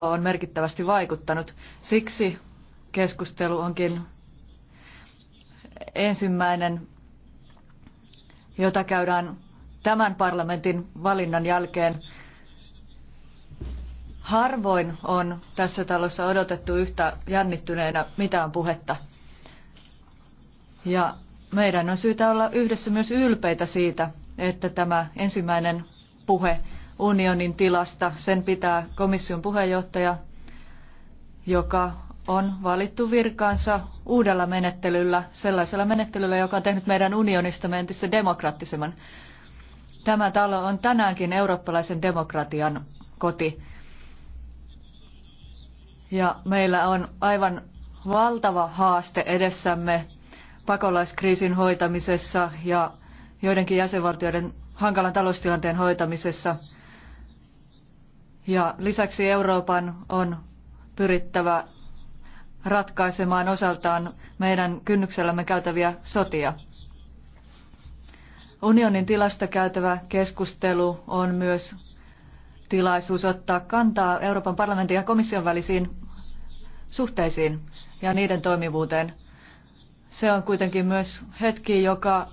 on merkittävästi vaikuttanut. Siksi keskustelu onkin ensimmäinen, jota käydään tämän parlamentin valinnan jälkeen. Harvoin on tässä talossa odotettu yhtä jännittyneenä mitään puhetta. Ja meidän on syytä olla yhdessä myös ylpeitä siitä, että tämä ensimmäinen puhe unionin tilasta. Sen pitää komission puheenjohtaja, joka on valittu virkaansa uudella menettelyllä, sellaisella menettelyllä, joka on tehnyt meidän unionistamme entistä demokraattisemman. Tämä talo on tänäänkin eurooppalaisen demokratian koti. Ja meillä on aivan valtava haaste edessämme pakolaiskriisin hoitamisessa ja joidenkin jäsenvaltioiden hankalan taloustilanteen hoitamisessa – ja lisäksi Euroopan on pyrittävä ratkaisemaan osaltaan meidän kynnyksellämme käytäviä sotia. Unionin tilasta käytävä keskustelu on myös tilaisuus ottaa kantaa Euroopan parlamentin ja komission välisiin suhteisiin ja niiden toimivuuteen. Se on kuitenkin myös hetki, joka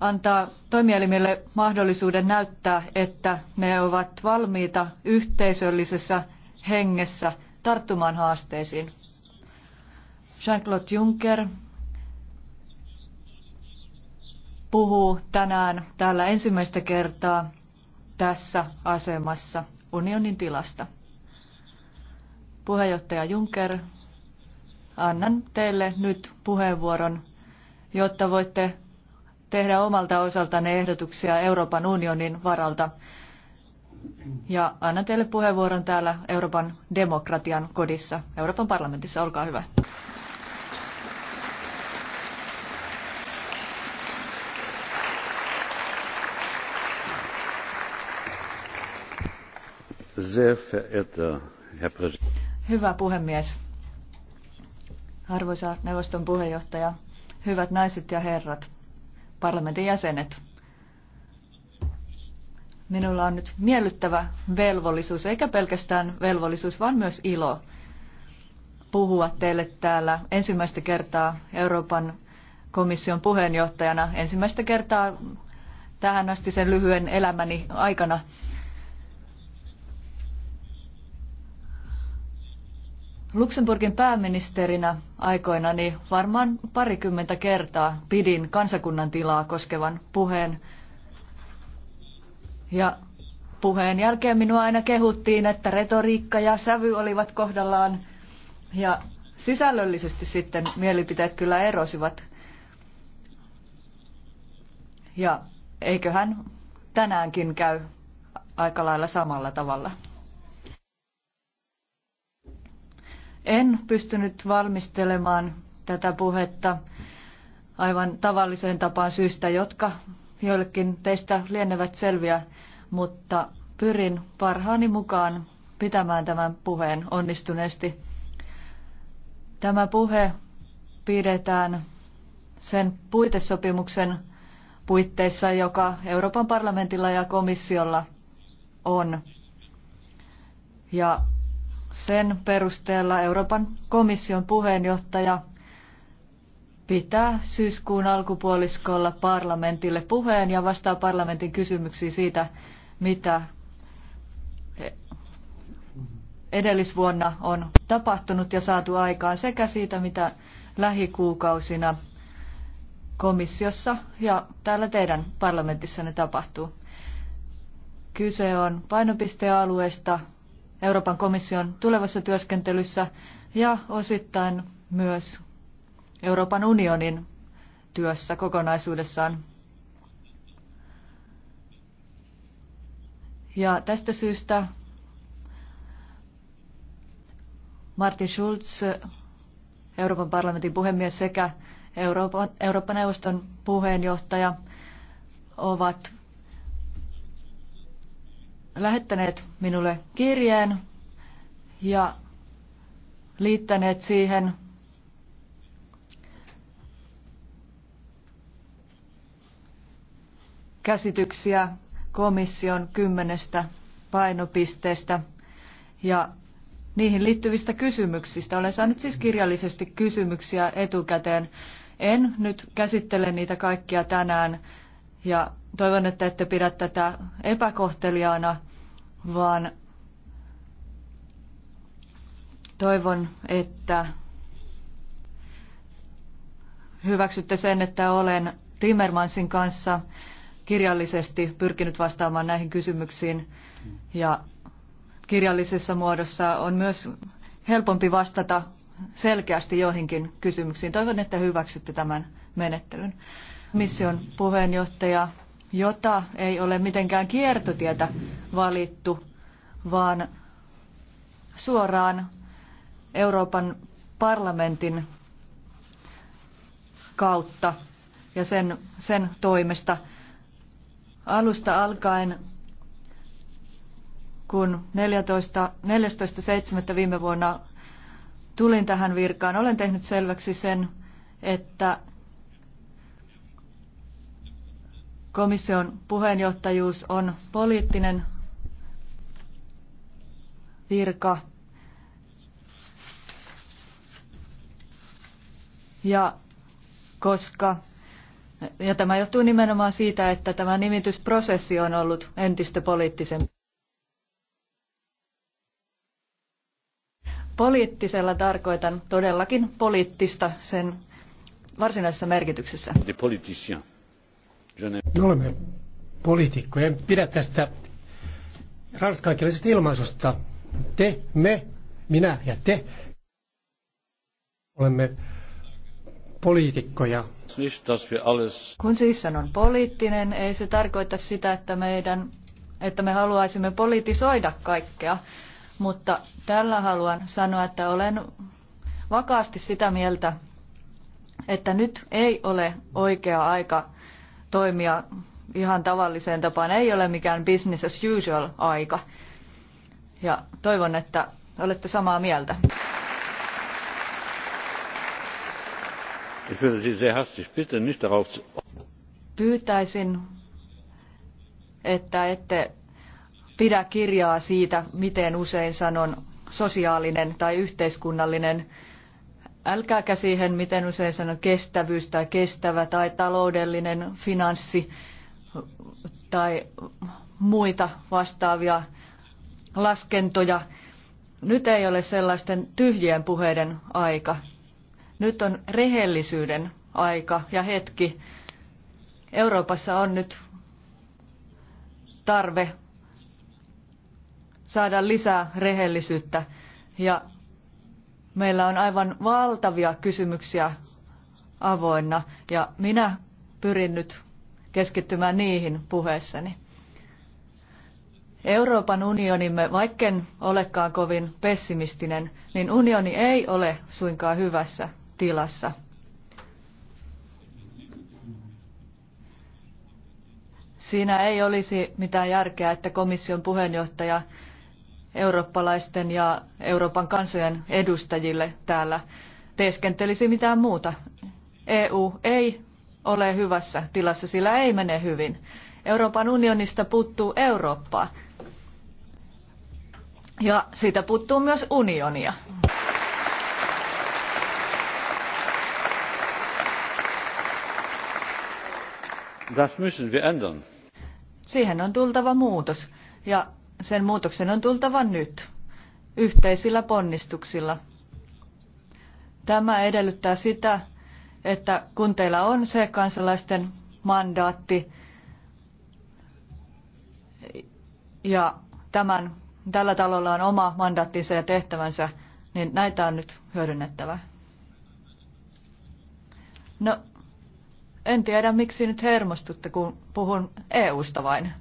antaa toimielimille mahdollisuuden näyttää, että ne ovat valmiita yhteisöllisessä hengessä tarttumaan haasteisiin. Jean-Claude Juncker puhuu tänään täällä ensimmäistä kertaa tässä asemassa unionin tilasta. Puheenjohtaja Juncker, annan teille nyt puheenvuoron, jotta voitte tehdä omalta osaltanne ehdotuksia Euroopan unionin varalta. Ja annan teille puheenvuoron täällä Euroopan demokratian kodissa, Euroopan parlamentissa. Olkaa hyvä. Hyvä puhemies, arvoisa neuvoston puheenjohtaja, hyvät naiset ja herrat parlamentin jäsenet. Minulla on nyt miellyttävä velvollisuus, eikä pelkästään velvollisuus, vaan myös ilo puhua teille täällä ensimmäistä kertaa Euroopan komission puheenjohtajana, ensimmäistä kertaa tähän asti sen lyhyen elämäni aikana. Luxemburgin pääministerinä aikoinani varmaan parikymmentä kertaa pidin kansakunnan tilaa koskevan puheen. Ja puheen jälkeen minua aina kehuttiin, että retoriikka ja sävy olivat kohdallaan. Ja sisällöllisesti sitten mielipiteet kyllä erosivat. Ja eiköhän tänäänkin käy aika lailla samalla tavalla. En pystynyt valmistelemaan tätä puhetta aivan tavalliseen tapaan syystä, jotka joillekin teistä lienevät selviä, mutta pyrin parhaani mukaan pitämään tämän puheen onnistuneesti. Tämä puhe pidetään sen puitesopimuksen puitteissa, joka Euroopan parlamentilla ja komissiolla on. Ja sen perusteella Euroopan komission puheenjohtaja pitää syyskuun alkupuoliskolla parlamentille puheen ja vastaa parlamentin kysymyksiin siitä, mitä edellisvuonna on tapahtunut ja saatu aikaan sekä siitä, mitä lähikuukausina komissiossa ja täällä teidän parlamentissanne tapahtuu. Kyse on painopistealueesta, Euroopan komission tulevassa työskentelyssä ja osittain myös Euroopan unionin työssä kokonaisuudessaan. Ja tästä syystä Martin Schulz, Euroopan parlamentin puhemies sekä Euroopan, Eurooppa-neuvoston puheenjohtaja ovat lähettäneet minulle kirjeen ja liittäneet siihen käsityksiä komission kymmenestä painopisteestä ja niihin liittyvistä kysymyksistä. Olen saanut siis kirjallisesti kysymyksiä etukäteen. En nyt käsittele niitä kaikkia tänään. Ja toivon, että ette pidä tätä epäkohteliaana, vaan toivon, että hyväksytte sen, että olen Timmermansin kanssa kirjallisesti pyrkinyt vastaamaan näihin kysymyksiin. Ja kirjallisessa muodossa on myös helpompi vastata selkeästi joihinkin kysymyksiin. Toivon, että hyväksytte tämän menettelyn komission puheenjohtaja, jota ei ole mitenkään kiertotietä valittu, vaan suoraan Euroopan parlamentin kautta ja sen, sen toimesta alusta alkaen, kun 14.7. 14, viime vuonna tulin tähän virkaan, olen tehnyt selväksi sen, että Komission puheenjohtajuus on poliittinen virka. Ja koska ja tämä johtuu nimenomaan siitä, että tämä nimitysprosessi on ollut entistä poliittisempi. Poliittisella tarkoitan todellakin poliittista sen varsinaisessa merkityksessä. Me olemme poliitikkoja. En pidä tästä ranskankielisestä ilmaisusta. Te, me, minä ja te olemme poliitikkoja. Kun siis sanon poliittinen, ei se tarkoita sitä, että, meidän, että me haluaisimme politisoida kaikkea. Mutta tällä haluan sanoa, että olen vakaasti sitä mieltä, että nyt ei ole oikea aika toimia ihan tavalliseen tapaan. Ei ole mikään business as usual aika. Ja toivon, että olette samaa mieltä. Ich würde Sie sehr bitten, nicht darauf zu... Pyytäisin, että ette pidä kirjaa siitä, miten usein sanon sosiaalinen tai yhteiskunnallinen älkääkä siihen, miten usein sanon kestävyys tai kestävä tai taloudellinen finanssi tai muita vastaavia laskentoja. Nyt ei ole sellaisten tyhjien puheiden aika. Nyt on rehellisyyden aika ja hetki. Euroopassa on nyt tarve saada lisää rehellisyyttä ja Meillä on aivan valtavia kysymyksiä avoinna ja minä pyrin nyt keskittymään niihin puheessani. Euroopan unionimme, vaikken olekaan kovin pessimistinen, niin unioni ei ole suinkaan hyvässä tilassa. Siinä ei olisi mitään järkeä, että komission puheenjohtaja eurooppalaisten ja Euroopan kansojen edustajille täällä teeskentelisi mitään muuta. EU ei ole hyvässä tilassa, sillä ei mene hyvin. Euroopan unionista puuttuu Eurooppaa. Ja siitä puuttuu myös unionia. Das müssen wir ändern. Siihen on tultava muutos. Ja sen muutoksen on tultava nyt, yhteisillä ponnistuksilla. Tämä edellyttää sitä, että kun teillä on se kansalaisten mandaatti ja tämän, tällä talolla on oma mandaattinsa ja tehtävänsä, niin näitä on nyt hyödynnettävä. No, en tiedä miksi nyt hermostutte, kun puhun EU-sta vain.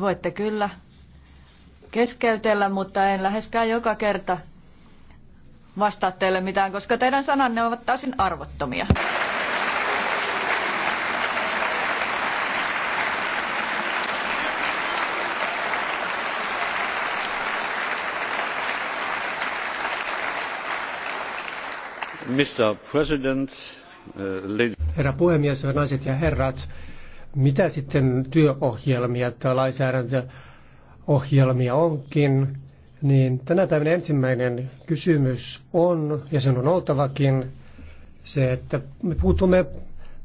voitte kyllä keskeytellä, mutta en läheskään joka kerta vastaa teille mitään, koska teidän sananne ovat täysin arvottomia. Uh, Herra puhemies, naiset ja herrat, mitä sitten työohjelmia tai lainsäädäntöohjelmia onkin, niin tänä päivänä ensimmäinen kysymys on, ja sen on oltavakin, se, että me puutumme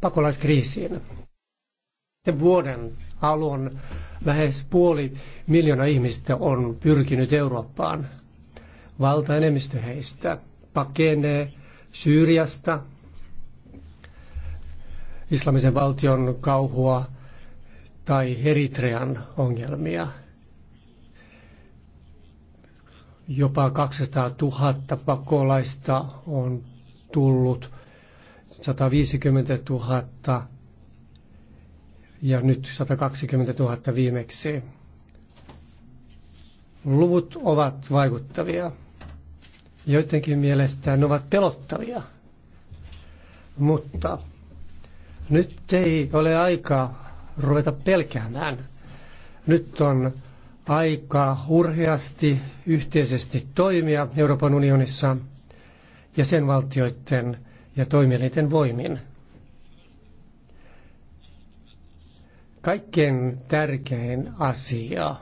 pakolaiskriisiin. Sen vuoden alun lähes puoli miljoonaa ihmistä on pyrkinyt Eurooppaan. Valtaenemmistö heistä pakenee Syyriasta, islamisen valtion kauhua tai Eritrean ongelmia. Jopa 200 000 pakolaista on tullut, 150 000 ja nyt 120 000 viimeksi. Luvut ovat vaikuttavia. Joidenkin mielestä ne ovat pelottavia. Mutta nyt ei ole aika ruveta pelkäämään. Nyt on aika urheasti yhteisesti toimia Euroopan unionissa ja sen valtioiden ja toimielinten voimin. Kaikkein tärkein asia,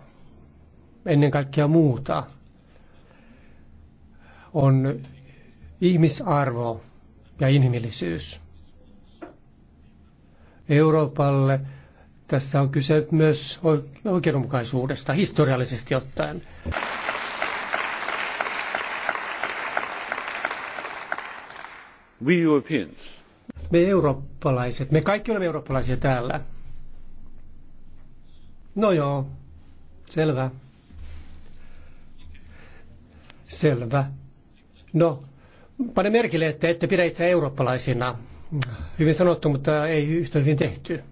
ennen kaikkea muuta, on ihmisarvo ja inhimillisyys. Euroopalle. Tässä on kyse myös oikeudenmukaisuudesta historiallisesti ottaen. We Europeans. Me eurooppalaiset, me kaikki olemme eurooppalaisia täällä. No joo, selvä. Selvä. No, pane merkille, että ette pidä itse eurooppalaisina hyvin sanottu, mutta ei yhtä hyvin tehty.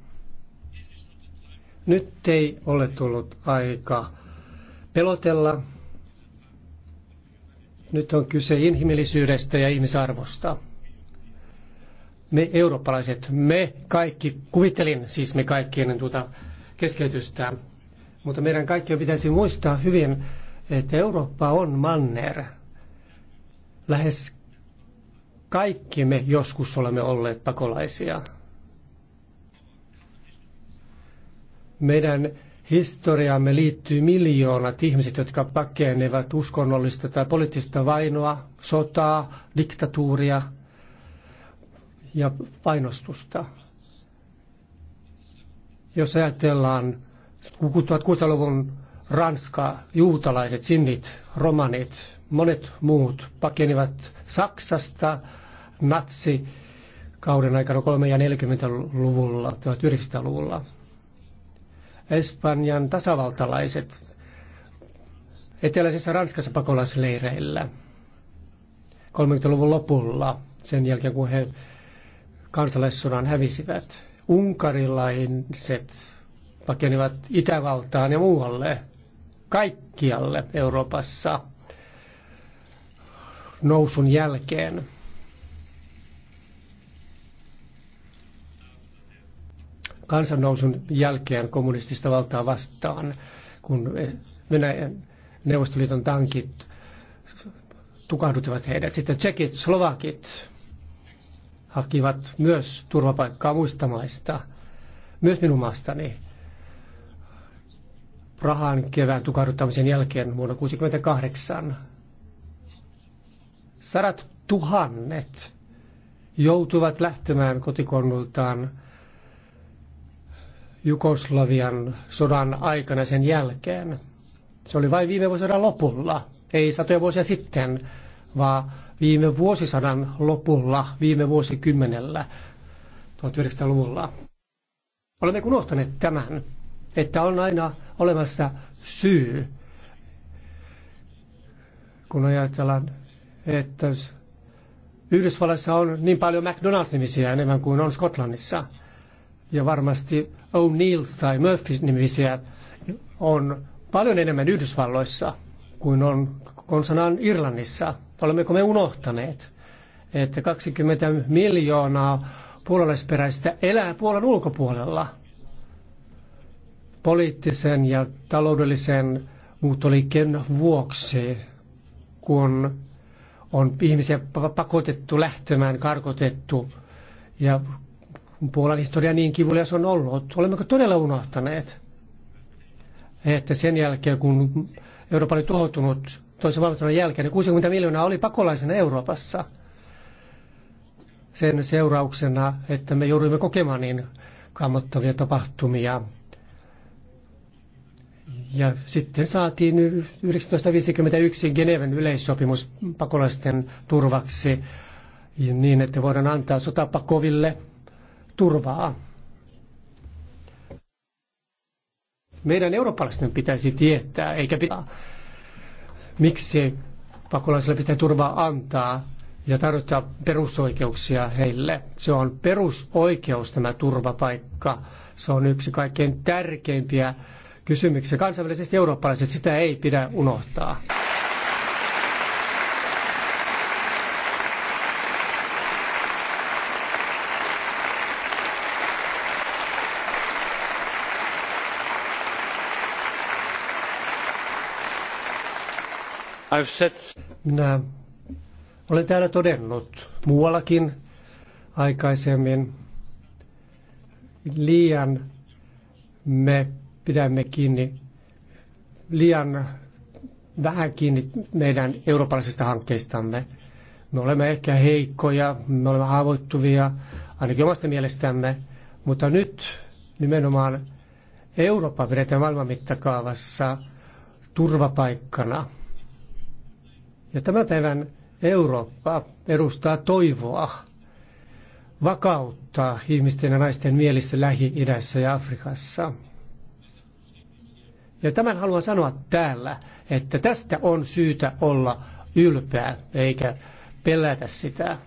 Nyt ei ole tullut aika pelotella. Nyt on kyse inhimillisyydestä ja ihmisarvosta. Me eurooppalaiset, me kaikki, kuvittelin siis me kaikki ennen tuota keskeytystä, mutta meidän kaikkien pitäisi muistaa hyvin, että Eurooppa on manner. Lähes kaikki me joskus olemme olleet pakolaisia. Meidän historiaamme liittyy miljoonat ihmiset, jotka pakenevat uskonnollista tai poliittista vainoa, sotaa, diktatuuria ja painostusta. Jos ajatellaan 1600-luvun Ranskaa, juutalaiset, sinnit, romanit, monet muut pakenivat Saksasta natsi kauden aikana 3- ja 40-luvulla, 1900-luvulla. Espanjan tasavaltalaiset eteläisessä Ranskassa pakolaisleireillä 30-luvun lopulla, sen jälkeen kun he kansalaissodan hävisivät. Unkarilaiset pakenivat Itävaltaan ja muualle, kaikkialle Euroopassa – nousun jälkeen. Kansannousun jälkeen kommunistista valtaa vastaan, kun Venäjän Neuvostoliiton tankit tukahduttivat heidät. Sitten tsekit, slovakit hakivat myös turvapaikkaa muista maista, myös minun maastani. Prahan kevään tukahduttamisen jälkeen vuonna 1968 Sadat tuhannet joutuvat lähtemään kotikonnultaan Jugoslavian sodan aikana sen jälkeen. Se oli vain viime vuosisadan lopulla, ei satoja vuosia sitten, vaan viime vuosisadan lopulla, viime vuosikymmenellä, 1900-luvulla. Olemme unohtaneet tämän, että on aina olemassa syy, kun ajatellaan että Yhdysvalloissa on niin paljon McDonald's-nimisiä enemmän kuin on Skotlannissa. Ja varmasti O'Neill's tai Murphy-nimisiä on paljon enemmän Yhdysvalloissa kuin on konsanaan Irlannissa. Olemmeko me unohtaneet, että 20 miljoonaa puolalaisperäistä elää Puolan ulkopuolella? Poliittisen ja taloudellisen muuttoliikkeen vuoksi, kun on ihmisiä pakotettu lähtemään, karkotettu. Ja Puolan historia niin kivulias on ollut. Olemmeko todella unohtaneet, että sen jälkeen kun Eurooppa oli tuhoutunut toisen maailmansodan jälkeen, niin 60 miljoonaa oli pakolaisena Euroopassa sen seurauksena, että me jouduimme kokemaan niin kammottavia tapahtumia. Ja sitten saatiin 1951 Geneven yleissopimus pakolaisten turvaksi niin, että voidaan antaa sotapakoville turvaa. Meidän eurooppalaisten pitäisi tietää, eikä pitää, miksi pakolaisille pitää turvaa antaa ja tarjota perusoikeuksia heille. Se on perusoikeus tämä turvapaikka. Se on yksi kaikkein tärkeimpiä kysymyksessä. Kansainvälisesti eurooppalaiset sitä ei pidä unohtaa. Minä olen täällä todennut muuallakin aikaisemmin liian me pidämme kiinni liian vähän kiinni meidän eurooppalaisista hankkeistamme. Me olemme ehkä heikkoja, me olemme haavoittuvia, ainakin omasta mielestämme, mutta nyt nimenomaan Eurooppa pidetään maailman mittakaavassa turvapaikkana. Ja tämän päivän Eurooppa edustaa toivoa, vakautta ihmisten ja naisten mielissä Lähi-idässä ja Afrikassa. Ja tämän haluan sanoa täällä, että tästä on syytä olla ylpeä eikä pelätä sitä.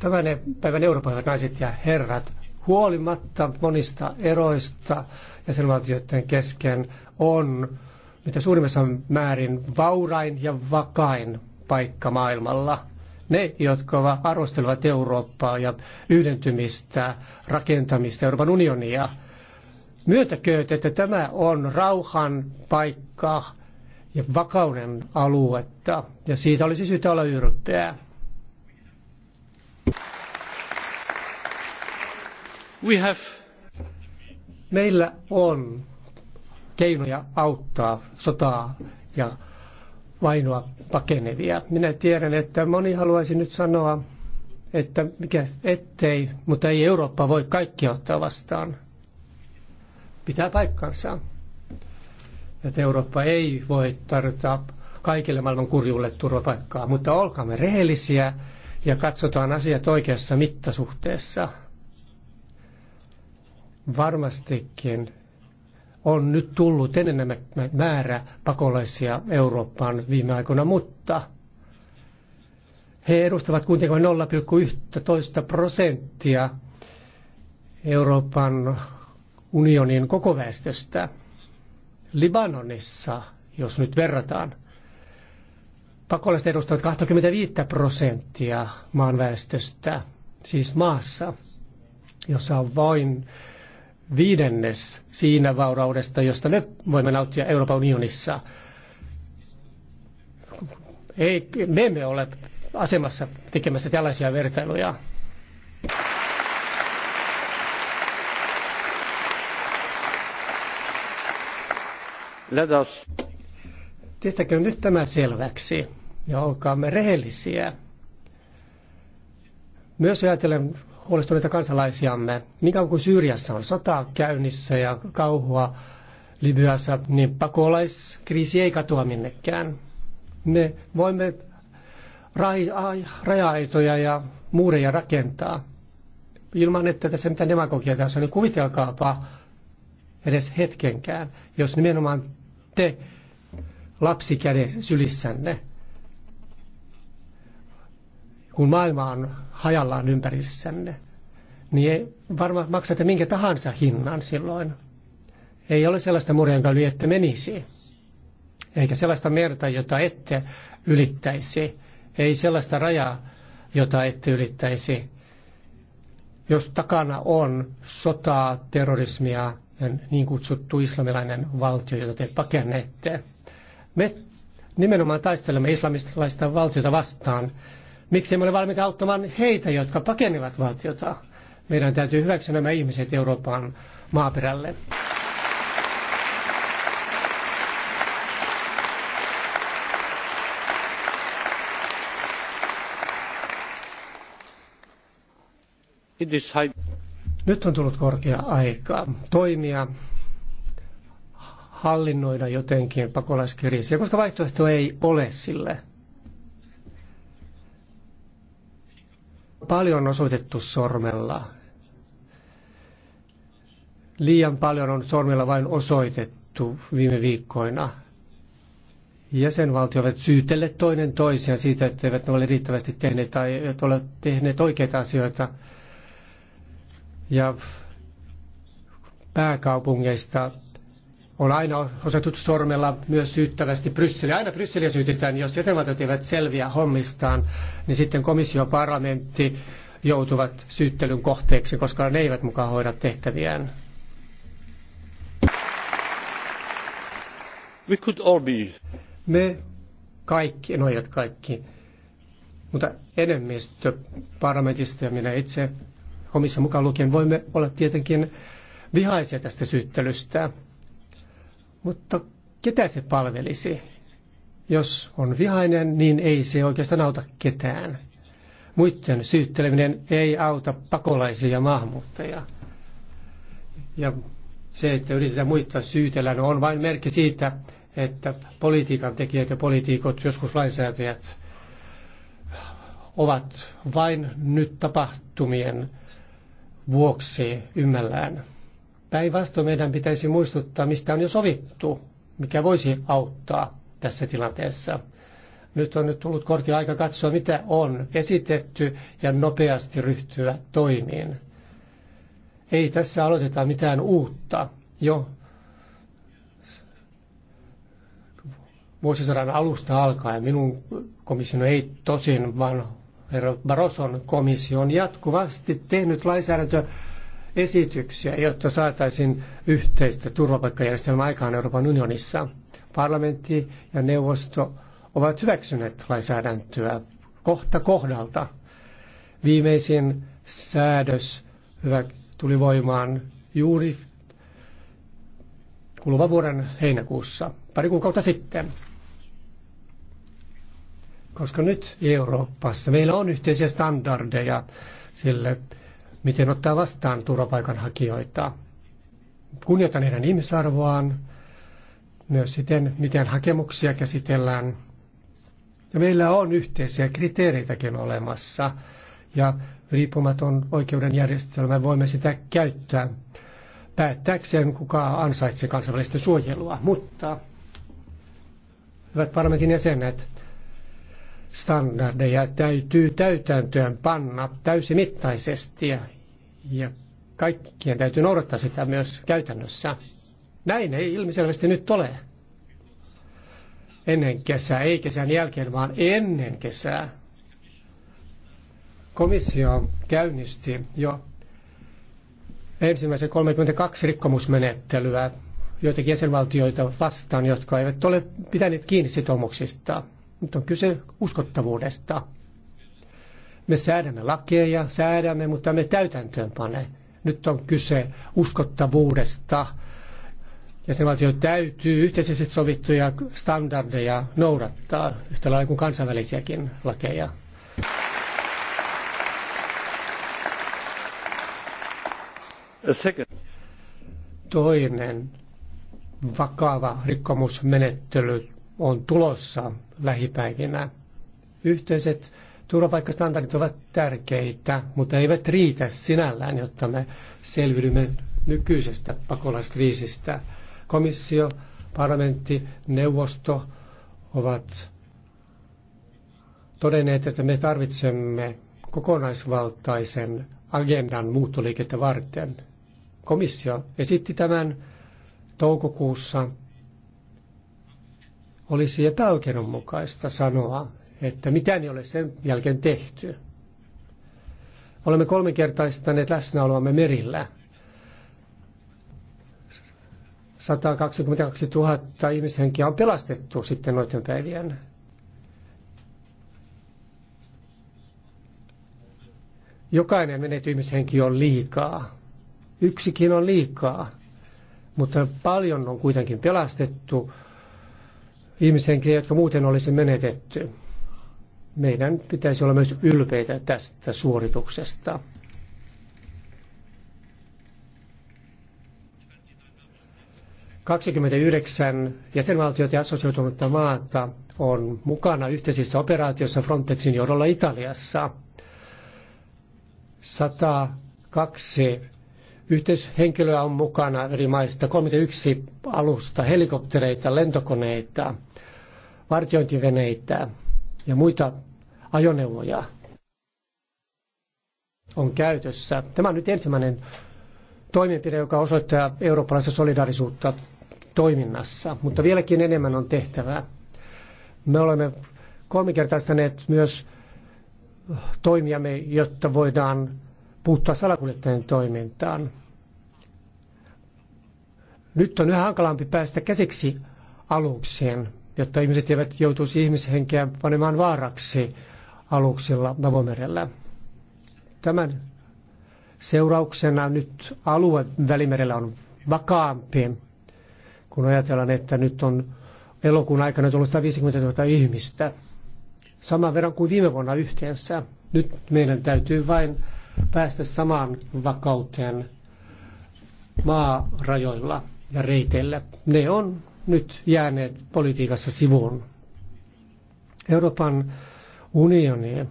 Tämän päivän Euroopan naiset ja herrat, huolimatta monista eroista ja jäsenvaltioiden kesken, on mitä suurimmassa määrin vaurain ja vakain paikka maailmalla – ne, jotka arvostelevat Eurooppaa ja yhdentymistä, rakentamista, Euroopan unionia. Myötäkööt, että tämä on rauhan paikka ja vakauden aluetta, ja siitä olisi syytä olla ylpeä. We have... Meillä on keinoja auttaa sotaa ja vainoa pakenevia. Minä tiedän, että moni haluaisi nyt sanoa, että mikä ettei, mutta ei Eurooppa voi kaikki ottaa vastaan. Pitää paikkansa. Että Eurooppa ei voi tarjota kaikille maailman kurjulle turvapaikkaa, mutta olkaamme rehellisiä ja katsotaan asiat oikeassa mittasuhteessa. Varmastikin on nyt tullut enemmän määrä pakolaisia Eurooppaan viime aikoina, mutta he edustavat kuitenkin 0,11 prosenttia Euroopan unionin koko väestöstä. Libanonissa, jos nyt verrataan, pakolaiset edustavat 25 prosenttia maan väestöstä, siis maassa, jossa on vain viidennes siinä vauraudesta, josta me voimme nauttia Euroopan unionissa. Ei, me emme ole asemassa tekemässä tällaisia vertailuja. Let us. Tehtäkö nyt tämä selväksi ja olkaamme rehellisiä. Myös ajattelen huolestuneita kansalaisiamme. Niin kauan kuin Syyriassa on sota käynnissä ja kauhua Libyassa, niin pakolaiskriisi ei katoa minnekään. Me voimme raja-aitoja ja muureja rakentaa ilman, että tässä mitään demagogia tässä on, niin kuvitelkaapa edes hetkenkään, jos nimenomaan te lapsikäden sylissänne kun maailma on hajallaan ympärissänne, niin ei varmaan maksatte minkä tahansa hinnan silloin. Ei ole sellaista murjanka yli että menisi. Eikä sellaista merta, jota ette ylittäisi. Ei sellaista rajaa, jota ette ylittäisi. Jos takana on sotaa, terrorismia ja niin kutsuttu islamilainen valtio, jota te pakennette. Me nimenomaan taistelemme islamilaista valtiota vastaan Miksi emme ole valmiita auttamaan heitä, jotka pakenevat valtiota? Meidän täytyy hyväksyä nämä ihmiset Euroopan maaperälle. Nyt on tullut korkea aika toimia, hallinnoida jotenkin pakolaiskriisiä, koska vaihtoehto ei ole sille. paljon osoitettu sormella. Liian paljon on sormella vain osoitettu viime viikkoina. Jäsenvaltiot ovat syytelleet toinen toisiaan siitä, että eivät ole riittävästi tehneet tai eivät ole tehneet oikeita asioita. Ja pääkaupungeista on aina osoitettu sormella myös syyttävästi Brysseliä. Aina Brysseliä syytetään, jos jäsenvaltiot eivät selviä hommistaan, niin sitten komissio ja parlamentti joutuvat syyttelyn kohteeksi, koska ne eivät mukaan hoida tehtäviään. We could all be. Me kaikki, no eivät kaikki, mutta enemmistö parlamentista ja minä itse komission mukaan lukien voimme olla tietenkin vihaisia tästä syyttelystä. Mutta ketä se palvelisi? Jos on vihainen, niin ei se oikeastaan auta ketään. Muiden syytteleminen ei auta pakolaisia ja maahanmuuttajia. Ja se, että yritetään muita syytellä, no on vain merkki siitä, että politiikan tekijät ja poliitikot, joskus lainsäätäjät, ovat vain nyt tapahtumien vuoksi ymmällään. Päinvastoin meidän pitäisi muistuttaa, mistä on jo sovittu, mikä voisi auttaa tässä tilanteessa. Nyt on nyt tullut korkea aika katsoa, mitä on esitetty ja nopeasti ryhtyä toimiin. Ei tässä aloiteta mitään uutta. Jo vuosisadan alusta alkaen minun komissioni ei tosin, vaan Barroson Baroson komissio on jatkuvasti tehnyt lainsäädäntöä esityksiä, jotta saataisiin yhteistä turvapaikkajärjestelmää aikaan Euroopan unionissa. Parlamentti ja neuvosto ovat hyväksyneet lainsäädäntöä kohta kohdalta. Viimeisin säädös tuli voimaan juuri kuluvan vuoden heinäkuussa, pari kuukautta sitten. Koska nyt Euroopassa meillä on yhteisiä standardeja sille, miten ottaa vastaan turvapaikanhakijoita. Kunnioitan heidän ihmisarvoaan, myös siten, miten hakemuksia käsitellään. Ja meillä on yhteisiä kriteereitäkin olemassa, ja riippumaton oikeudenjärjestelmä voimme sitä käyttää päättääkseen, kuka ansaitsee kansainvälistä suojelua. Mutta, hyvät parlamentin jäsenet, standardeja täytyy täytäntöön panna täysimittaisesti ja, ja kaikkien täytyy noudattaa sitä myös käytännössä. Näin ei ilmiselvästi nyt ole. Ennen kesää, ei kesän jälkeen, vaan ennen kesää. Komissio käynnisti jo ensimmäisen 32 rikkomusmenettelyä joitakin jäsenvaltioita vastaan, jotka eivät ole pitäneet kiinni sitoumuksistaan. Nyt on kyse uskottavuudesta. Me säädämme lakeja, säädämme, mutta me täytäntöönpane. Nyt on kyse uskottavuudesta. Jäsenvaltio täytyy yhteisesti sovittuja standardeja noudattaa, yhtä lailla kuin kansainvälisiäkin lakeja. Toinen vakava rikkomusmenettely on tulossa lähipäivinä. Yhteiset turvapaikkastandardit ovat tärkeitä, mutta eivät riitä sinällään, jotta me selviydymme nykyisestä pakolaiskriisistä. Komissio, parlamentti, neuvosto ovat todenneet, että me tarvitsemme kokonaisvaltaisen agendan muuttoliikettä varten. Komissio esitti tämän toukokuussa olisi epäoikeudenmukaista sanoa, että mitään ei ole sen jälkeen tehty. Olemme kolminkertaistaneet läsnäoloamme merillä. 122 000 ihmishenkiä on pelastettu sitten noiden päivien. Jokainen menetty ihmishenki on liikaa. Yksikin on liikaa, mutta paljon on kuitenkin pelastettu ihmishenkiä, jotka muuten olisi menetetty. Meidän pitäisi olla myös ylpeitä tästä suorituksesta. Kaksikymmentäyhdeksän ja assosioitunutta maata on mukana yhteisissä operaatioissa Frontexin johdolla Italiassa. 102 Yhteishenkilöä on mukana eri maista 31 alusta, helikoptereita, lentokoneita, vartiointiveneitä ja muita ajoneuvoja on käytössä. Tämä on nyt ensimmäinen toimenpide, joka osoittaa eurooppalaista solidaarisuutta toiminnassa, mutta vieläkin enemmän on tehtävää. Me olemme kolmikertaistaneet myös toimijamme, jotta voidaan puuttua salakuljettajien toimintaan. Nyt on yhä hankalampi päästä käsiksi alukseen, jotta ihmiset eivät joutuisi ihmishenkeä panemaan vaaraksi aluksilla Navomerellä. Tämän seurauksena nyt alue Välimerellä on vakaampi, kun ajatellaan, että nyt on elokuun aikana tullut 150 000 ihmistä. Saman verran kuin viime vuonna yhteensä. Nyt meidän täytyy vain päästä samaan vakauteen maarajoilla ja reiteillä. Ne on nyt jääneet politiikassa sivuun. Euroopan unioni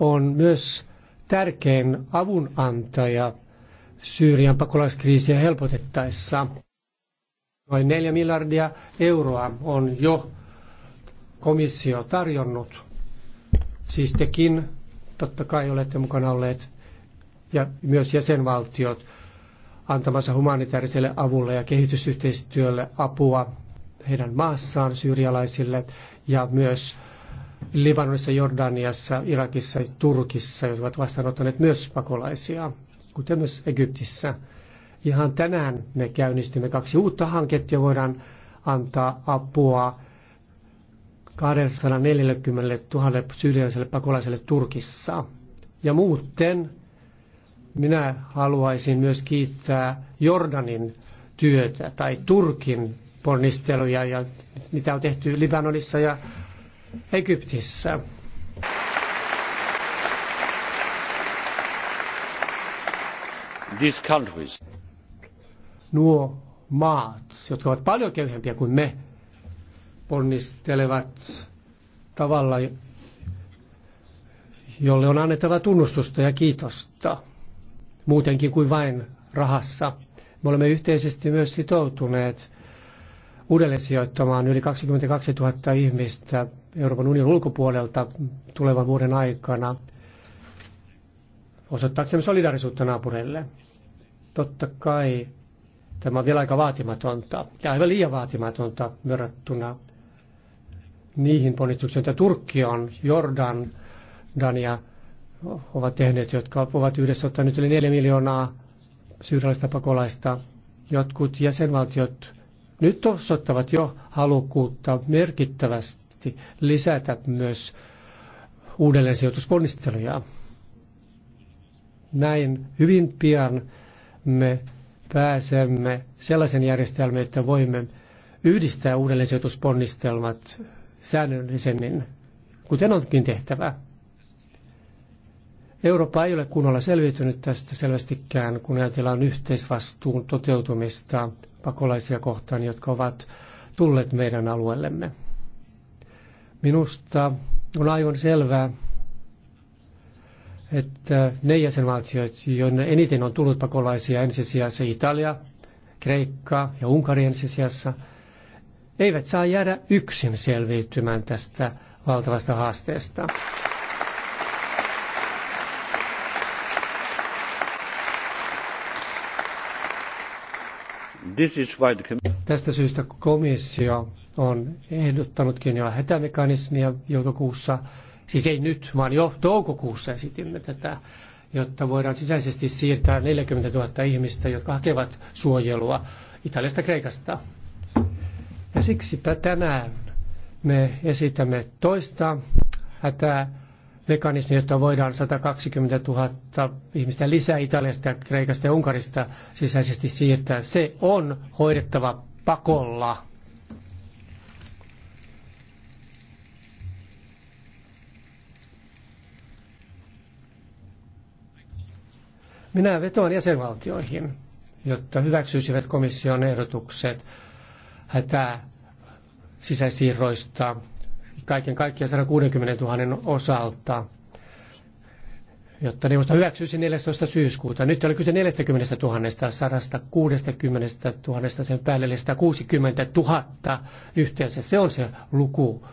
on myös tärkein avunantaja Syyrian pakolaiskriisiä helpotettaessa. Noin 4 miljardia euroa on jo komissio tarjonnut. Siis tekin totta kai olette mukana olleet ja myös jäsenvaltiot antamassa humanitaariselle avulle ja kehitysyhteistyölle apua heidän maassaan syyrialaisille ja myös Libanonissa, Jordaniassa, Irakissa ja Turkissa, jotka ovat vastaanottaneet myös pakolaisia, kuten myös Egyptissä. Ihan tänään me käynnistimme kaksi uutta hanketta ja voidaan antaa apua 240 000 syyrialaiselle pakolaiselle Turkissa. Ja muuten minä haluaisin myös kiittää Jordanin työtä tai Turkin ponnisteluja ja mitä on tehty Libanonissa ja Egyptissä. These countries. Nuo maat, jotka ovat paljon köyhempiä kuin me, ponnistelevat tavalla, jolle on annettava tunnustusta ja kiitosta muutenkin kuin vain rahassa. Me olemme yhteisesti myös sitoutuneet uudelleen sijoittamaan yli 22 000 ihmistä Euroopan unionin ulkopuolelta tulevan vuoden aikana osoittaaksemme solidarisuutta naapureille. Totta kai tämä on vielä aika vaatimatonta ja aivan liian vaatimatonta verrattuna niihin ponnistuksiin, joita Turkki on, Jordan, Dania ovat tehneet, jotka ovat yhdessä ottaneet yli 4 miljoonaa syyrialaista pakolaista. Jotkut jäsenvaltiot nyt osoittavat jo halukkuutta merkittävästi lisätä myös uudelleen sijoitusponnisteluja. Näin hyvin pian me pääsemme sellaisen järjestelmään, että voimme yhdistää uudelleen sijoitusponnistelmat säännöllisemmin, kuten onkin tehtävä. Eurooppa ei ole kunnolla selviytynyt tästä selvästikään, kun ajatellaan yhteisvastuun toteutumista pakolaisia kohtaan, jotka ovat tulleet meidän alueellemme. Minusta on aivan selvää, että ne jäsenvaltiot, joiden eniten on tullut pakolaisia ensisijassa Italia, Kreikka ja Unkari ensisijassa, eivät saa jäädä yksin selviytymään tästä valtavasta haasteesta. Tästä syystä komissio on ehdottanutkin jo hätämekanismia joulukuussa, siis ei nyt, vaan jo toukokuussa esitimme tätä, jotta voidaan sisäisesti siirtää 40 000 ihmistä, jotka hakevat suojelua Italiasta Kreikasta. Ja siksipä tänään me esitämme toista hätää mekanismi, jotta voidaan 120 000 ihmistä lisää Italiasta, Kreikasta ja Unkarista sisäisesti siirtää. Se on hoidettava pakolla. Minä vetoan jäsenvaltioihin, jotta hyväksyisivät komission ehdotukset hätää sisäsiirroista kaiken kaikkiaan 160 000 osalta, jotta neuvosto hyväksyisi 14. syyskuuta. Nyt oli kyse 40 000, 160 000, sen päälle 160 000 yhteensä. Se on se luku,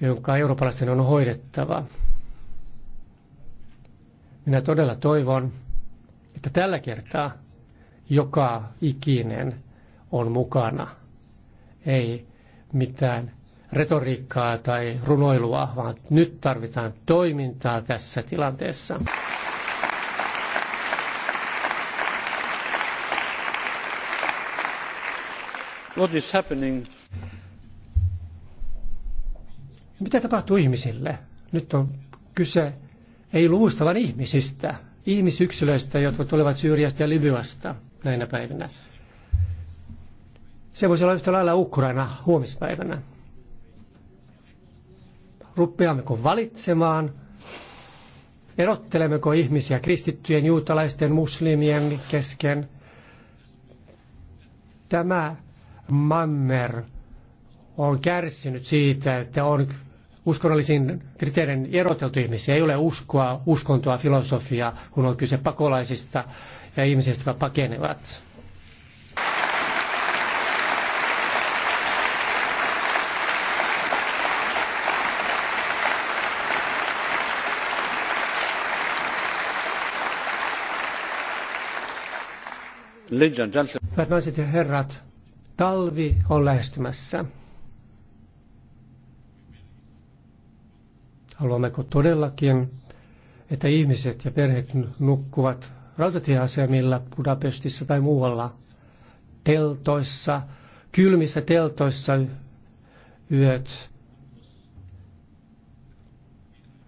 jonka eurooppalaisten on hoidettava. Minä todella toivon, että tällä kertaa joka ikinen on mukana. Ei mitään retoriikkaa tai runoilua, vaan nyt tarvitaan toimintaa tässä tilanteessa. What is happening? Mitä tapahtuu ihmisille? Nyt on kyse ei luvusta, vaan ihmisistä, ihmisyksilöistä, jotka tulevat Syyriasta ja Libyasta näinä päivinä. Se voisi olla yhtä lailla Ukraina huomispäivänä. Rupeammeko valitsemaan? Erottelemmeko ihmisiä kristittyjen, juutalaisten, muslimien kesken? Tämä manner on kärsinyt siitä, että on uskonnollisiin kriteerin eroteltu ihmisiä. Ei ole uskoa, uskontoa, filosofiaa, kun on kyse pakolaisista ja ihmisistä, jotka pakenevat. Hyvät naiset ja herrat, talvi on lähestymässä. Haluammeko todellakin, että ihmiset ja perheet nukkuvat rautatieasemilla Budapestissa tai muualla, teltoissa, kylmissä teltoissa yöt,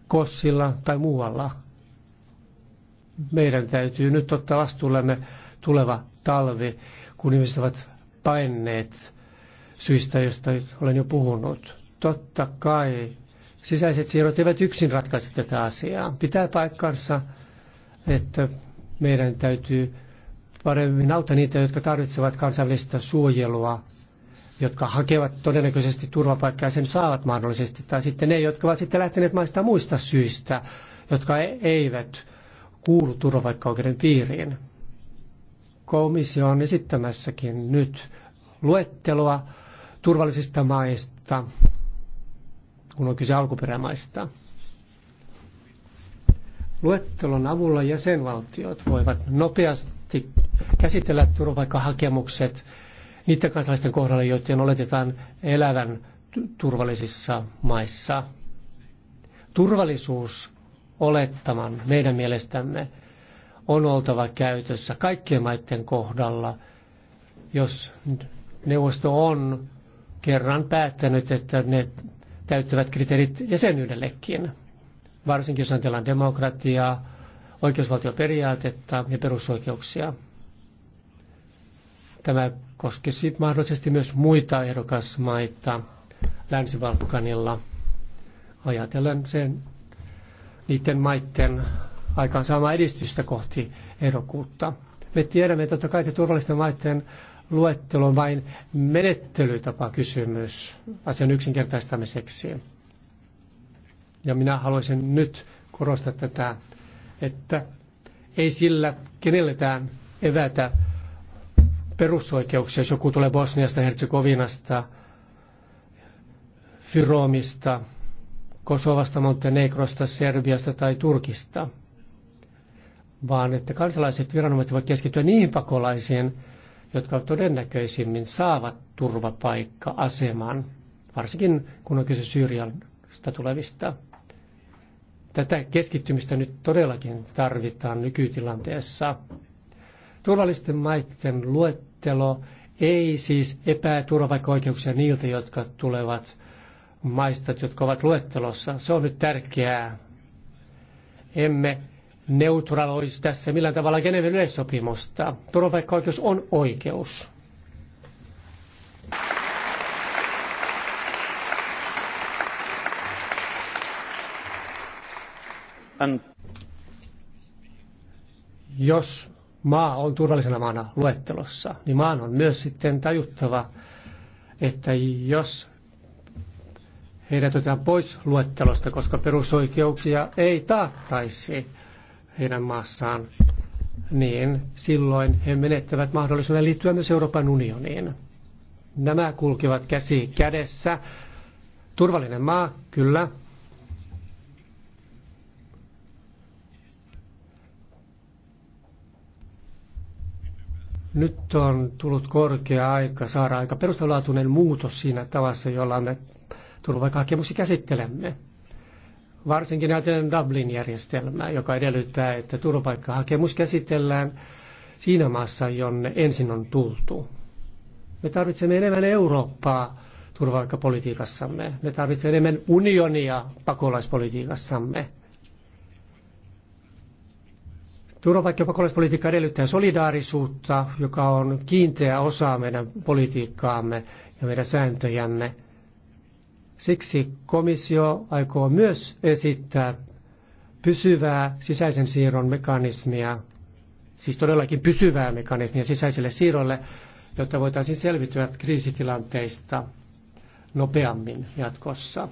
kossilla tai muualla. Meidän täytyy nyt ottaa vastuullemme tuleva talvi, kun ihmiset ovat paineet syistä, joista olen jo puhunut. Totta kai sisäiset siirrot eivät yksin ratkaise tätä asiaa. Pitää paikkansa, että meidän täytyy paremmin auttaa niitä, jotka tarvitsevat kansainvälistä suojelua, jotka hakevat todennäköisesti turvapaikkaa ja sen saavat mahdollisesti, tai sitten ne, jotka ovat sitten lähteneet maista muista syistä, jotka e-, eivät kuulu turvapaikkaoikeuden piiriin. Komissio on esittämässäkin nyt luetteloa turvallisista maista, kun on kyse alkuperämaista. Luettelon avulla jäsenvaltiot voivat nopeasti käsitellä turvapaikkahakemukset niiden kansalaisten kohdalla, joiden oletetaan elävän turvallisissa maissa. Turvallisuus olettaman meidän mielestämme on oltava käytössä kaikkien maiden kohdalla, jos neuvosto on kerran päättänyt, että ne täyttävät kriteerit jäsenyydellekin. Varsinkin jos ajatellaan demokratiaa, oikeusvaltioperiaatetta ja perusoikeuksia. Tämä koskisi mahdollisesti myös muita ehdokasmaita Länsi-Balkanilla. Ajatellen sen niiden maiden aikaan saamaan edistystä kohti ehdokkuutta. Me tiedämme totta kai, että turvallisten maiden luettelo on vain menettelytapa kysymys asian yksinkertaistamiseksi. Ja minä haluaisin nyt korostaa tätä, että ei sillä kenelletään evätä perusoikeuksia, jos joku tulee Bosniasta, Herzegovinasta, Fyromista, Kosovasta, Montenegrosta, Serbiasta tai Turkista vaan että kansalaiset viranomaiset voivat keskittyä niihin pakolaisiin, jotka todennäköisimmin saavat turvapaikka-aseman, varsinkin kun on kyse Syyriasta tulevista. Tätä keskittymistä nyt todellakin tarvitaan nykytilanteessa. Turvallisten maiden luettelo ei siis epää turvapaikka-oikeuksia niiltä, jotka tulevat maista, jotka ovat luettelossa. Se on nyt tärkeää. Emme neutraloisi tässä millään tavalla Geneven yleissopimusta. Turvapaikkaoikeus on oikeus. Jos maa on turvallisena maana luettelossa, niin maan on myös sitten tajuttava, että jos heidät otetaan pois luettelosta, koska perusoikeuksia ei taattaisi, heidän maassaan, niin silloin he menettävät mahdollisuuden liittyä myös Euroopan unioniin. Nämä kulkevat käsi kädessä. Turvallinen maa, kyllä. Nyt on tullut korkea aika saada aika perustavanlaatuinen muutos siinä tavassa, jolla me turvapaikkahakemuksia käsittelemme varsinkin ajatellen Dublin-järjestelmää, joka edellyttää, että turvapaikkahakemus käsitellään siinä maassa, jonne ensin on tultu. Me tarvitsemme enemmän Eurooppaa turvapaikkapolitiikassamme. Me tarvitsemme enemmän unionia pakolaispolitiikassamme. Turvapaikka- ja pakolaispolitiikka edellyttää solidaarisuutta, joka on kiinteä osa meidän politiikkaamme ja meidän sääntöjämme – Siksi komissio aikoo myös esittää pysyvää sisäisen siirron mekanismia, siis todellakin pysyvää mekanismia sisäiselle siirrolle, jotta voitaisiin selvityä kriisitilanteista nopeammin jatkossa.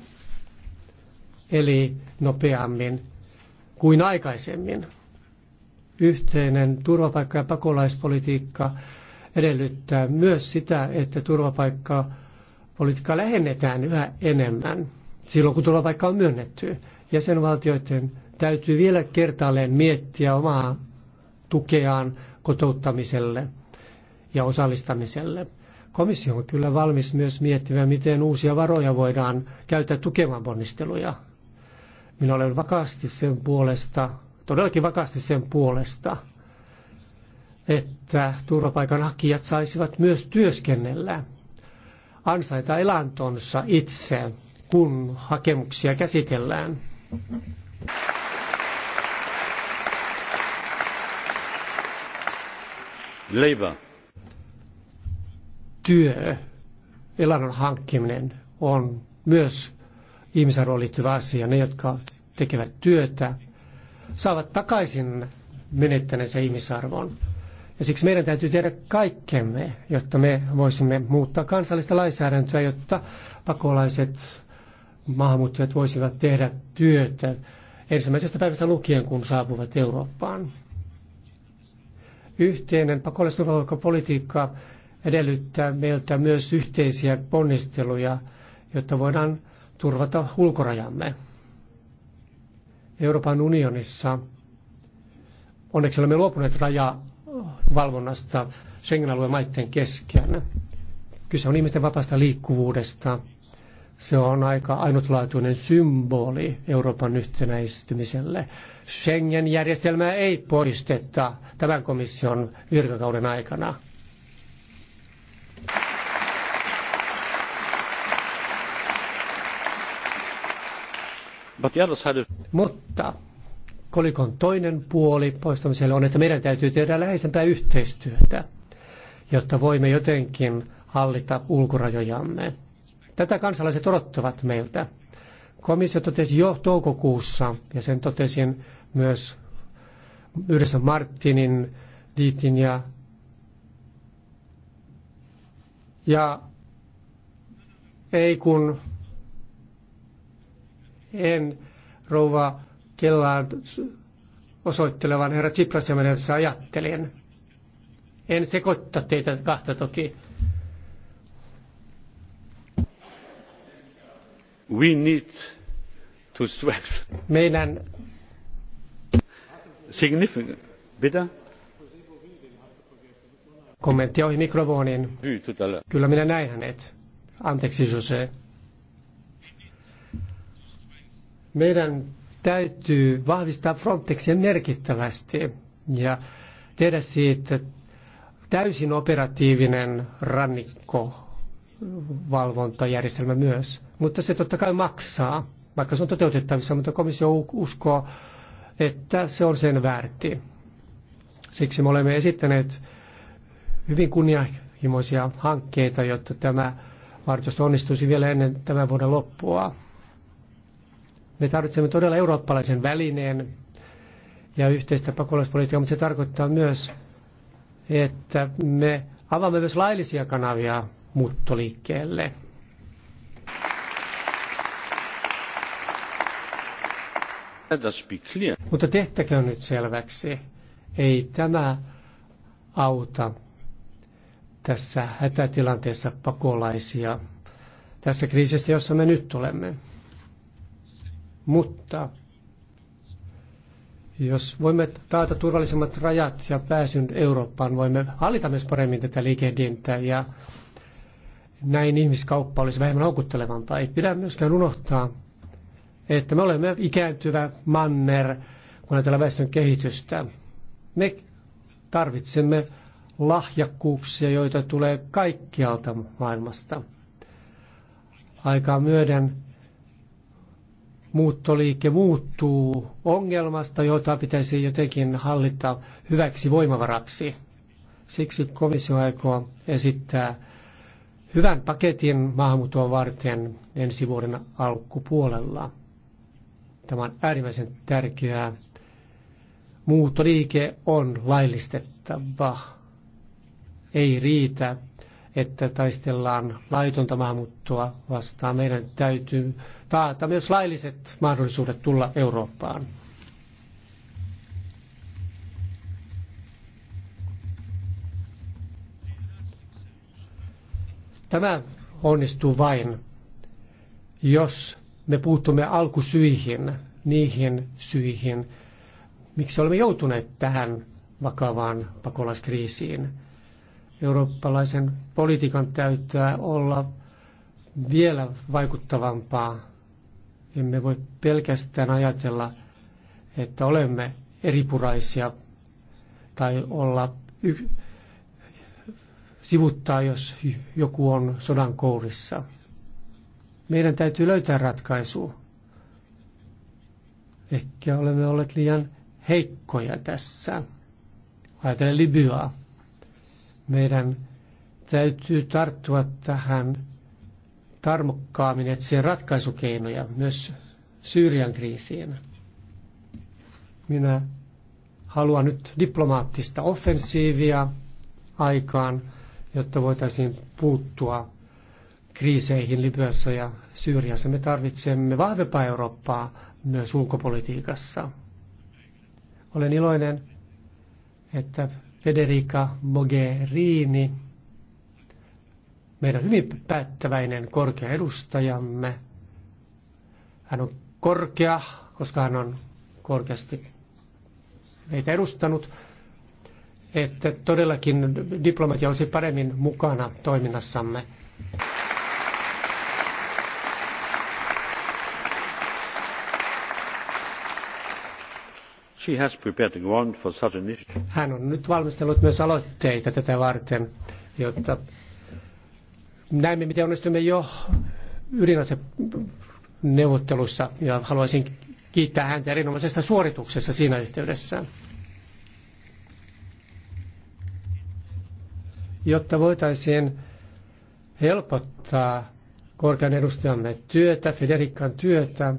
Eli nopeammin kuin aikaisemmin. Yhteinen turvapaikka- ja pakolaispolitiikka edellyttää myös sitä, että turvapaikka- politiikka lähennetään yhä enemmän silloin, kun turvapaikka on myönnetty. Jäsenvaltioiden täytyy vielä kertaalleen miettiä omaa tukeaan kotouttamiselle ja osallistamiselle. Komissio on kyllä valmis myös miettimään, miten uusia varoja voidaan käyttää tukemaan ponnisteluja. Minä olen vakaasti sen puolesta, todellakin vakaasti sen puolesta, että turvapaikanhakijat saisivat myös työskennellä ansaita elantonsa itse, kun hakemuksia käsitellään. Leiva Työ, elannon hankkiminen on myös ihmisarvoon liittyvä asia. Ne, jotka tekevät työtä, saavat takaisin menettäneensä ihmisarvon. Ja siksi meidän täytyy tehdä kaikkemme, jotta me voisimme muuttaa kansallista lainsäädäntöä, jotta pakolaiset maahanmuuttajat voisivat tehdä työtä ensimmäisestä päivästä lukien, kun saapuvat Eurooppaan. Yhteinen pakolaisturvapaikkapolitiikka edellyttää meiltä myös yhteisiä ponnisteluja, jotta voidaan turvata ulkorajamme. Euroopan unionissa onneksi olemme luopuneet raja valvonnasta Schengen-alueen maiden kesken. Kyse on ihmisten vapaasta liikkuvuudesta. Se on aika ainutlaatuinen symboli Euroopan yhtenäistymiselle. Schengen-järjestelmää ei poisteta tämän komission virkakauden aikana. Mutta kolikon toinen puoli poistamiselle on, että meidän täytyy tehdä läheisempää yhteistyötä, jotta voimme jotenkin hallita ulkorajojamme. Tätä kansalaiset odottavat meiltä. Komissio totesi jo toukokuussa, ja sen totesin myös yhdessä Martinin, Diitin ja, ja ei kun en rouva kellaan osoittelevan herra Tsiprasia menetessä ajattelen. En sekoittaa teitä kahta toki. We need to sweat. Meidän significant. Bitte? Kommentti ohi mikrofonin. Kyllä minä näin hänet. Anteeksi Jose. Meidän täytyy vahvistaa Frontexia merkittävästi ja tehdä siitä täysin operatiivinen rannikkovalvontajärjestelmä myös. Mutta se totta kai maksaa, vaikka se on toteutettavissa, mutta komissio uskoo, että se on sen väärti. Siksi me olemme esittäneet hyvin kunnianhimoisia hankkeita, jotta tämä vartosto onnistuisi vielä ennen tämän vuoden loppua. Me tarvitsemme todella eurooppalaisen välineen ja yhteistä pakolaispolitiikkaa, mutta se tarkoittaa myös, että me avaamme myös laillisia kanavia muuttoliikkeelle. Mutta tehtäköön nyt selväksi, ei tämä auta tässä hätätilanteessa pakolaisia tässä kriisissä, jossa me nyt olemme. Mutta jos voimme taata turvallisemmat rajat ja pääsyn Eurooppaan, voimme hallita myös paremmin tätä liikehdintää ja näin ihmiskauppa olisi vähemmän houkuttelevampaa. Ei pidä myöskään unohtaa, että me olemme ikääntyvä manner, kun ajatellaan väestön kehitystä. Me tarvitsemme lahjakkuuksia, joita tulee kaikkialta maailmasta. Aikaa myöden muuttoliike muuttuu ongelmasta, jota pitäisi jotenkin hallita hyväksi voimavaraksi. Siksi komissio aikoo esittää hyvän paketin maahanmuuttoa varten ensi vuoden alkupuolella. Tämä on äärimmäisen tärkeää. Muuttoliike on laillistettava. Ei riitä että taistellaan laitonta maahanmuuttoa vastaan. Meidän täytyy taata myös lailliset mahdollisuudet tulla Eurooppaan. Tämä onnistuu vain, jos me puuttumme alkusyihin, niihin syihin, miksi olemme joutuneet tähän vakavaan pakolaiskriisiin. Eurooppalaisen politiikan täytyy olla vielä vaikuttavampaa. Emme voi pelkästään ajatella, että olemme eripuraisia tai olla y- sivuttaa, jos joku on sodan kourissa. Meidän täytyy löytää ratkaisu. Ehkä olemme olleet liian heikkoja tässä. Ajatellaan Libyaa meidän täytyy tarttua tähän tarmokkaammin etsiä ratkaisukeinoja myös Syyrian kriisiin. Minä haluan nyt diplomaattista offensiivia aikaan, jotta voitaisiin puuttua kriiseihin Libyassa ja Syyriassa. Me tarvitsemme vahvempaa Eurooppaa myös ulkopolitiikassa. Olen iloinen, että Federica Mogherini, meidän hyvin päättäväinen korkea edustajamme. Hän on korkea, koska hän on korkeasti meitä edustanut, että todellakin diplomatia olisi paremmin mukana toiminnassamme. Hän on nyt valmistellut myös aloitteita tätä varten, jotta näemme, miten onnistumme jo ydinaseneuvottelussa ja haluaisin kiittää häntä erinomaisesta suorituksessa siinä yhteydessä. Jotta voitaisiin helpottaa korkean edustajamme työtä, Federikan työtä,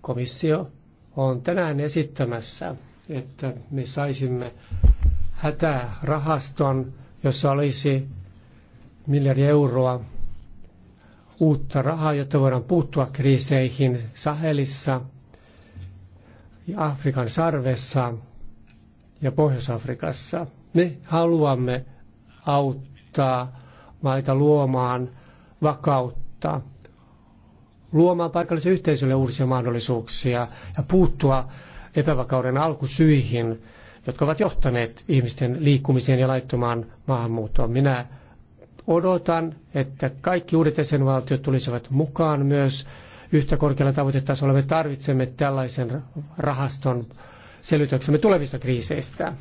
komissio on tänään esittämässä, että me saisimme hätärahaston, jossa olisi miljardi euroa uutta rahaa, jotta voidaan puuttua kriiseihin Sahelissa, Afrikan sarvessa ja Pohjois-Afrikassa. Me haluamme auttaa maita luomaan vakautta luomaan paikallisen yhteisölle uusia mahdollisuuksia ja puuttua epävakauden alkusyihin, jotka ovat johtaneet ihmisten liikkumiseen ja laittomaan maahanmuuttoon. Minä odotan, että kaikki uudet jäsenvaltiot tulisivat mukaan myös yhtä korkealla tavoitetasolla. Me tarvitsemme tällaisen rahaston selvityksemme tulevista kriiseistä.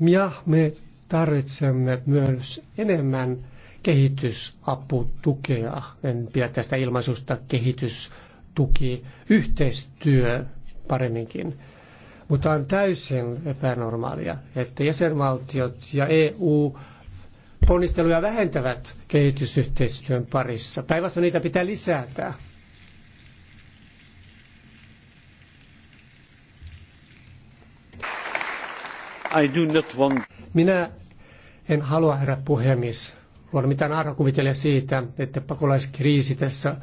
Ja me tarvitsemme myös enemmän kehitysaputukea. En pidä tästä ilmaisusta kehitystuki, yhteistyö paremminkin. Mutta on täysin epänormaalia, että jäsenvaltiot ja EU ponnisteluja vähentävät kehitysyhteistyön parissa. Päinvastoin niitä pitää lisätä. I do not want minä en halua, herra puhemies, luoda mitään arkakuvitelja siitä, että pakolaiskriisi tässä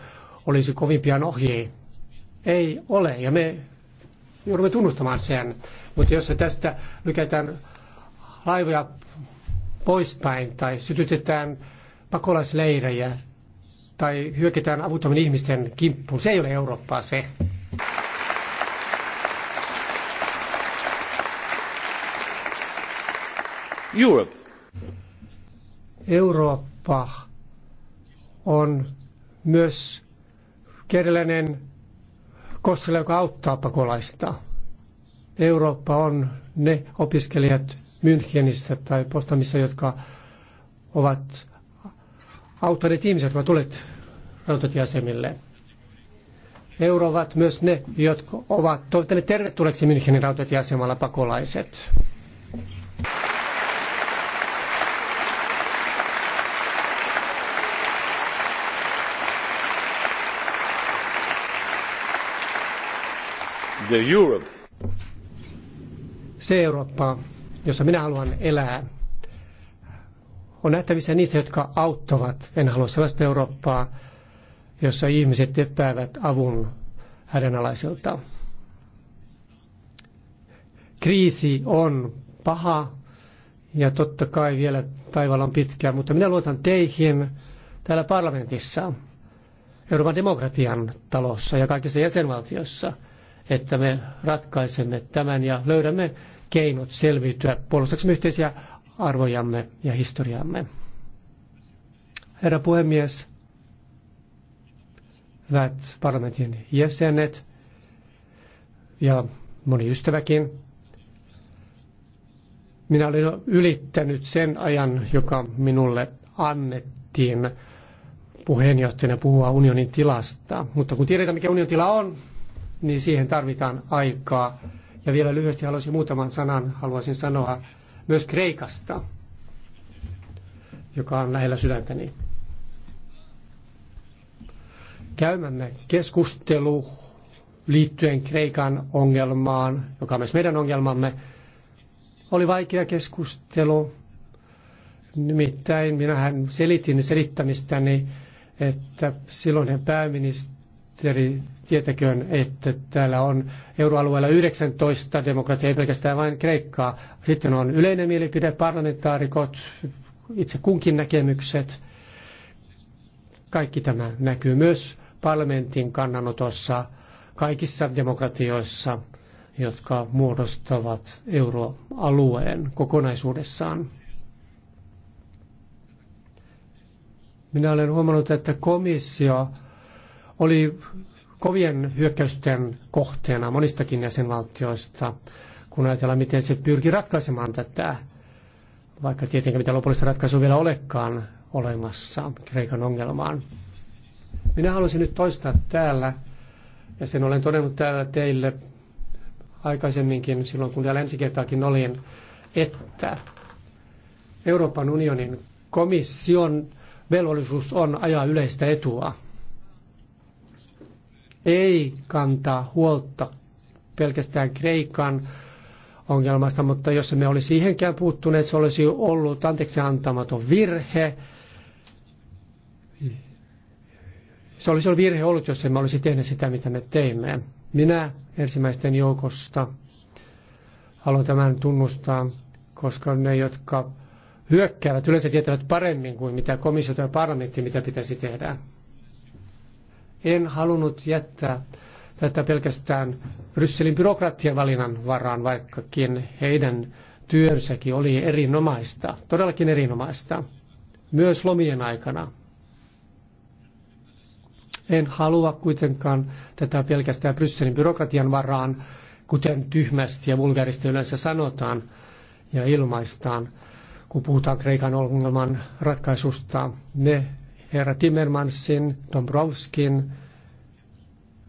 olisi kovin pian ohi. Ei ole, ja me joudumme tunnustamaan sen. Mutta jos se tästä lykätään laivoja poispäin tai sytytetään pakolaisleirejä tai hyökätään avuttomien ihmisten kimppuun, se ei ole Eurooppaa se. Europe. Eurooppa on myös kerellinen kossilla, joka auttaa pakolaista. Eurooppa on ne opiskelijat Münchenissä tai Postamissa, jotka ovat auttaneet ihmiset, jotka tulet rautatieasemille. Euro ovat myös ne, jotka ovat toivottaneet tervetulleeksi Münchenin rautatieasemalla pakolaiset. The Europe. Se Eurooppa, jossa minä haluan elää, on nähtävissä niissä, jotka auttavat. En halua sellaista Eurooppaa, jossa ihmiset epäävät avun hädänalaisilta. Kriisi on paha ja totta kai vielä taivaalla on pitkä, mutta minä luotan teihin täällä parlamentissa, Euroopan demokratian talossa ja kaikissa jäsenvaltioissa – että me ratkaisemme tämän ja löydämme keinot selviytyä puolustaksemme yhteisiä arvojamme ja historiamme. Herra puhemies, hyvät parlamentin jäsenet ja moni ystäväkin, minä olin ylittänyt sen ajan, joka minulle annettiin puheenjohtajana puhua unionin tilasta. Mutta kun tiedetään, mikä unionin tila on, niin siihen tarvitaan aikaa. Ja vielä lyhyesti haluaisin muutaman sanan haluaisin sanoa myös Kreikasta, joka on lähellä sydäntäni. Käymämme keskustelu liittyen Kreikan ongelmaan, joka on myös meidän ongelmamme, oli vaikea keskustelu. Nimittäin minähän selitin selittämistäni, että silloinen pääministeri Ministeri, tietäköön, että täällä on euroalueella 19 demokratiaa, ei pelkästään vain Kreikkaa. Sitten on yleinen mielipide, parlamentaarikot, itse kunkin näkemykset. Kaikki tämä näkyy myös parlamentin kannanotossa kaikissa demokratioissa, jotka muodostavat euroalueen kokonaisuudessaan. Minä olen huomannut, että komissio oli kovien hyökkäysten kohteena monistakin jäsenvaltioista, kun ajatellaan, miten se pyrki ratkaisemaan tätä, vaikka tietenkin mitä lopullista ratkaisua vielä olekaan olemassa Kreikan ongelmaan. Minä haluaisin nyt toistaa täällä, ja sen olen todennut täällä teille aikaisemminkin, silloin kun vielä ensi kertaakin olin, että Euroopan unionin komission velvollisuus on ajaa yleistä etua ei kantaa huolta pelkästään Kreikan ongelmasta, mutta jos me olisi siihenkään puuttuneet, se olisi ollut anteeksi antamaton virhe. Se olisi ollut virhe ollut, jos emme olisi tehneet sitä, mitä me teimme. Minä ensimmäisten joukosta haluan tämän tunnustaa, koska ne, jotka hyökkäävät, yleensä tietävät paremmin kuin mitä komissio tai parlamentti, mitä pitäisi tehdä. En halunnut jättää tätä pelkästään Brysselin byrokratian valinnan varaan, vaikkakin heidän työnsäkin oli erinomaista, todellakin erinomaista, myös lomien aikana. En halua kuitenkaan tätä pelkästään Brysselin byrokratian varaan, kuten tyhmästi ja vulgaristi yleensä sanotaan ja ilmaistaan, kun puhutaan Kreikan ongelman ratkaisusta. Me herra Timmermansin, Dombrovskin,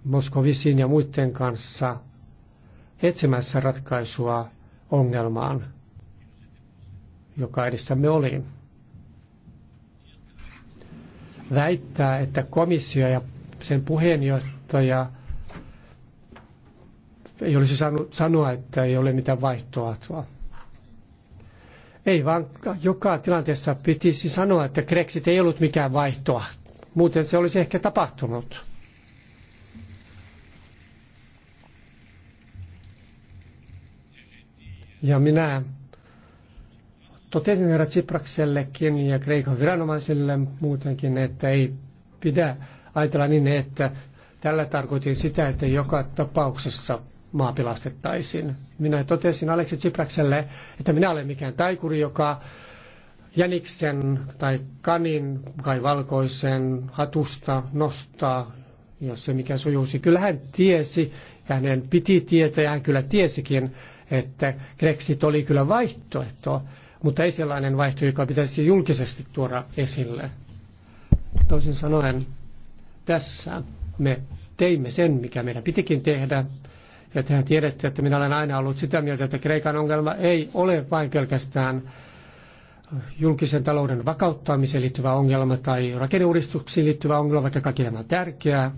Moskovisin ja muiden kanssa etsimässä ratkaisua ongelmaan, joka edessämme oli. Väittää, että komissio ja sen puheenjohtaja ei olisi saanut sanoa, että ei ole mitään vaihtoehtoa. Ei vaan joka tilanteessa pitisi sanoa, että Brexit ei ollut mikään vaihtoa. Muuten se olisi ehkä tapahtunut. Ja minä totesin herra Tsipraksellekin ja Kreikan viranomaisille muutenkin, että ei pidä ajatella niin, että tällä tarkoitin sitä, että joka tapauksessa maa pelastettaisiin. Minä totesin Aleksi Tsiprakselle, että minä olen mikään taikuri, joka jäniksen tai kanin tai valkoisen hatusta nostaa, jos se mikä sujuisi. Kyllä hän tiesi, ja hänen piti tietää, ja hän kyllä tiesikin, että Grexit oli kyllä vaihtoehto, mutta ei sellainen vaihtoehto, joka pitäisi julkisesti tuoda esille. Toisin sanoen, tässä me teimme sen, mikä meidän pitikin tehdä, ja tehän tiedätte, että minä olen aina ollut sitä mieltä, että Kreikan ongelma ei ole vain pelkästään julkisen talouden vakauttamiseen liittyvä ongelma tai rakenneuudistuksiin liittyvä ongelma, vaikka kaikki tämä on tärkeää,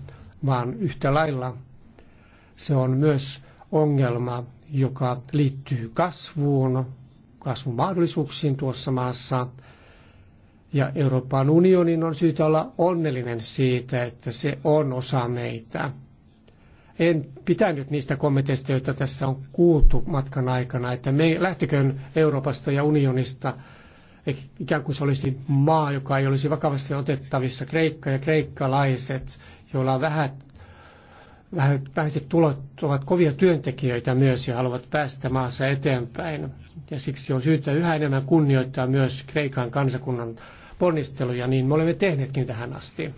vaan yhtä lailla se on myös ongelma, joka liittyy kasvuun, kasvun mahdollisuuksiin tuossa maassa. Ja Euroopan unionin on syytä olla onnellinen siitä, että se on osa meitä en pitänyt niistä kommenteista, joita tässä on kuultu matkan aikana, että me lähtiköön Euroopasta ja unionista eh, ikään kuin se olisi maa, joka ei olisi vakavasti otettavissa, Kreikka ja kreikkalaiset, joilla on vähät, vähät, vähäiset tulot, ovat kovia työntekijöitä myös ja haluavat päästä maassa eteenpäin. Ja siksi on syytä yhä enemmän kunnioittaa myös Kreikan kansakunnan ponnisteluja, niin me olemme tehneetkin tähän asti.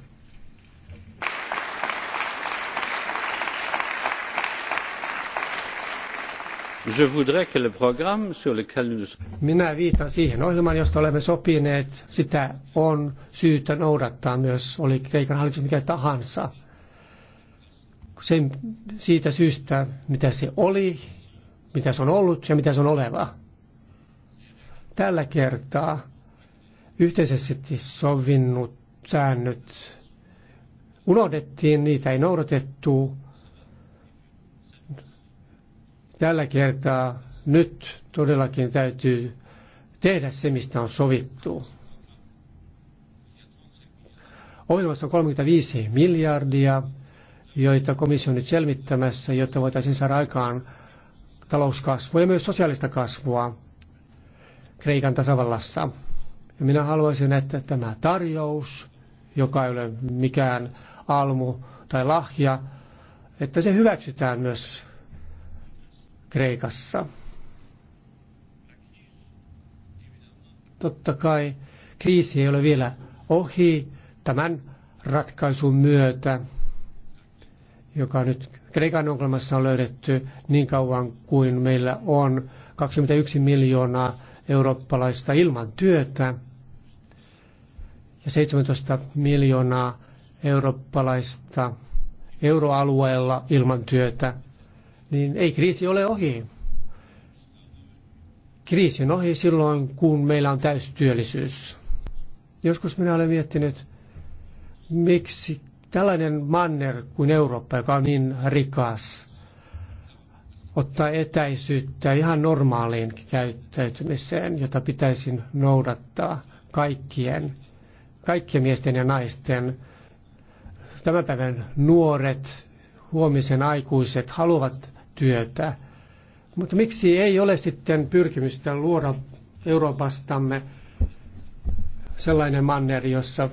Minä viitan siihen ohjelmaan, josta olemme sopineet. Sitä on syytä noudattaa myös, oli Kreikan hallitus mikä tahansa. Sen, siitä syystä, mitä se oli, mitä se on ollut ja mitä se on oleva. Tällä kertaa yhteisesti sovinnut säännöt unohdettiin, niitä ei noudatettu Tällä kertaa nyt todellakin täytyy tehdä se, mistä on sovittu. Ohjelmassa on 35 miljardia, joita komissio on nyt selmittämässä, jotta voitaisiin saada aikaan talouskasvua ja myös sosiaalista kasvua Kreikan tasavallassa. Ja minä haluaisin, että tämä tarjous, joka ei ole mikään almu tai lahja, että se hyväksytään myös Kreikassa. Totta kai kriisi ei ole vielä ohi tämän ratkaisun myötä, joka nyt Kreikan ongelmassa on löydetty niin kauan kuin meillä on 21 miljoonaa eurooppalaista ilman työtä ja 17 miljoonaa eurooppalaista euroalueella ilman työtä niin ei kriisi ole ohi. Kriisi on ohi silloin, kun meillä on täystyöllisyys. Joskus minä olen miettinyt, miksi tällainen manner kuin Eurooppa, joka on niin rikas, ottaa etäisyyttä ihan normaaliin käyttäytymiseen, jota pitäisi noudattaa kaikkien, kaikkien miesten ja naisten. Tämän päivän nuoret, huomisen aikuiset haluavat työtä. Mutta miksi ei ole sitten pyrkimystä luoda Euroopastamme sellainen manner, jossa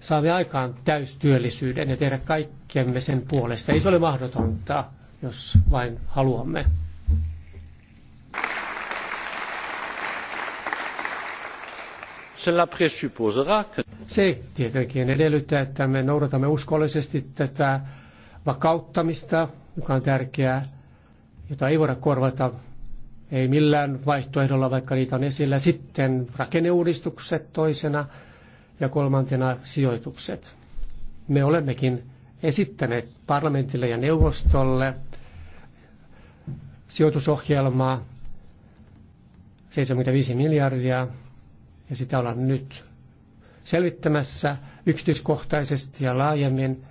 saamme aikaan täystyöllisyyden ja tehdä kaikkemme sen puolesta. Ei se ole mahdotonta, jos vain haluamme. Se tietenkin edellyttää, että me noudatamme uskollisesti tätä vakauttamista, joka on tärkeää, jota ei voida korvata ei millään vaihtoehdolla, vaikka niitä on esillä. Sitten rakenneuudistukset toisena ja kolmantena sijoitukset. Me olemmekin esittäneet parlamentille ja neuvostolle sijoitusohjelmaa 75 miljardia ja sitä ollaan nyt selvittämässä yksityiskohtaisesti ja laajemmin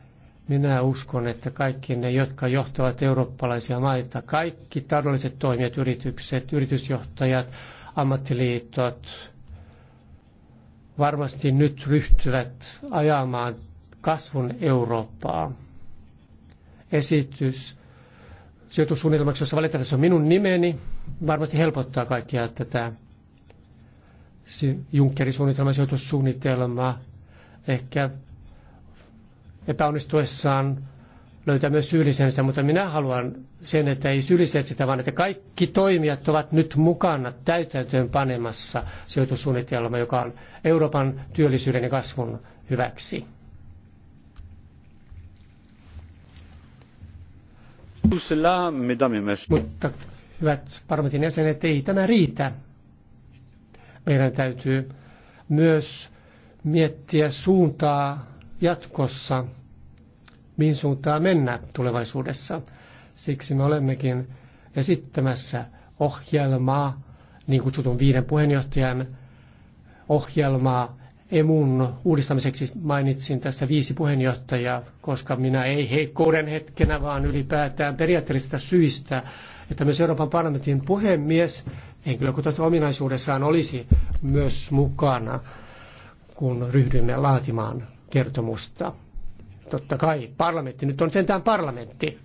minä uskon, että kaikki ne, jotka johtavat eurooppalaisia maita, kaikki taloudelliset toimijat, yritykset, yritysjohtajat, ammattiliitot, varmasti nyt ryhtyvät ajamaan kasvun Eurooppaa. Esitys sijoitussuunnitelmaksi, jossa valitettavasti on minun nimeni, varmasti helpottaa kaikkia tätä Junckerin suunnitelma, sijoitussuunnitelma, ehkä epäonnistuessaan löytää myös syyllisensä, mutta minä haluan sen, että ei syylliset sitä, vaan että kaikki toimijat ovat nyt mukana täytäntöön panemassa sijoitussuunnitelma, joka on Euroopan työllisyyden ja kasvun hyväksi. Mutta hyvät parlamentin jäsenet, ei tämä riitä. Meidän täytyy myös miettiä suuntaa jatkossa, mihin suuntaan mennä tulevaisuudessa. Siksi me olemmekin esittämässä ohjelmaa, niin kutsutun viiden puheenjohtajan ohjelmaa, emun uudistamiseksi siis mainitsin tässä viisi puheenjohtajaa, koska minä ei heikkouden hetkenä, vaan ylipäätään periaatteellisista syistä, että myös Euroopan parlamentin puhemies henkilökohtaisessa ominaisuudessaan olisi myös mukana, kun ryhdymme laatimaan kertomusta. Totta kai parlamentti nyt on sentään parlamentti.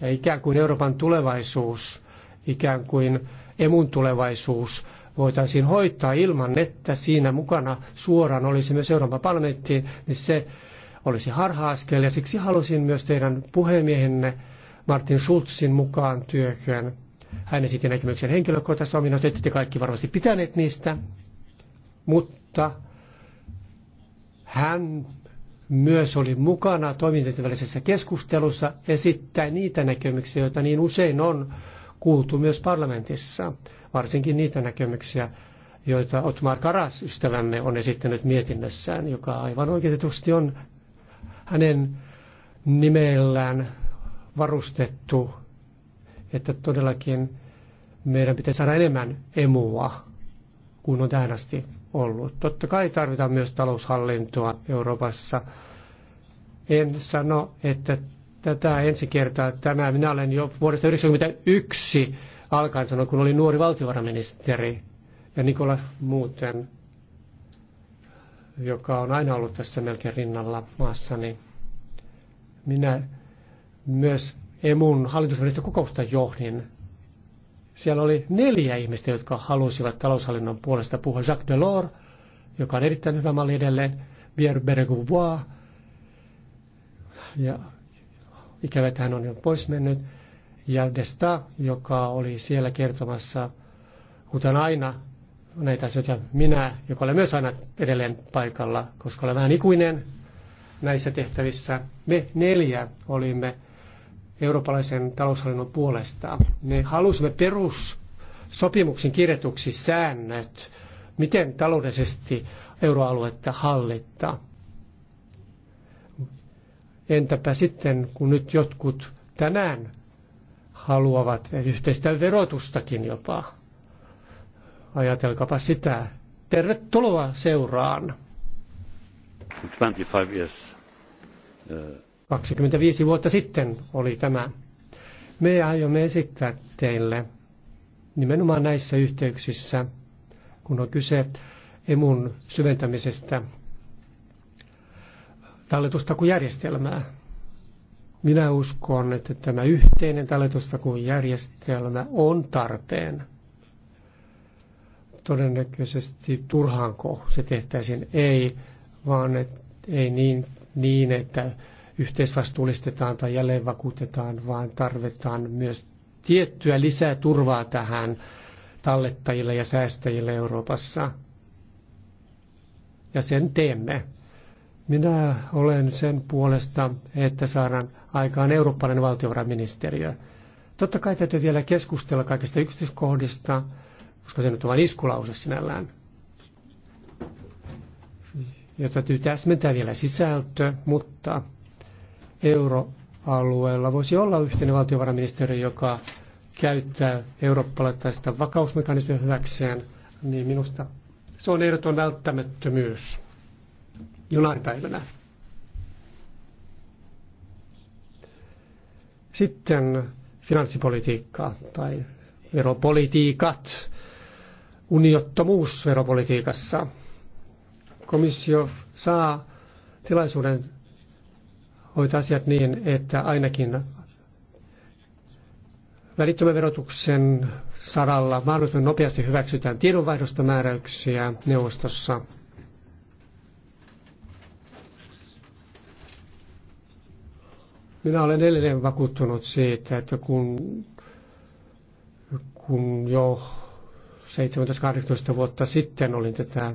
Ja ikään kuin Euroopan tulevaisuus, ikään kuin emun tulevaisuus voitaisiin hoitaa ilman, että siinä mukana suoraan olisi myös Euroopan parlamentti, niin se olisi harha-askel. Ja siksi halusin myös teidän puhemiehenne Martin Schulzin mukaan työhön. Hän esitti näkemyksen henkilökohtaisesta ominaisuudesta, ette te kaikki varmasti pitäneet niistä, mutta hän myös oli mukana toimintatyvällisessä keskustelussa esittäen niitä näkemyksiä, joita niin usein on kuultu myös parlamentissa, varsinkin niitä näkemyksiä, joita Otmar Karas ystävämme on esittänyt mietinnössään, joka aivan oikeutetusti on hänen nimellään varustettu, että todellakin meidän pitäisi saada enemmän emua kuin on tähän asti ollut. Totta kai tarvitaan myös taloushallintoa Euroopassa. En sano, että tätä ensi kertaa tämä. Minä olen jo vuodesta 1991 alkaen sanoa, kun olin nuori valtiovarainministeri ja Nikola muuten, joka on aina ollut tässä melkein rinnalla maassani. Minä myös emun hallitusvälistä kokousta johdin siellä oli neljä ihmistä, jotka halusivat taloushallinnon puolesta puhua. Jacques Delors, joka on erittäin hyvä malli edelleen, Pierre Bergouvois, ja ikävä, että hän on jo pois mennyt, ja Desta, joka oli siellä kertomassa, kuten aina, näitä asioita. Minä, joka olen myös aina edelleen paikalla, koska olen vähän ikuinen näissä tehtävissä, me neljä olimme eurooppalaisen taloushallinnon puolesta. Me halusimme perussopimuksen kirjatuksi säännöt, miten taloudellisesti euroaluetta hallittaa. Entäpä sitten, kun nyt jotkut tänään haluavat yhteistä verotustakin jopa. Ajatelkapa sitä. Tervetuloa seuraan. 25 years. Uh 25 vuotta sitten oli tämä. Me aiomme esittää teille nimenomaan näissä yhteyksissä, kun on kyse emun syventämisestä talletustakujärjestelmää. Minä uskon, että tämä yhteinen talletustakujärjestelmä on tarpeen. Todennäköisesti turhaanko se tehtäisiin ei, vaan et, ei niin, niin, että yhteisvastuullistetaan tai jälleen vakuutetaan, vaan tarvitaan myös tiettyä lisää turvaa tähän tallettajille ja säästäjille Euroopassa. Ja sen teemme. Minä olen sen puolesta, että saadaan aikaan eurooppalainen valtiovarainministeriö. Totta kai täytyy vielä keskustella kaikista yksityiskohdista, koska se nyt on vain iskulause sinällään. Ja täytyy täsmentää vielä sisältö, mutta euroalueella voisi olla yhteinen valtiovarainministeri, joka käyttää eurooppalaista vakausmekanismia hyväkseen, niin minusta se on ehdoton välttämättömyys jonain päivänä. Sitten finanssipolitiikkaa tai veropolitiikat, uniottomuus veropolitiikassa. Komissio saa tilaisuuden hoitaa asiat niin, että ainakin välittömän verotuksen saralla mahdollisimman nopeasti hyväksytään tiedonvaihdosta määräyksiä neuvostossa. Minä olen edelleen vakuuttunut siitä, että kun, kun jo 17-18 vuotta sitten olin tätä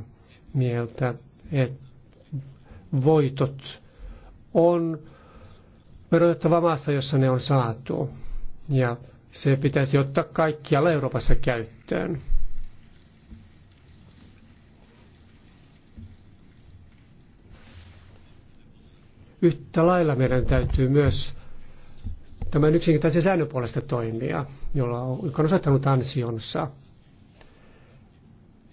mieltä, että voitot on verotettava maassa, jossa ne on saatu. Ja se pitäisi ottaa kaikkialla Euroopassa käyttöön. Yhtä lailla meidän täytyy myös tämän yksinkertaisen säännön puolesta toimia, jolla on, joka on osoittanut ansionsa.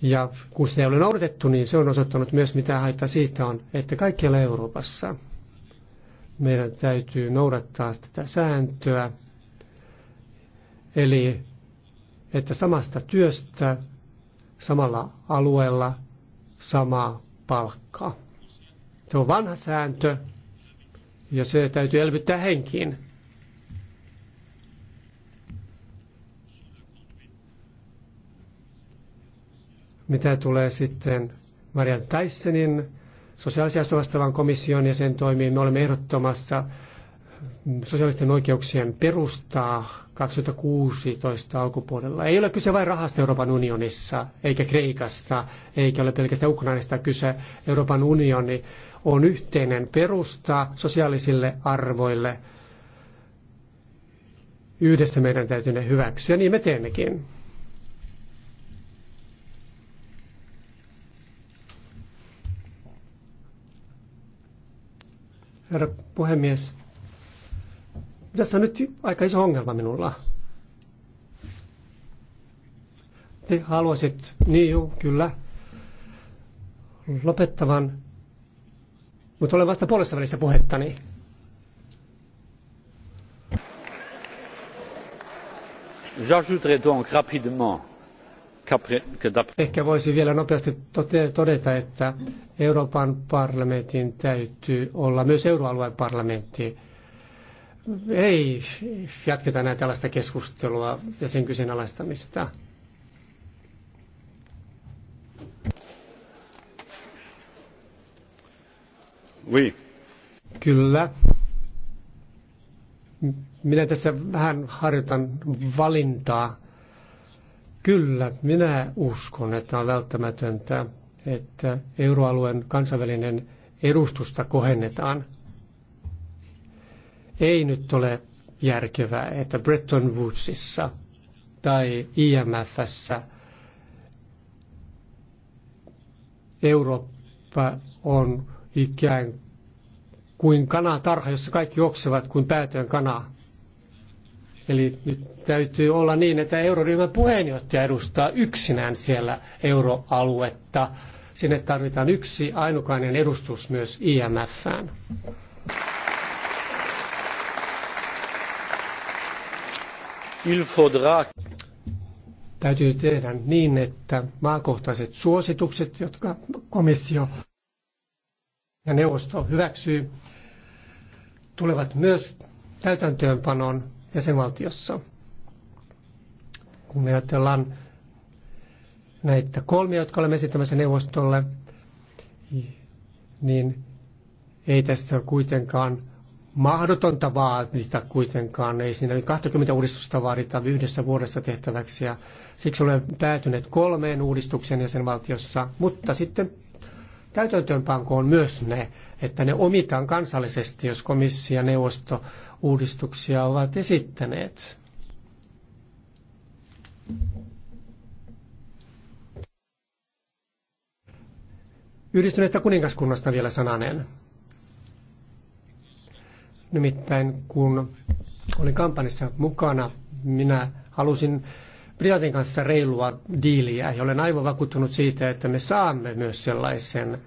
Ja kun se ei ole noudatettu, niin se on osoittanut myös mitä haittaa siitä on, että kaikkialla Euroopassa – meidän täytyy noudattaa tätä sääntöä, eli että samasta työstä samalla alueella sama palkka. Se on vanha sääntö ja se täytyy elvyttää henkiin. Mitä tulee sitten Marian Tyssenin sosiaalisiasta vastaavan komission ja sen toimiin. Me olemme ehdottomassa sosiaalisten oikeuksien perustaa 2016 alkupuolella. Ei ole kyse vain rahasta Euroopan unionissa, eikä Kreikasta, eikä ole pelkästään Ukrainasta kyse. Euroopan unioni on yhteinen perusta sosiaalisille arvoille. Yhdessä meidän täytyy ne hyväksyä, niin me teemmekin. herra puhemies. Tässä on nyt aika iso ongelma minulla. Te haluaisit, niin joo, kyllä, lopettavan, mutta olen vasta puolessa välissä puhettani. J'ajouterai donc rapidement Ehkä voisi vielä nopeasti todeta, että Euroopan parlamentin täytyy olla myös euroalueen parlamentti. Ei jatketa näitä tällaista keskustelua ja sen kyseenalaistamista. Oui. Kyllä. Minä tässä vähän harjoitan valintaa Kyllä, minä uskon, että on välttämätöntä, että euroalueen kansainvälinen edustusta kohennetaan. Ei nyt ole järkevää, että Bretton Woodsissa tai IMFssä Eurooppa on ikään kuin kanatarha, jossa kaikki juoksevat kuin päätön kanaa. Eli nyt täytyy olla niin, että euroryhmän puheenjohtaja edustaa yksinään siellä euroaluetta. Sinne tarvitaan yksi ainukainen edustus myös IMFään. Il faudra... Täytyy tehdä niin, että maakohtaiset suositukset, jotka komissio ja neuvosto hyväksyy, tulevat myös täytäntöönpanon jäsenvaltiossa. Kun me ajatellaan näitä kolmia, jotka olemme esittämässä neuvostolle, niin ei tässä kuitenkaan mahdotonta vaadita kuitenkaan. Ei siinä nyt 20 uudistusta vaadita yhdessä vuodessa tehtäväksi ja siksi olemme päätyneet kolmeen uudistukseen jäsenvaltiossa, mutta sitten täytäntöönpanko on myös ne, että ne omitaan kansallisesti, jos komissio ja neuvosto uudistuksia ovat esittäneet. Yhdistyneestä kuningaskunnasta vielä sananen. Nimittäin kun olin kampanjassa mukana, minä halusin Britannian kanssa reilua diiliä ja olen aivan vakuuttunut siitä, että me saamme myös sellaisen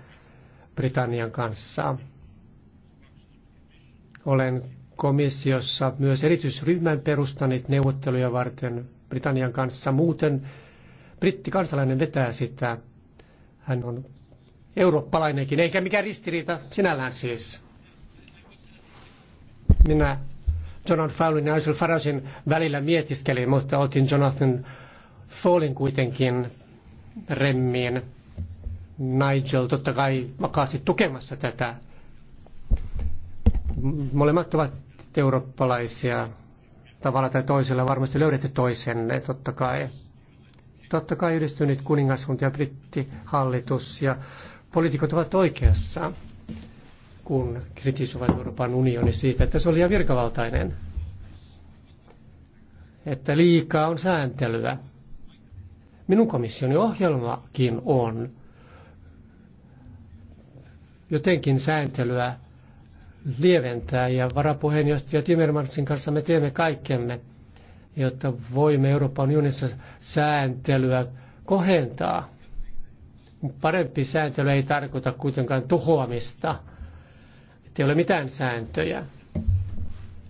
Britannian kanssa. Olen komissiossa myös erityisryhmän perustaneet neuvotteluja varten Britannian kanssa. Muuten brittikansalainen vetää sitä. Hän on eurooppalainenkin, eikä mikään ristiriita sinällään siis. Minä Jonathan Fowlin ja Nigel Faragein välillä mietiskelin, mutta otin Jonathan Fowlin kuitenkin remmiin. Nigel totta kai vakaasti tukemassa tätä. Molemmat ovat eurooppalaisia tavalla tai toisella. Varmasti löydätte toisenne, totta kai. Totta kai yhdistynyt kuningaskunta ja brittihallitus ja poliitikot ovat oikeassa, kun kritisoivat Euroopan unioni siitä, että se oli liian virkavaltainen. Että liikaa on sääntelyä. Minun komissioni ohjelmakin on jotenkin sääntelyä lieventää ja varapuheenjohtaja Timmermansin kanssa me teemme kaikkemme, jotta voimme Euroopan unionissa sääntelyä kohentaa. Parempi sääntely ei tarkoita kuitenkaan tuhoamista, ettei ole mitään sääntöjä,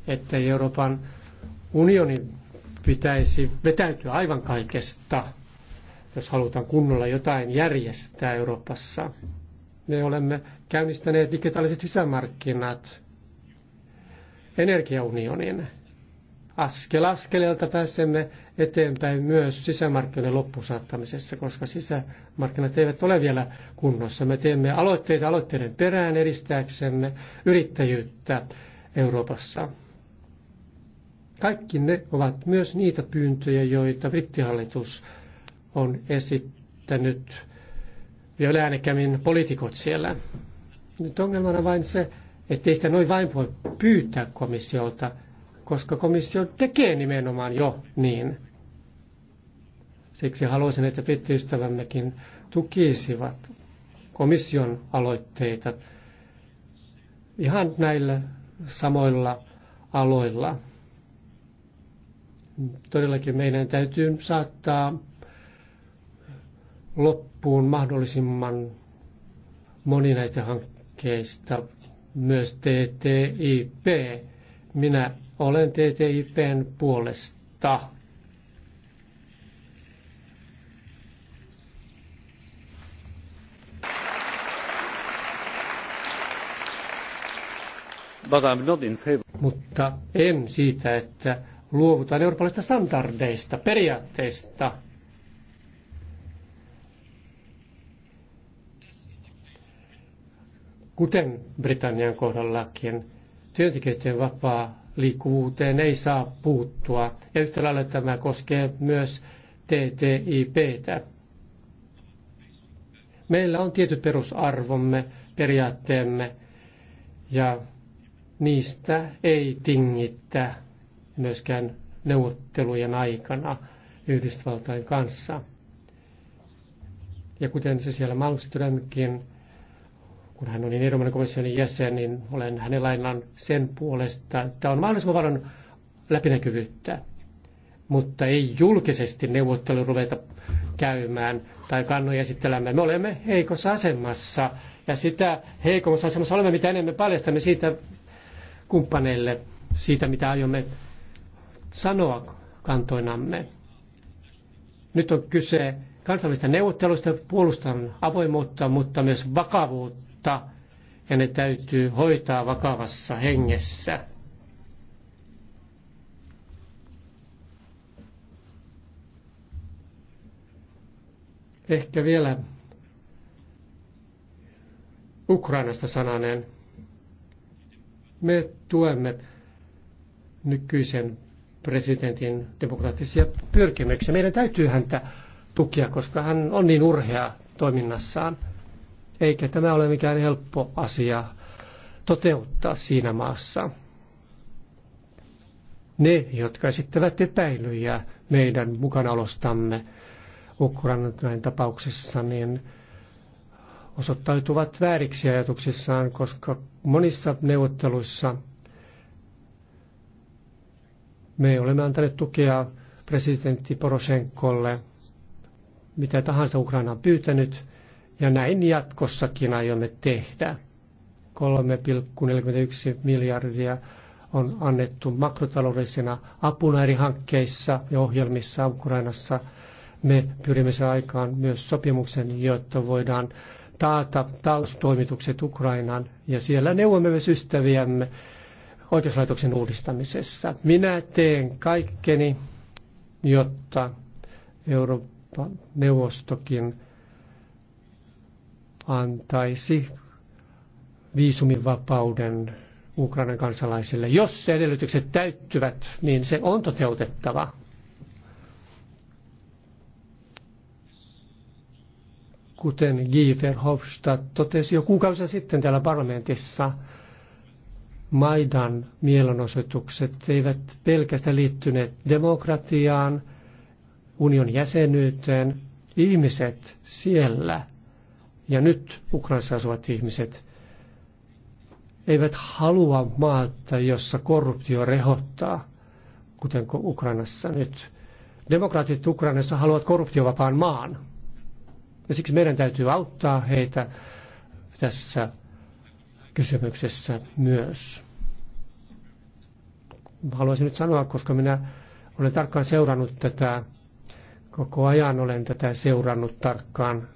että Euroopan unionin pitäisi vetäytyä aivan kaikesta, jos halutaan kunnolla jotain järjestää Euroopassa. Me olemme käynnistäneet digitaaliset sisämarkkinat, energiaunionin. Askel askeleelta pääsemme eteenpäin myös sisämarkkinoiden loppusaattamisessa, koska sisämarkkinat eivät ole vielä kunnossa. Me teemme aloitteita aloitteiden perään edistääksemme yrittäjyyttä Euroopassa. Kaikki ne ovat myös niitä pyyntöjä, joita brittihallitus on esittänyt vielä äänekämin poliitikot siellä. Nyt ongelmana vain se, ettei sitä noin vain voi pyytää komissiolta, koska komissio tekee nimenomaan jo niin. Siksi haluaisin, että brittiystävämmekin tukisivat komission aloitteita ihan näillä samoilla aloilla. Todellakin meidän täytyy saattaa loppuun mahdollisimman moni näistä hankkeista hankkeista myös TTIP. Minä olen TTIPn puolesta. But I'm not in favor. Mutta en siitä, että luovutaan eurooppalaisista standardeista, periaatteista – kuten Britannian kohdallakin, työntekijöiden vapaa liikkuvuuteen ei saa puuttua. Ja yhtä lailla tämä koskee myös TTIPtä. Meillä on tietyt perusarvomme, periaatteemme ja niistä ei tingittä myöskään neuvottelujen aikana Yhdysvaltain kanssa. Ja kuten se siellä Malmströmkin kun hän on niin Euroopan komission jäsen, niin olen hänen lainan sen puolesta, että on mahdollisimman paljon läpinäkyvyyttä, mutta ei julkisesti neuvottelu ruveta käymään tai kannoja esittelemään. Me olemme heikossa asemassa ja sitä heikommassa asemassa olemme, mitä enemmän paljastamme siitä kumppaneille, siitä mitä aiomme sanoa kantoinamme. Nyt on kyse kansallisista neuvottelusta, puolustan avoimuutta, mutta myös vakavuutta mutta ja ne täytyy hoitaa vakavassa hengessä. Ehkä vielä Ukrainasta sananen. Me tuemme nykyisen presidentin demokraattisia pyrkimyksiä. Meidän täytyy häntä tukia, koska hän on niin urhea toiminnassaan eikä tämä ole mikään helppo asia toteuttaa siinä maassa. Ne, jotka esittävät epäilyjä meidän mukanaolostamme Ukrainan tapauksessa, niin osoittautuvat vääriksi ajatuksissaan, koska monissa neuvotteluissa me olemme antaneet tukea presidentti Poroshenkolle, mitä tahansa Ukraina on pyytänyt, ja näin jatkossakin aiomme tehdä. 3,41 miljardia on annettu makrotaloudellisena apuna eri hankkeissa ja ohjelmissa Ukrainassa. Me pyrimme sen aikaan myös sopimuksen, jotta voidaan taata taustoimitukset Ukrainaan ja siellä neuvomme myös ystäviämme oikeuslaitoksen uudistamisessa. Minä teen kaikkeni, jotta Euroopan neuvostokin antaisi viisumivapauden Ukrainan kansalaisille. Jos se edellytykset täyttyvät, niin se on toteutettava. Kuten Guy Verhofstadt totesi jo kuukausi sitten täällä parlamentissa, Maidan mielenosoitukset eivät pelkästään liittyneet demokratiaan, union jäsenyyteen. Ihmiset siellä ja nyt Ukrainassa asuvat ihmiset eivät halua maata, jossa korruptio rehottaa, kuten Ukrainassa nyt. Demokraatit Ukrainassa haluavat korruptiovapaan maan. Ja siksi meidän täytyy auttaa heitä tässä kysymyksessä myös. Haluaisin nyt sanoa, koska minä olen tarkkaan seurannut tätä, koko ajan olen tätä seurannut tarkkaan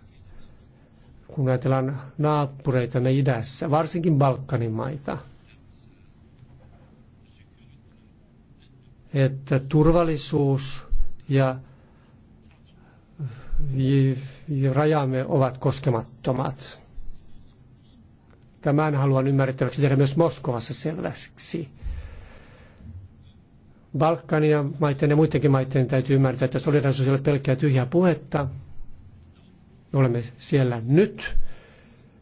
kun ajatellaan naapureita ne idässä, varsinkin Balkanin maita. Että turvallisuus ja, ja rajamme ovat koskemattomat. Tämän haluan ymmärrettäväksi tehdä myös Moskovassa selväksi. Balkania maiden ja muidenkin maiden täytyy ymmärtää, että solidarisuus ei ole pelkkää tyhjää puhetta, me olemme siellä nyt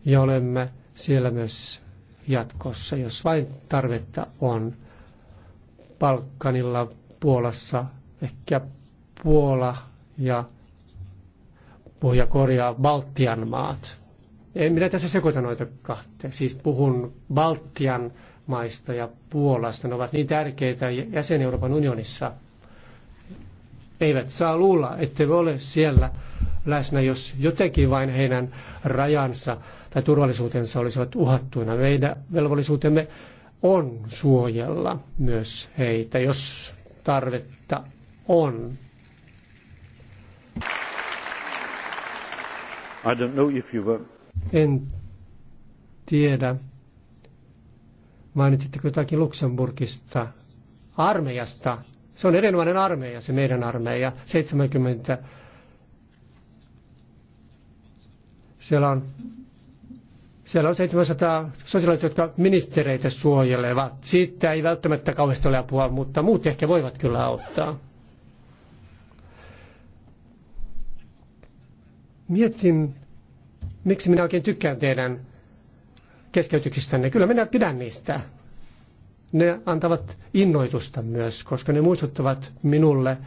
ja olemme siellä myös jatkossa, jos vain tarvetta on. Balkanilla, Puolassa, ehkä Puola ja puhuja korjaa Baltian maat. En minä tässä sekoita noita kahta. Siis puhun Baltian maista ja Puolasta. Ne ovat niin tärkeitä jäsen Euroopan unionissa. Eivät saa luulla, ettei ole siellä läsnä, jos jotenkin vain heidän rajansa tai turvallisuutensa olisivat uhattuina. Meidän velvollisuutemme on suojella myös heitä, jos tarvetta on. I don't know if you were... En tiedä. Mainitsitteko jotakin Luxemburgista? Armeijasta. Se on erinomainen armeija, se meidän armeija. 70 Siellä on, siellä on 700 sotilaita, jotka ministereitä suojelevat. Siitä ei välttämättä kauheasti ole apua, mutta muut ehkä voivat kyllä auttaa. Mietin, miksi minä oikein tykkään teidän keskeytyksistänne. Kyllä minä pidän niistä ne antavat innoitusta myös, koska ne muistuttavat minulle,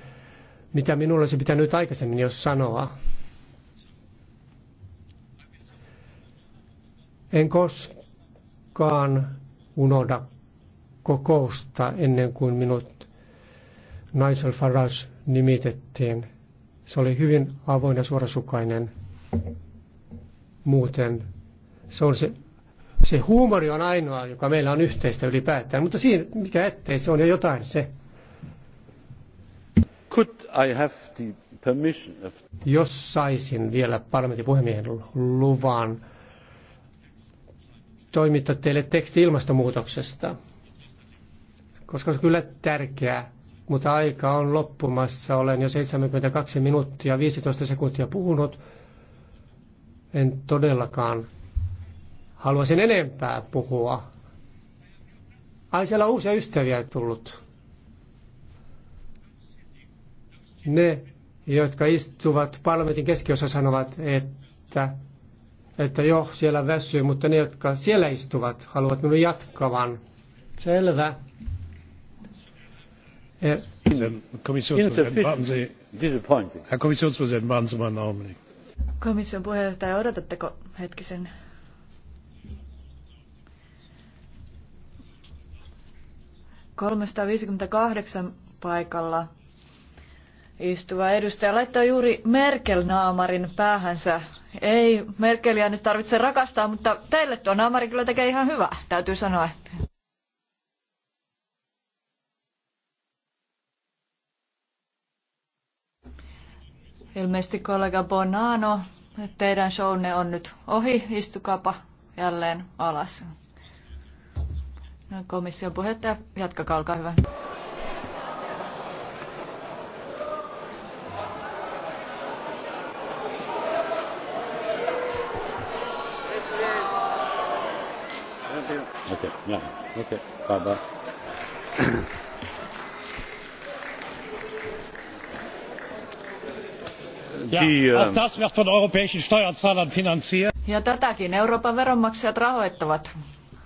mitä minulle pitää nyt aikaisemmin jo sanoa. En koskaan unohda kokousta ennen kuin minut Nigel Farage nimitettiin. Se oli hyvin avoin ja suorasukainen muuten. Se on se, se huumori on ainoa, joka meillä on yhteistä ylipäätään, mutta siinä, mikä ettei, se on jo jotain se. Could I have the permission of... Jos saisin vielä parlamentin puhemiehen luvan toimittaa teille teksti ilmastonmuutoksesta, koska se on kyllä tärkeää, mutta aika on loppumassa. Olen jo 72 minuuttia 15 sekuntia puhunut. En todellakaan haluaisin enempää puhua. Ai siellä on uusia ystäviä tullut. Ne, jotka istuvat parlamentin keskiössä, sanovat, että että jo siellä väsyy, mutta ne, jotka siellä istuvat, haluavat minun jatkavan. Selvä. E- Herr Kommissionspräsident, warten Sie mal einen Augenblick. Komission puheenjohtaja, odotatteko hetkisen? paikalla istuva edustaja laittaa juuri Merkel-naamarin päähänsä ei Merkeliä nyt tarvitse rakastaa, mutta teille tuo naamari kyllä tekee ihan hyvää, täytyy sanoa. Ilmeisesti kollega Bonano, teidän showne on nyt ohi, istukapa jälleen alas. No, komission puheenjohtaja, jatkakaa, olkaa hyvä. Yeah. Okay. Bye bye. Ähm, ja tätäkin Euroopan veronmaksajat rahoittavat.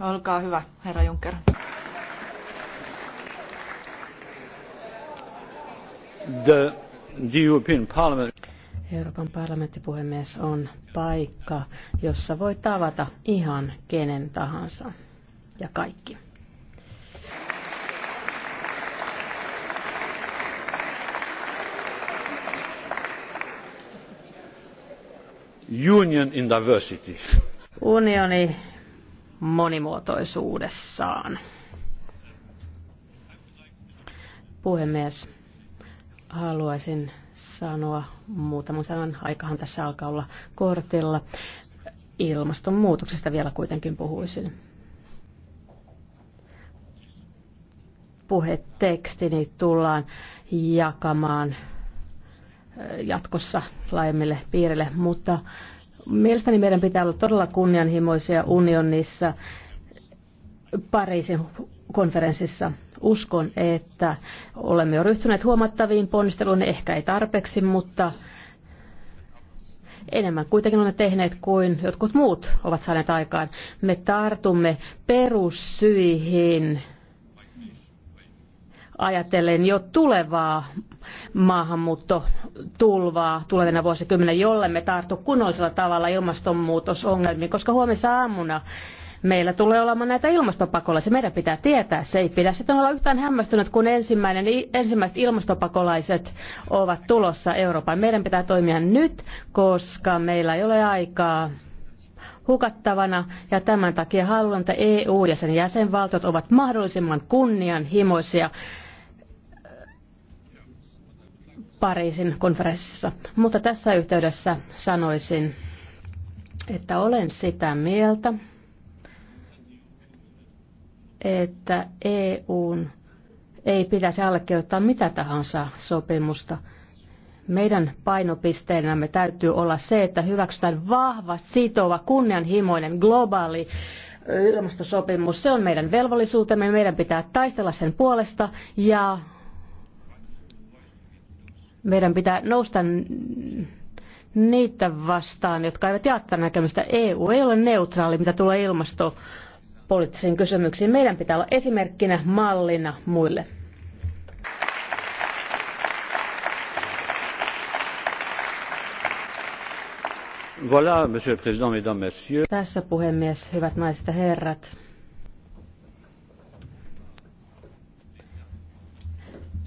Olkaa hyvä, herra Juncker. The, the European Parliament. Euroopan parlamenttipuhemies on paikka, jossa voi tavata ihan kenen tahansa ja kaikki. Union in diversity. Unioni monimuotoisuudessaan. Puhemies, haluaisin sanoa muutaman sanan. Aikahan tässä alkaa olla kortilla. Ilmastonmuutoksesta vielä kuitenkin puhuisin. puhetekstini tullaan jakamaan jatkossa laajemmille piirille, mutta mielestäni meidän pitää olla todella kunnianhimoisia unionissa Pariisin konferenssissa. Uskon, että olemme jo ryhtyneet huomattaviin ponnisteluun, ehkä ei tarpeeksi, mutta enemmän kuitenkin olemme tehneet kuin jotkut muut ovat saaneet aikaan. Me tartumme perussyihin ajatellen jo tulevaa maahanmuuttotulvaa tulevina vuosikymmeninä jolle me tarttu kunnollisella tavalla ilmastonmuutosongelmiin, koska huomisa aamuna meillä tulee olemaan näitä ilmastopakolaisia. Meidän pitää tietää, se ei pidä sitten olla yhtään hämmästynyt, kun ensimmäinen, ensimmäiset ilmastopakolaiset ovat tulossa Euroopan. Meidän pitää toimia nyt, koska meillä ei ole aikaa hukattavana ja tämän takia haluan, että EU ja sen jäsenvaltiot ovat mahdollisimman kunnianhimoisia Pariisin konferenssissa. Mutta tässä yhteydessä sanoisin, että olen sitä mieltä, että EUn ei pitäisi allekirjoittaa mitä tahansa sopimusta. Meidän painopisteenämme täytyy olla se, että hyväksytään vahva, sitova, kunnianhimoinen, globaali ilmastosopimus. Se on meidän velvollisuutemme, meidän pitää taistella sen puolesta ja meidän pitää nousta niitä vastaan, jotka eivät jaa tätä näkemystä. EU ei ole neutraali, mitä tulee ilmastopoliittisiin kysymyksiin. Meidän pitää olla esimerkkinä, mallina muille. Voilà, monsieur le président, mesdames, messieurs. Tässä puhemies, hyvät naiset ja herrat.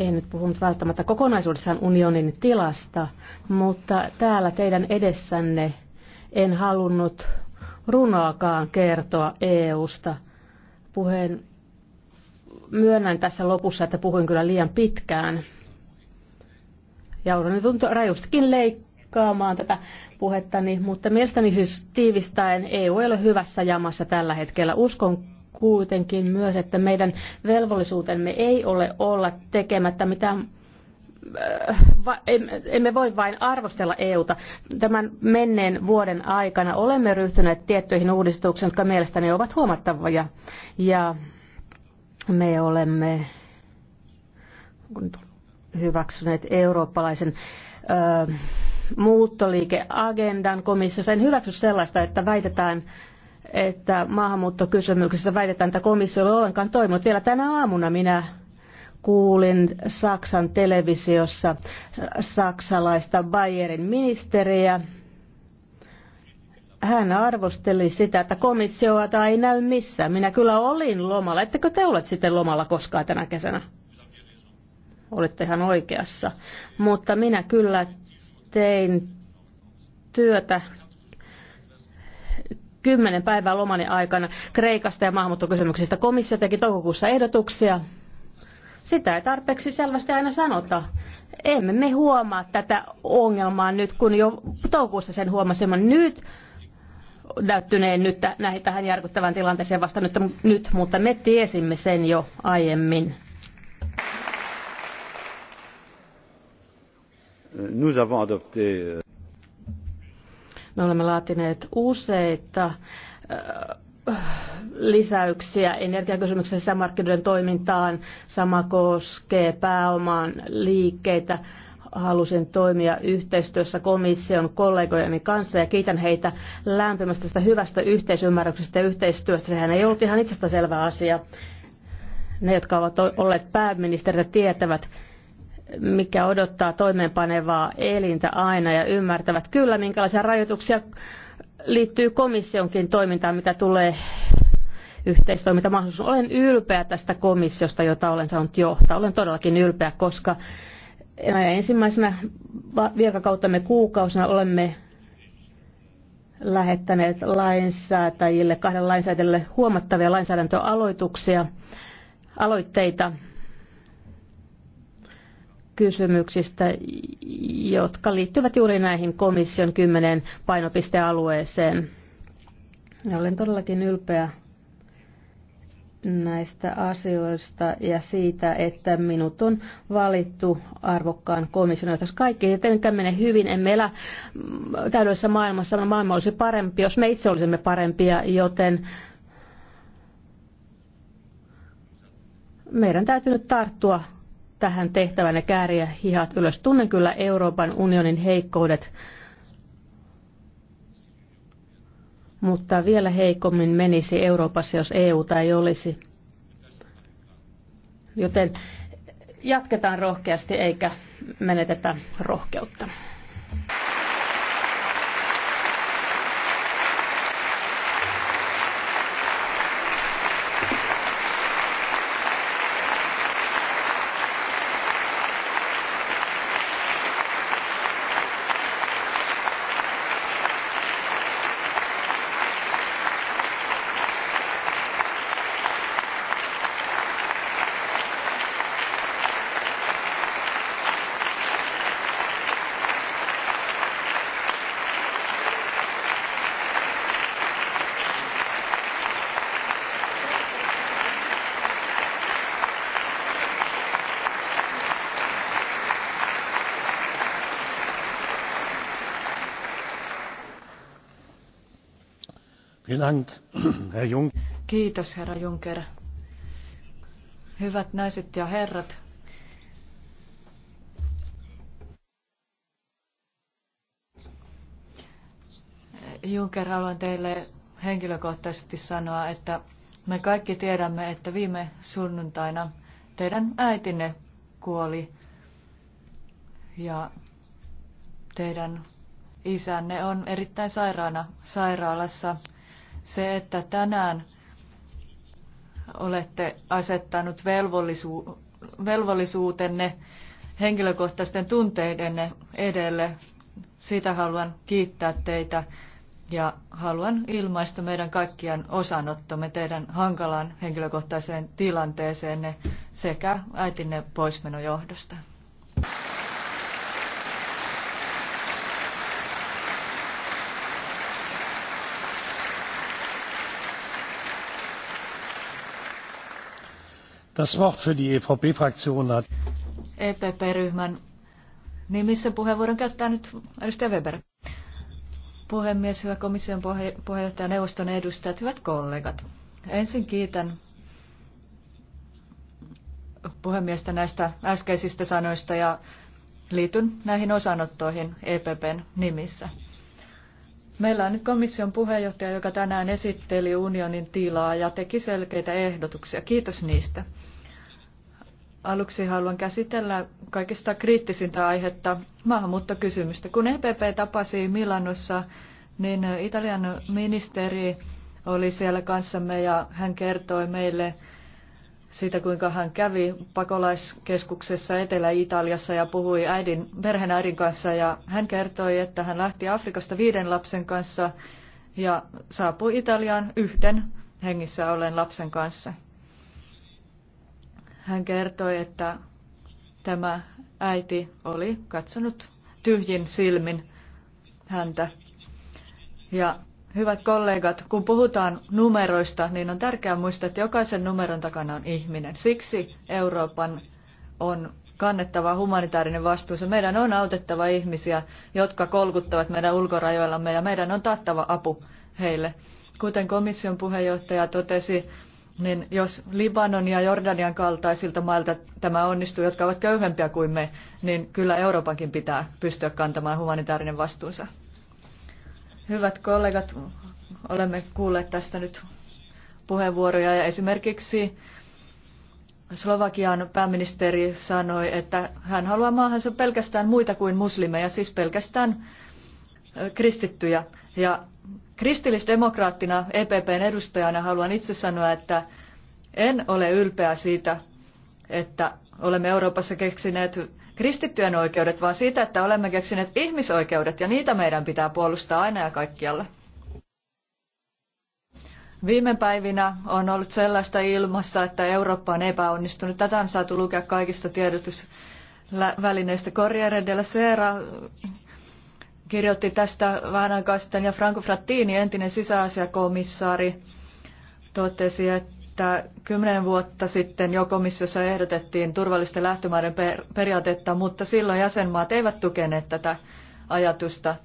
en nyt puhunut välttämättä kokonaisuudessaan unionin tilasta, mutta täällä teidän edessänne en halunnut runoakaan kertoa EUsta. Puheen myönnän tässä lopussa, että puhuin kyllä liian pitkään. Ja joudun nyt rajustikin leikkaamaan tätä puhettani, mutta mielestäni siis tiivistäen EU ei ole hyvässä jamassa tällä hetkellä. Uskon kuitenkin myös, että meidän velvollisuutemme ei ole olla tekemättä mitään äh, emme voi vain arvostella EUta. Tämän menneen vuoden aikana olemme ryhtyneet tiettyihin uudistuksiin, jotka mielestäni ovat huomattavia. Ja me olemme hyväksyneet eurooppalaisen ö, äh, muuttoliikeagendan komissiossa. En hyväksy sellaista, että väitetään, että maahanmuuttokysymyksissä väitetään, että komissio ei ollenkaan toiminut. Vielä tänä aamuna minä kuulin Saksan televisiossa saksalaista Bayerin ministeriä. Hän arvosteli sitä, että komissiota ei näy missään. Minä kyllä olin lomalla. Ettekö te olet sitten lomalla koskaan tänä kesänä? Olette ihan oikeassa. Mutta minä kyllä tein työtä kymmenen päivää lomani aikana Kreikasta ja maahanmuuttokysymyksistä. Komissio teki toukokuussa ehdotuksia. Sitä ei tarpeeksi selvästi aina sanota. Emme me huomaa tätä ongelmaa nyt, kun jo toukokuussa sen huomasimme. Nyt näyttyneen nyt näihin, tähän järkyttävään tilanteeseen vasta nyt, nyt, mutta me tiesimme sen jo aiemmin. Nous avons adopté euh, me olemme laatineet useita äh, lisäyksiä energiakysymyksen sisämarkkinoiden toimintaan. Sama koskee pääoman liikkeitä. Halusin toimia yhteistyössä komission kollegojeni kanssa ja kiitän heitä lämpimästä tästä hyvästä yhteisymmärryksestä ja yhteistyöstä. Sehän ei ollut ihan itsestäselvä asia. Ne, jotka ovat olleet pääministeriä tietävät, mikä odottaa toimeenpanevaa elintä aina ja ymmärtävät kyllä, minkälaisia rajoituksia liittyy komissionkin toimintaan, mitä tulee yhteistoimintamahdollisuus. Olen ylpeä tästä komissiosta, jota olen saanut johtaa. Olen todellakin ylpeä, koska ensimmäisenä virkakauttamme kuukausina olemme lähettäneet lainsäätäjille, kahden lainsäätäjille huomattavia lainsäädäntöaloituksia, aloitteita kysymyksistä, jotka liittyvät juuri näihin komission kymmenen painopistealueeseen. Ja olen todellakin ylpeä näistä asioista ja siitä, että minut on valittu arvokkaan komission. Jos kaikki ei tietenkään mene hyvin, emme elä mm, täydellisessä maailmassa, maailma olisi parempi, jos me itse olisimme parempia, joten meidän täytyy nyt tarttua tähän tehtävään ja kääriä hihat ylös. Tunnen kyllä Euroopan unionin heikkoudet, mutta vielä heikommin menisi Euroopassa, jos tai ei olisi. Joten jatketaan rohkeasti eikä menetetä rohkeutta. Kiitos, herra Juncker. Hyvät naiset ja herrat, Juncker, haluan teille henkilökohtaisesti sanoa, että me kaikki tiedämme, että viime sunnuntaina teidän äitinne kuoli ja teidän isänne on erittäin sairaana sairaalassa. Se, että tänään olette asettanut velvollisu- velvollisuutenne henkilökohtaisten tunteidenne edelle, siitä haluan kiittää teitä ja haluan ilmaista meidän kaikkien osanottomme teidän hankalaan henkilökohtaiseen tilanteeseenne sekä äitinne poismenojohdosta. johdosta. Das Wort für die EVP Fraktion hat. EPP-ryhmän nimissä puheenvuoron käyttää nyt edustaja Weber. Puhemies, hyvä komission puheenjohtaja, neuvoston edustajat, hyvät kollegat. Ensin kiitän puhemiestä näistä äskeisistä sanoista ja liityn näihin osanottoihin EPPn nimissä. Meillä on nyt komission puheenjohtaja, joka tänään esitteli unionin tilaa ja teki selkeitä ehdotuksia. Kiitos niistä. Aluksi haluan käsitellä kaikista kriittisintä aihetta maahanmuuttokysymystä. Kun EPP tapasi Milanossa, niin Italian ministeri oli siellä kanssamme ja hän kertoi meille siitä, kuinka hän kävi pakolaiskeskuksessa Etelä-Italiassa ja puhui äidin, äidin kanssa. Ja hän kertoi, että hän lähti Afrikasta viiden lapsen kanssa ja saapui Italiaan yhden hengissä olleen lapsen kanssa. Hän kertoi, että tämä äiti oli katsonut tyhjin silmin häntä. Ja Hyvät kollegat, kun puhutaan numeroista, niin on tärkeää muistaa, että jokaisen numeron takana on ihminen. Siksi Euroopan on kannettava humanitaarinen vastuunsa. Meidän on autettava ihmisiä, jotka kolkuttavat meidän ulkorajoillamme ja meidän on taattava apu heille. Kuten komission puheenjohtaja totesi, niin jos Libanon ja Jordanian kaltaisilta mailta tämä onnistuu, jotka ovat köyhempiä kuin me, niin kyllä Euroopankin pitää pystyä kantamaan humanitaarinen vastuunsa. Hyvät kollegat, olemme kuulleet tästä nyt puheenvuoroja ja esimerkiksi Slovakian pääministeri sanoi, että hän haluaa maahansa pelkästään muita kuin muslimeja, siis pelkästään kristittyjä. Ja kristillisdemokraattina EPPn edustajana haluan itse sanoa, että en ole ylpeä siitä, että olemme Euroopassa keksineet kristittyjen oikeudet, vaan siitä, että olemme keksineet ihmisoikeudet ja niitä meidän pitää puolustaa aina ja kaikkialla. Viime päivinä on ollut sellaista ilmassa, että Eurooppa on epäonnistunut. Tätä on saatu lukea kaikista tiedotusvälineistä. Corriere della Sera kirjoitti tästä vähän aikaa sitten ja Franco Frattini, entinen sisäasiakomissaari, totesi, että että kymmenen vuotta sitten jo komissiossa ehdotettiin turvallisten lähtömaiden periaatetta, mutta silloin jäsenmaat eivät tukeneet tätä ajatusta.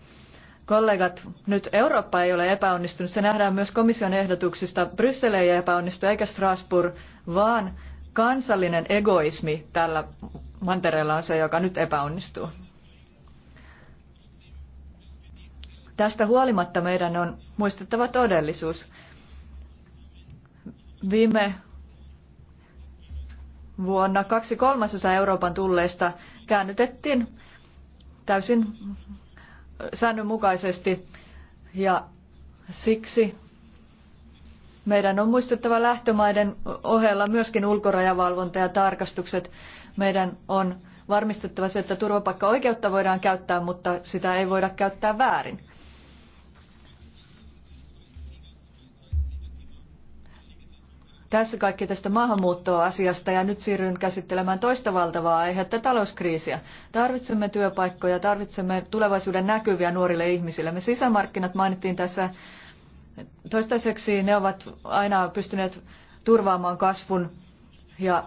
Kollegat, nyt Eurooppa ei ole epäonnistunut. Se nähdään myös komission ehdotuksista. Bryssel ei epäonnistu eikä Strasbourg, vaan kansallinen egoismi tällä mantereella on se, joka nyt epäonnistuu. Tästä huolimatta meidän on muistettava todellisuus. Viime vuonna kaksi kolmasosa Euroopan tulleista käännytettiin täysin säännönmukaisesti ja siksi meidän on muistettava lähtömaiden ohella myöskin ulkorajavalvonta ja tarkastukset. Meidän on varmistettava se, että turvapaikkaoikeutta voidaan käyttää, mutta sitä ei voida käyttää väärin. Tässä kaikki tästä maahanmuuttoasiasta ja nyt siirryn käsittelemään toista valtavaa aihetta, talouskriisiä. Tarvitsemme työpaikkoja, tarvitsemme tulevaisuuden näkyviä nuorille ihmisille. Me sisämarkkinat mainittiin tässä toistaiseksi, ne ovat aina pystyneet turvaamaan kasvun ja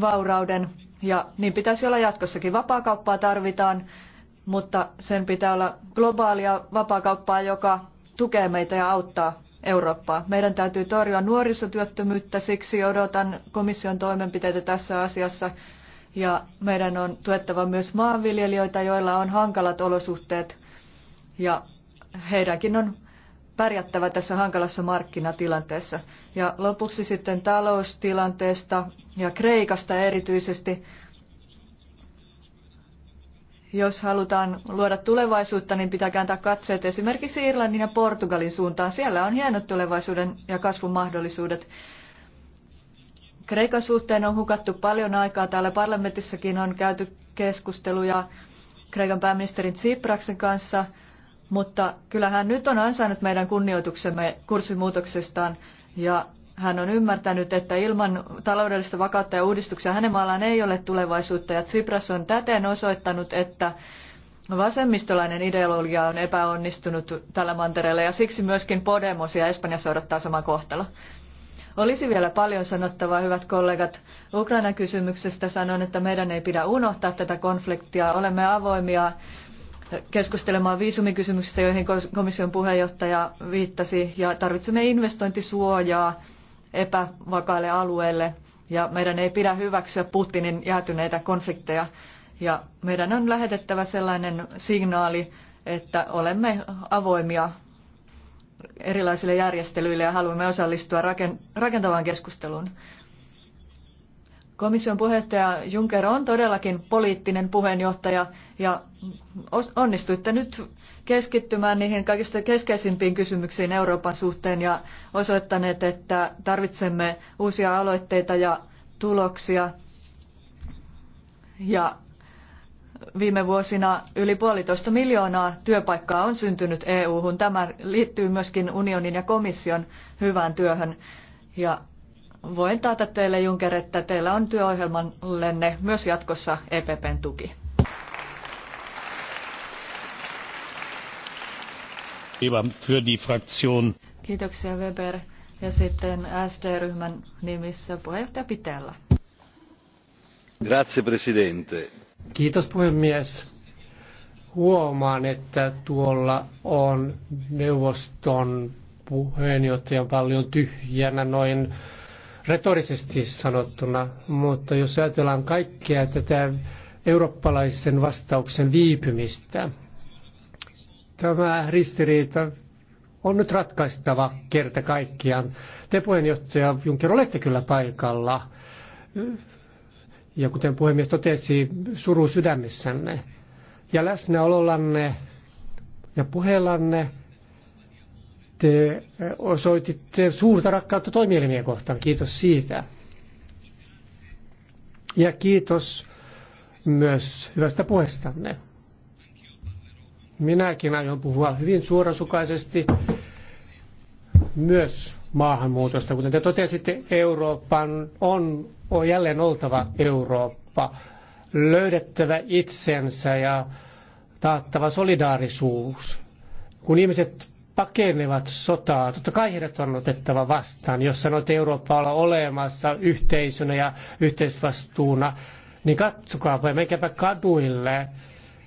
vaurauden ja niin pitäisi olla jatkossakin. Vapaakauppaa tarvitaan, mutta sen pitää olla globaalia vapaakauppaa, joka tukee meitä ja auttaa Eurooppaa. Meidän täytyy torjua nuorisotyöttömyyttä, siksi odotan komission toimenpiteitä tässä asiassa. Ja meidän on tuettava myös maanviljelijöitä, joilla on hankalat olosuhteet ja heidänkin on pärjättävä tässä hankalassa markkinatilanteessa. Ja lopuksi sitten taloustilanteesta ja Kreikasta erityisesti jos halutaan luoda tulevaisuutta, niin pitää kääntää katseet esimerkiksi Irlannin ja Portugalin suuntaan. Siellä on hienot tulevaisuuden ja kasvun mahdollisuudet. Kreikan suhteen on hukattu paljon aikaa. Täällä parlamentissakin on käyty keskusteluja Kreikan pääministerin Tsipraksen kanssa, mutta kyllähän nyt on ansainnut meidän kunnioituksemme kurssimuutoksestaan ja hän on ymmärtänyt, että ilman taloudellista vakautta ja uudistuksia hänen maallaan ei ole tulevaisuutta. Ja Tsipras on täten osoittanut, että vasemmistolainen ideologia on epäonnistunut tällä mantereella ja siksi myöskin Podemos ja Espanjassa odottaa sama kohtalo. Olisi vielä paljon sanottavaa, hyvät kollegat. Ukrainan kysymyksestä sanon, että meidän ei pidä unohtaa tätä konfliktia. Olemme avoimia keskustelemaan viisumikysymyksistä, joihin komission puheenjohtaja viittasi, ja tarvitsemme investointisuojaa epävakaille alueille ja meidän ei pidä hyväksyä Putinin jäätyneitä konflikteja. Ja meidän on lähetettävä sellainen signaali, että olemme avoimia erilaisille järjestelyille ja haluamme osallistua rakentavaan keskusteluun. Komission puheenjohtaja Juncker on todellakin poliittinen puheenjohtaja ja onnistuitte nyt keskittymään niihin kaikista keskeisimpiin kysymyksiin Euroopan suhteen ja osoittaneet, että tarvitsemme uusia aloitteita ja tuloksia. Ja viime vuosina yli puolitoista miljoonaa työpaikkaa on syntynyt EU-hun. Tämä liittyy myöskin unionin ja komission hyvään työhön. Ja voin taata teille, Juncker, että teillä on työohjelmallenne myös jatkossa EPPn tuki. Kiitoksia Weber. Ja sitten SD-ryhmän nimissä puheenjohtaja Pitellä. Grazie Presidente. Kiitos puhemies. Huomaan, että tuolla on neuvoston puheenjohtajan paljon tyhjänä noin retorisesti sanottuna, mutta jos ajatellaan kaikkea tätä eurooppalaisen vastauksen viipymistä, tämä ristiriita on nyt ratkaistava kerta kaikkiaan. Te puheenjohtaja Juncker olette kyllä paikalla. Ja kuten puhemies totesi, suru sydämessänne. Ja läsnäolollanne ja puheellanne te osoititte suurta rakkautta toimielimien kohtaan. Kiitos siitä. Ja kiitos myös hyvästä puheestanne. Minäkin aion puhua hyvin suorasukaisesti myös maahanmuutosta. Kuten te totesitte, Euroopan on, on jälleen oltava Eurooppa, löydettävä itsensä ja taattava solidaarisuus. Kun ihmiset pakenevat sotaa. Totta kai heidät on otettava vastaan. Jos sanoo, että Eurooppa on olemassa yhteisönä ja yhteisvastuuna, niin katsokaapa ja menkääpä kaduille.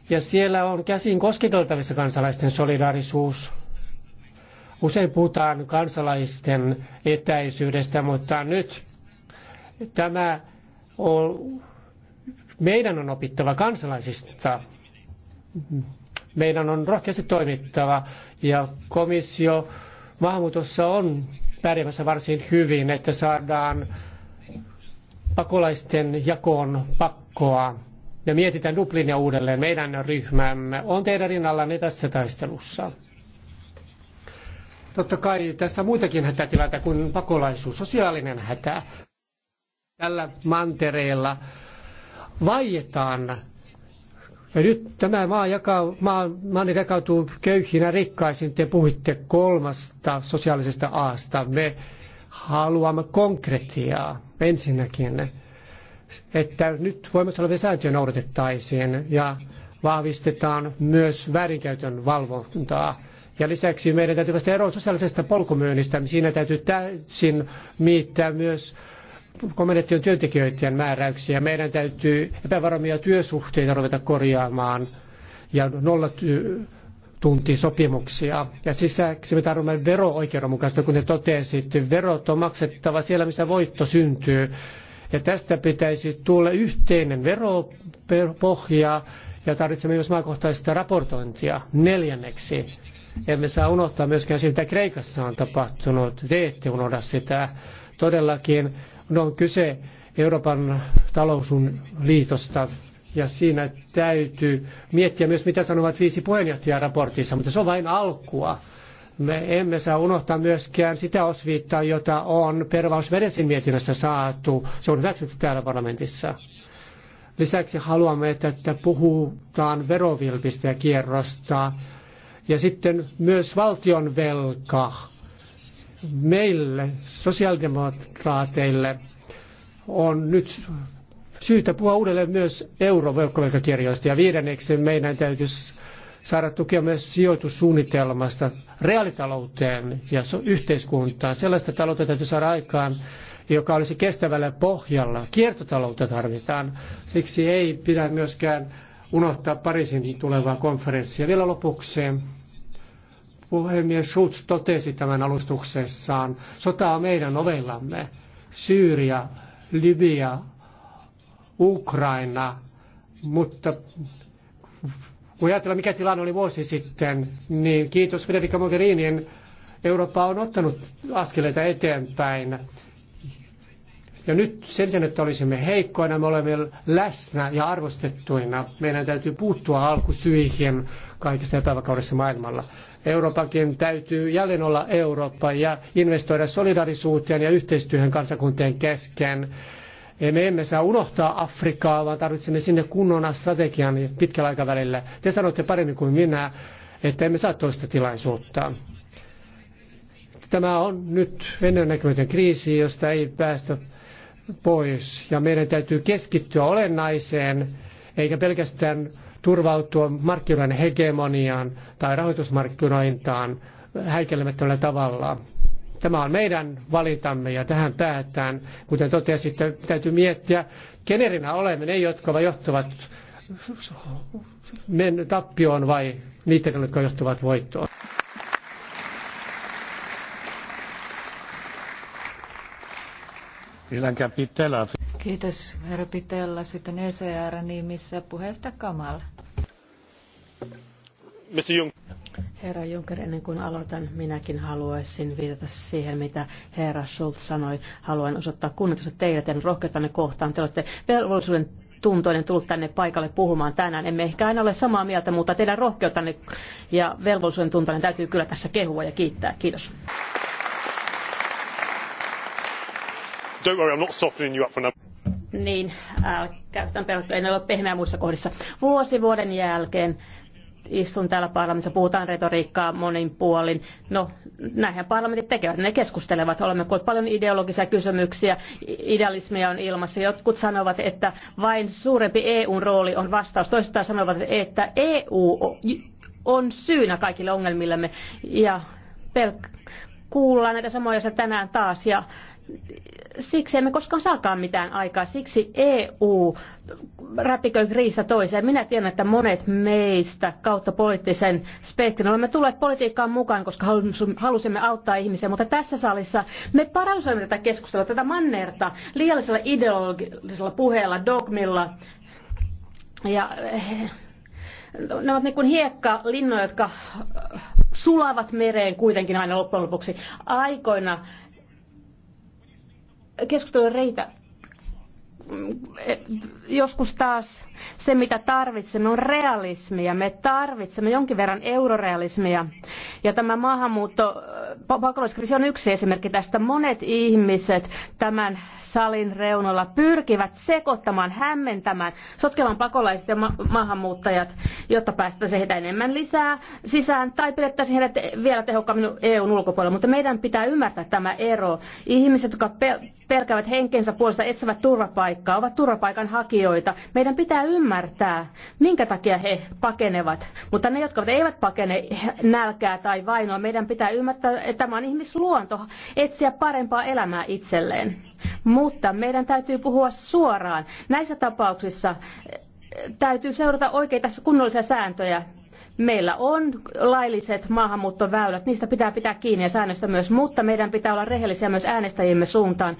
Ja siellä on käsin kosketeltavissa kansalaisten solidaarisuus. Usein puhutaan kansalaisten etäisyydestä, mutta nyt tämä on, meidän on opittava kansalaisista meidän on rohkeasti toimittava ja komissio maahanmuutossa on pärjäämässä varsin hyvin, että saadaan pakolaisten jakoon pakkoa ja mietitään Dublinia uudelleen. Meidän ryhmämme on teidän rinnallanne tässä taistelussa. Totta kai tässä on muitakin hätätilanteita kuin pakolaisuus, sosiaalinen hätä. Tällä mantereella vaietaan ja nyt tämä maa jakaa, maa, maa jakautuu köyhinä rikkaisiin. Te puhuitte kolmasta sosiaalisesta aasta. Me haluamme konkretiaa ensinnäkin, että nyt voimassa olevia sääntöjä noudatettaisiin ja vahvistetaan myös väärinkäytön valvontaa. Ja lisäksi meidän täytyy päästä eroon sosiaalisesta polkumyynnistä. Siinä täytyy täysin miittää myös komennettujen työntekijöiden määräyksiä. Meidän täytyy epävarmia työsuhteita ruveta korjaamaan ja nollatuntisopimuksia. Ja sisäksi me tarvitsemme vero-oikeudenmukaista, kun te totesitte, verot on maksettava siellä, missä voitto syntyy. Ja tästä pitäisi tulla yhteinen veropohja ja tarvitsemme myös maakohtaista raportointia. Neljänneksi, emme saa unohtaa myöskään sitä, mitä Kreikassa on tapahtunut. Te ette unohda sitä. Todellakin kun no, on kyse Euroopan talousun liitosta ja siinä täytyy miettiä myös, mitä sanovat viisi puheenjohtajaa raportissa, mutta se on vain alkua. Me emme saa unohtaa myöskään sitä osviittaa, jota on Pervaus mietinnöstä saatu. Se on hyväksytty täällä parlamentissa. Lisäksi haluamme, että puhutaan verovilpistä ja kierrosta. Ja sitten myös valtion meille sosiaalidemokraateille on nyt syytä puhua uudelleen myös eurovelkovelkakirjoista ja viidenneksi meidän täytyisi saada tukea myös sijoitussuunnitelmasta reaalitalouteen ja yhteiskuntaan. Sellaista taloutta täytyy saada aikaan, joka olisi kestävällä pohjalla. Kiertotaloutta tarvitaan. Siksi ei pidä myöskään unohtaa Pariisin tulevaa konferenssia. Vielä lopuksi Puhemies Schulz totesi tämän alustuksessaan, sota on meidän ovellamme. Syyria, Libya, Ukraina, mutta kun ajatellaan mikä tilanne oli vuosi sitten, niin kiitos Federica Mogherinin, Eurooppa on ottanut askeleita eteenpäin. Ja nyt sen sijaan, että olisimme heikkoina, me olemme läsnä ja arvostettuina. Meidän täytyy puuttua alkusyihin kaikessa epävakaudessa maailmalla. Euroopankin täytyy jälleen olla Eurooppa ja investoida solidarisuuteen ja yhteistyöhön kansakuntien kesken. Me emme saa unohtaa Afrikkaa, vaan tarvitsemme sinne kunnon strategian pitkällä aikavälillä. Te sanotte paremmin kuin minä, että emme saa toista tilaisuutta. Tämä on nyt ennennäkemätön kriisi, josta ei päästä pois. Ja meidän täytyy keskittyä olennaiseen, eikä pelkästään turvautua markkinoiden hegemoniaan tai rahoitusmarkkinointaan häikelemättömällä tavalla. Tämä on meidän valintamme ja tähän päätään, kuten totesitte, täytyy miettiä, kenerinä olemme ne, jotka johtavat men tappioon vai niiden, jotka johtavat voittoon. Kiitos, herra Pitella. Sitten ECR nimissä puheenjohtaja Kamala. Herra Juncker, ennen kuin aloitan, minäkin haluaisin viitata siihen, mitä herra Schultz sanoi. Haluan osoittaa kunnioitusta teille, teidän rohkeutanne kohtaan. Te olette velvollisuuden tuntoinen tullut tänne paikalle puhumaan tänään. Emme ehkä aina ole samaa mieltä, mutta teidän rohkeutanne ja velvollisuuden tuntoinen täytyy kyllä tässä kehua ja kiittää. Kiitos. Don't worry, I'm not softening you up for number niin älkää pelkkä, en ole pehmeä muissa kohdissa. Vuosi vuoden jälkeen istun täällä parlamentissa, puhutaan retoriikkaa monin puolin. No, näinhän parlamentit tekevät, ne keskustelevat. Olemme kuulleet paljon ideologisia kysymyksiä, idealismia on ilmassa. Jotkut sanovat, että vain suurempi EUn rooli on vastaus. Toiset sanovat, että EU on syynä kaikille ongelmillemme. Ja pelk- kuullaan näitä samoja tänään taas. Ja siksi emme koskaan saakaan mitään aikaa. Siksi EU räpiköi kriisa toiseen. Minä tiedän, että monet meistä kautta poliittisen spektrin olemme tulleet politiikkaan mukaan, koska halusimme auttaa ihmisiä. Mutta tässä salissa me paralysoimme tätä keskustelua, tätä mannerta liiallisella ideologisella puheella, dogmilla. Ja eh, ne ovat niin kuin hiekkalinnoja, jotka sulavat mereen kuitenkin aina loppujen lopuksi. Aikoina keskustelu reitä. Mm, joskus taas se, mitä tarvitsemme, on realismia. Me tarvitsemme jonkin verran eurorealismia. Ja tämä maahanmuutto, pakolaiskriisi on yksi esimerkki tästä. Monet ihmiset tämän salin reunoilla pyrkivät sekoittamaan, hämmentämään, sotkevan pakolaiset ja ma- maahanmuuttajat, jotta päästäisiin heitä enemmän lisää sisään tai pidettäisiin heidät vielä tehokkaammin EUn ulkopuolella. Mutta meidän pitää ymmärtää tämä ero. Ihmiset, jotka pelkäävät henkensä puolesta, etsivät turvapaikkaa, ovat turvapaikan hakijoita. Meidän pitää ymmärtää, minkä takia he pakenevat. Mutta ne, jotka eivät pakene nälkää tai vainoa, meidän pitää ymmärtää, että tämä on ihmisluonto, etsiä parempaa elämää itselleen. Mutta meidän täytyy puhua suoraan. Näissä tapauksissa eh, täytyy seurata oikeita kunnollisia sääntöjä. Meillä on lailliset maahanmuuttoväylät, niistä pitää pitää kiinni ja säännöstä myös, mutta meidän pitää olla rehellisiä myös äänestäjiemme suuntaan.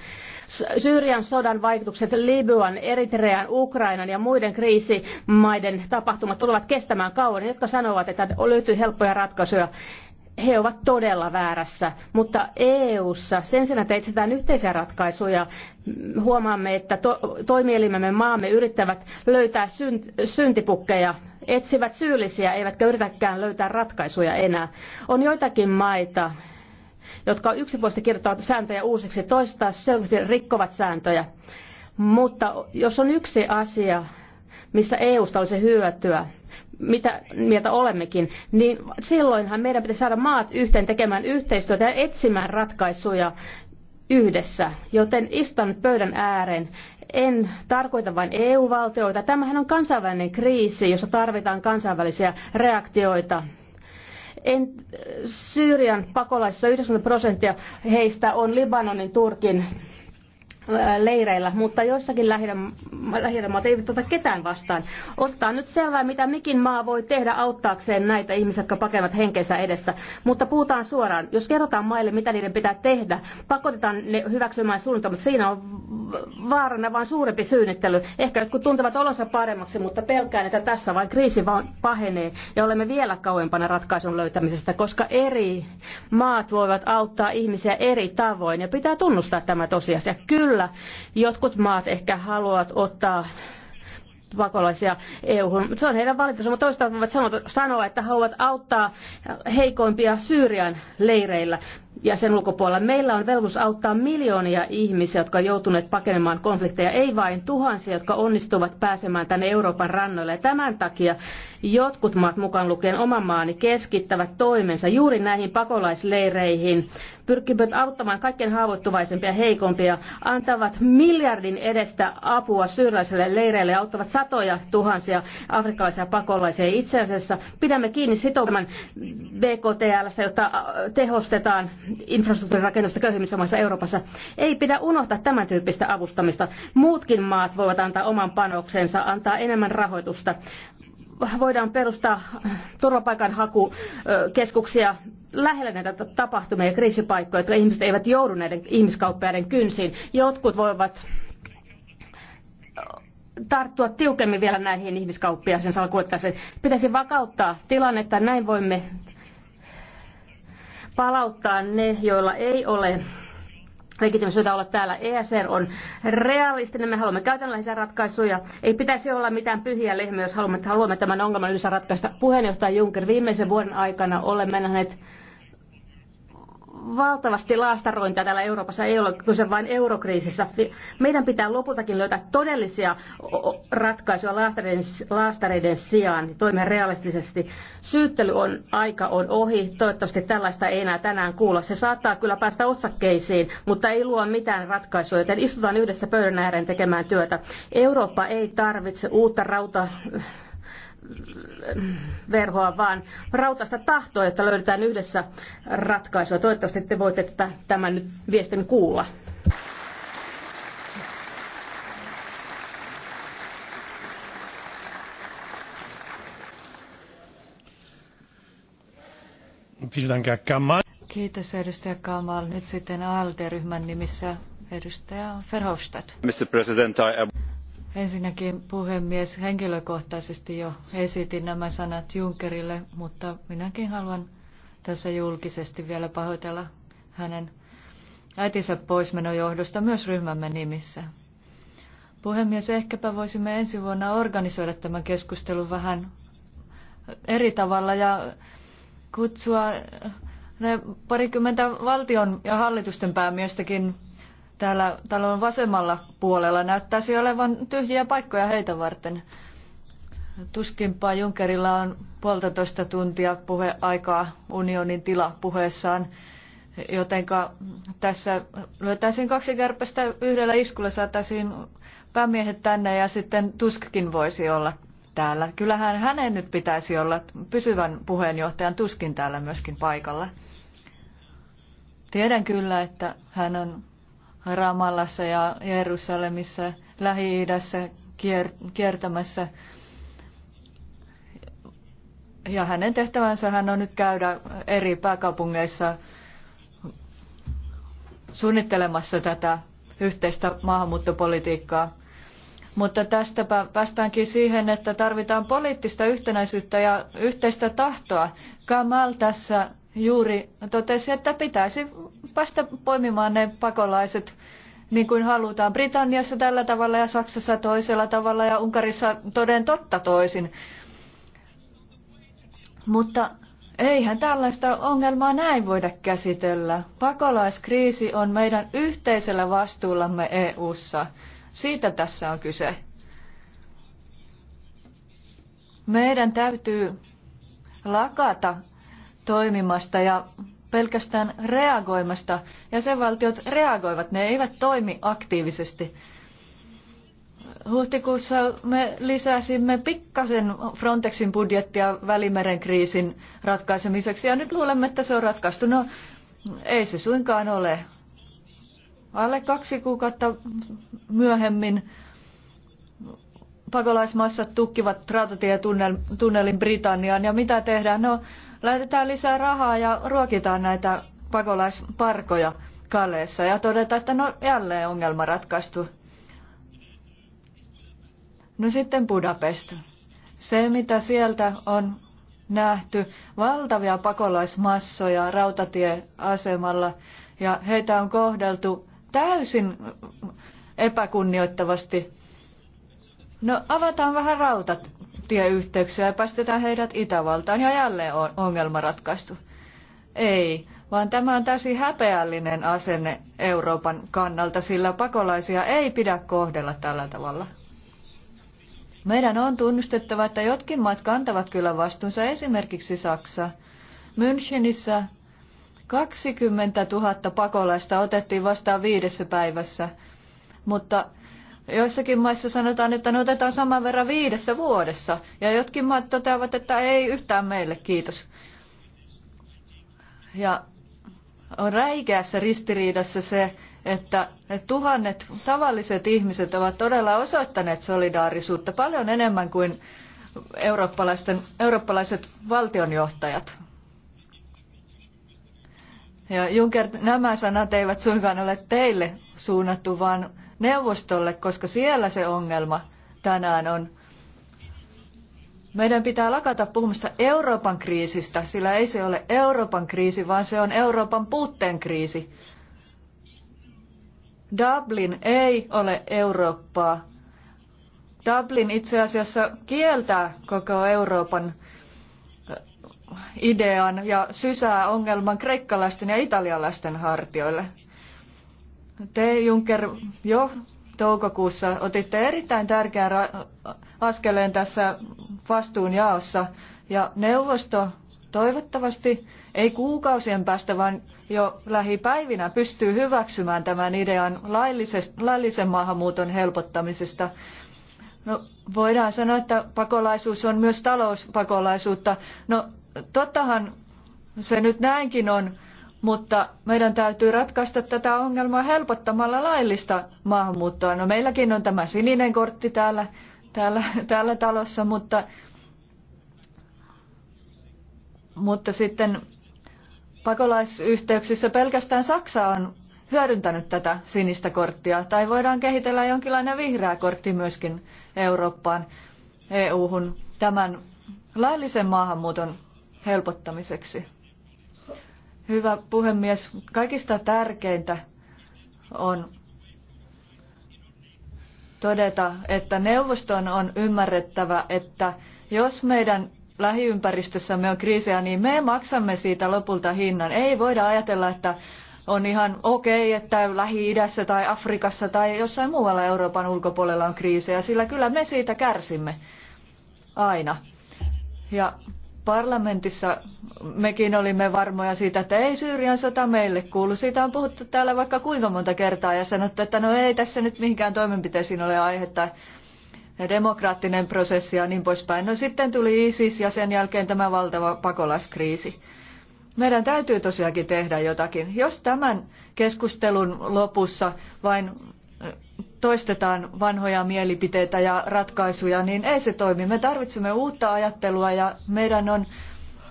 Syyrian sodan vaikutukset Libyan, Eritrean, Ukrainan ja muiden kriisimaiden tapahtumat tulevat kestämään kauan. Ne, jotka sanovat, että löytyy helppoja ratkaisuja, he ovat todella väärässä, mutta EU:ssa sen sijaan, että etsitään yhteisiä ratkaisuja, huomaamme, että to, toimielimemme maamme yrittävät löytää synt, syntipukkeja, etsivät syyllisiä, eivätkä yritäkään löytää ratkaisuja enää. On joitakin maita, jotka yksipuolisesti kirjoittavat sääntöjä uusiksi, toiset taas selvästi rikkovat sääntöjä. Mutta jos on yksi asia, missä EUsta olisi hyötyä, mitä mieltä olemmekin, niin silloinhan meidän pitäisi saada maat yhteen tekemään yhteistyötä ja etsimään ratkaisuja yhdessä. Joten istun nyt pöydän ääreen. En tarkoita vain EU-valtioita. Tämähän on kansainvälinen kriisi, jossa tarvitaan kansainvälisiä reaktioita en, Syyrian pakolaisissa 90 prosenttia heistä on Libanonin, Turkin leireillä, mutta joissakin lähinnä maat eivät tuota ketään vastaan. Ottaa nyt selvää, mitä mikin maa voi tehdä auttaakseen näitä ihmisiä, jotka pakevat henkensä edestä. Mutta puhutaan suoraan, jos kerrotaan maille, mitä niiden pitää tehdä, pakotetaan ne hyväksymään suunnitelmat. Siinä on vaarana vain suurempi syynnittely. Ehkä jotkut tuntevat olonsa paremmaksi, mutta pelkään, että tässä vain kriisi vaan pahenee ja olemme vielä kauempana ratkaisun löytämisestä, koska eri maat voivat auttaa ihmisiä eri tavoin ja pitää tunnustaa tämä tosiasia. Kyllä Kyllä, jotkut maat ehkä haluavat ottaa pakolaisia EU-hun. Se on heidän valintansa, mutta toista voivat sanoa, että haluavat auttaa heikoimpia Syyrian leireillä ja sen ulkopuolella. Meillä on velvollisuus auttaa miljoonia ihmisiä, jotka ovat joutuneet pakenemaan konflikteja, ei vain tuhansia, jotka onnistuvat pääsemään tänne Euroopan rannoille. Ja tämän takia jotkut maat, mukaan lukien oma maani, keskittävät toimensa juuri näihin pakolaisleireihin, pyrkivät auttamaan kaikkein haavoittuvaisempia ja heikompia, antavat miljardin edestä apua syyrialaisille leireille ja auttavat satoja tuhansia afrikkalaisia pakolaisia. Itse asiassa pidämme kiinni sitoutuman BKTLstä, jotta tehostetaan rakennusta köyhimmissä maissa Euroopassa. Ei pidä unohtaa tämän tyyppistä avustamista. Muutkin maat voivat antaa oman panoksensa, antaa enemmän rahoitusta. Voidaan perustaa turvapaikanhakukeskuksia lähellä näitä tapahtumia ja kriisipaikkoja, että ihmiset eivät joudu näiden ihmiskauppiaiden kynsiin. Jotkut voivat tarttua tiukemmin vielä näihin ihmiskauppiaisen salkuettaisiin. Pitäisi vakauttaa tilannetta, näin voimme palauttaa ne, joilla ei ole legitimisyyttä olla täällä. ESR on realistinen, me haluamme käytännöllisiä ratkaisuja. Ei pitäisi olla mitään pyhiä lehmiä, jos haluamme, haluamme tämän ongelman yhdessä ratkaista. Puheenjohtaja Juncker, viimeisen vuoden aikana olemme nähneet valtavasti laastarointia täällä Euroopassa, ei ole kyse vain eurokriisissä. Meidän pitää lopultakin löytää todellisia ratkaisuja laastareiden, laastareiden sijaan ja toimia realistisesti. Syyttely on, aika on ohi. Toivottavasti tällaista ei enää tänään kuulla. Se saattaa kyllä päästä otsakkeisiin, mutta ei luo mitään ratkaisuja, joten istutaan yhdessä pöydän ääreen tekemään työtä. Eurooppa ei tarvitse uutta rauta verhoa, vaan rautasta tahtoa, että löydetään yhdessä ratkaisua. Toivottavasti te voitte tämän nyt viestin kuulla. Kiitos edustaja Kamal. Nyt sitten ALDE-ryhmän nimissä edustaja Verhofstadt. Mr. President, I am... Ensinnäkin puhemies, henkilökohtaisesti jo esitin nämä sanat Junckerille, mutta minäkin haluan tässä julkisesti vielä pahoitella hänen äitinsä poismenon johdosta myös ryhmämme nimissä. Puhemies, ehkäpä voisimme ensi vuonna organisoida tämän keskustelun vähän eri tavalla ja kutsua ne parikymmentä valtion ja hallitusten päämiestäkin Täällä talon vasemmalla puolella näyttäisi olevan tyhjiä paikkoja heitä varten. Tuskinpa Junkerilla on puolitoista tuntia puheaikaa unionin tila puheessaan, joten tässä löytäisiin kaksi kärpästä yhdellä iskulla, saataisiin päämiehet tänne ja sitten Tuskkin voisi olla täällä. Kyllähän hänen nyt pitäisi olla pysyvän puheenjohtajan Tuskin täällä myöskin paikalla. Tiedän kyllä, että hän on Ramallassa ja Jerusalemissa, Lähi-idässä kiertämässä. Ja hänen tehtävänsä hän on nyt käydä eri pääkaupungeissa suunnittelemassa tätä yhteistä maahanmuuttopolitiikkaa. Mutta tästä päästäänkin siihen, että tarvitaan poliittista yhtenäisyyttä ja yhteistä tahtoa. Kamal tässä juuri totesi, että pitäisi päästä poimimaan ne pakolaiset niin kuin halutaan. Britanniassa tällä tavalla ja Saksassa toisella tavalla ja Unkarissa toden totta toisin. Mutta eihän tällaista ongelmaa näin voida käsitellä. Pakolaiskriisi on meidän yhteisellä vastuullamme EU:ssa. Siitä tässä on kyse. Meidän täytyy lakata toimimasta ja pelkästään reagoimasta. Jäsenvaltiot reagoivat, ne eivät toimi aktiivisesti. Huhtikuussa me lisäsimme pikkasen Frontexin budjettia Välimeren kriisin ratkaisemiseksi ja nyt luulemme, että se on ratkaistu. No, ei se suinkaan ole. Alle kaksi kuukautta myöhemmin pakolaismassat tukkivat rautatietunnelin Britanniaan ja mitä tehdään? No, laitetaan lisää rahaa ja ruokitaan näitä pakolaisparkoja Kaleessa ja todeta, että no jälleen ongelma ratkaistu. No sitten Budapest. Se, mitä sieltä on nähty, valtavia pakolaismassoja rautatieasemalla ja heitä on kohdeltu täysin epäkunnioittavasti. No avataan vähän rautat tieyhteyksiä ja päästetään heidät Itävaltaan ja jälleen on ongelma ratkaistu. Ei, vaan tämä on täysin häpeällinen asenne Euroopan kannalta, sillä pakolaisia ei pidä kohdella tällä tavalla. Meidän on tunnustettava, että jotkin maat kantavat kyllä vastuunsa, esimerkiksi Saksa. Münchenissä 20 000 pakolaista otettiin vastaan viidessä päivässä, mutta Joissakin maissa sanotaan, että ne otetaan saman verran viidessä vuodessa, ja jotkin maat toteavat, että ei yhtään meille, kiitos. Ja on räikeässä ristiriidassa se, että tuhannet tavalliset ihmiset ovat todella osoittaneet solidaarisuutta paljon enemmän kuin eurooppalaiset valtionjohtajat. Ja Juncker, nämä sanat eivät suinkaan ole teille suunnattu, vaan neuvostolle, koska siellä se ongelma tänään on. Meidän pitää lakata puhumasta Euroopan kriisistä, sillä ei se ole Euroopan kriisi, vaan se on Euroopan puutteen kriisi. Dublin ei ole Eurooppaa. Dublin itse asiassa kieltää koko Euroopan äh, idean ja sysää ongelman kreikkalaisten ja italialaisten hartioille te Juncker jo toukokuussa otitte erittäin tärkeän askeleen tässä vastuunjaossa ja neuvosto toivottavasti ei kuukausien päästä, vaan jo lähipäivinä pystyy hyväksymään tämän idean laillisen maahanmuuton helpottamisesta. No, voidaan sanoa, että pakolaisuus on myös talouspakolaisuutta. No, tottahan se nyt näinkin on, mutta meidän täytyy ratkaista tätä ongelmaa helpottamalla laillista maahanmuuttoa. No meilläkin on tämä sininen kortti täällä, täällä, täällä talossa, mutta, mutta sitten pakolaisyhteyksissä pelkästään Saksa on hyödyntänyt tätä sinistä korttia, tai voidaan kehitellä jonkinlainen vihreä kortti myöskin Eurooppaan, EU-hun, tämän laillisen maahanmuuton helpottamiseksi. Hyvä puhemies, kaikista tärkeintä on todeta, että neuvoston on ymmärrettävä, että jos meidän lähiympäristössämme on kriisejä, niin me maksamme siitä lopulta hinnan. Ei voida ajatella, että on ihan okei, okay, että Lähi-idässä tai Afrikassa tai jossain muualla Euroopan ulkopuolella on kriisejä, sillä kyllä me siitä kärsimme aina. Ja parlamentissa mekin olimme varmoja siitä, että ei Syyrian sota meille kuulu. Siitä on puhuttu täällä vaikka kuinka monta kertaa ja sanottu, että no ei tässä nyt mihinkään toimenpiteisiin ole aihetta. Demokraattinen prosessi ja niin poispäin. No sitten tuli ISIS ja sen jälkeen tämä valtava pakolaiskriisi. Meidän täytyy tosiaankin tehdä jotakin. Jos tämän keskustelun lopussa vain toistetaan vanhoja mielipiteitä ja ratkaisuja, niin ei se toimi. Me tarvitsemme uutta ajattelua ja meidän on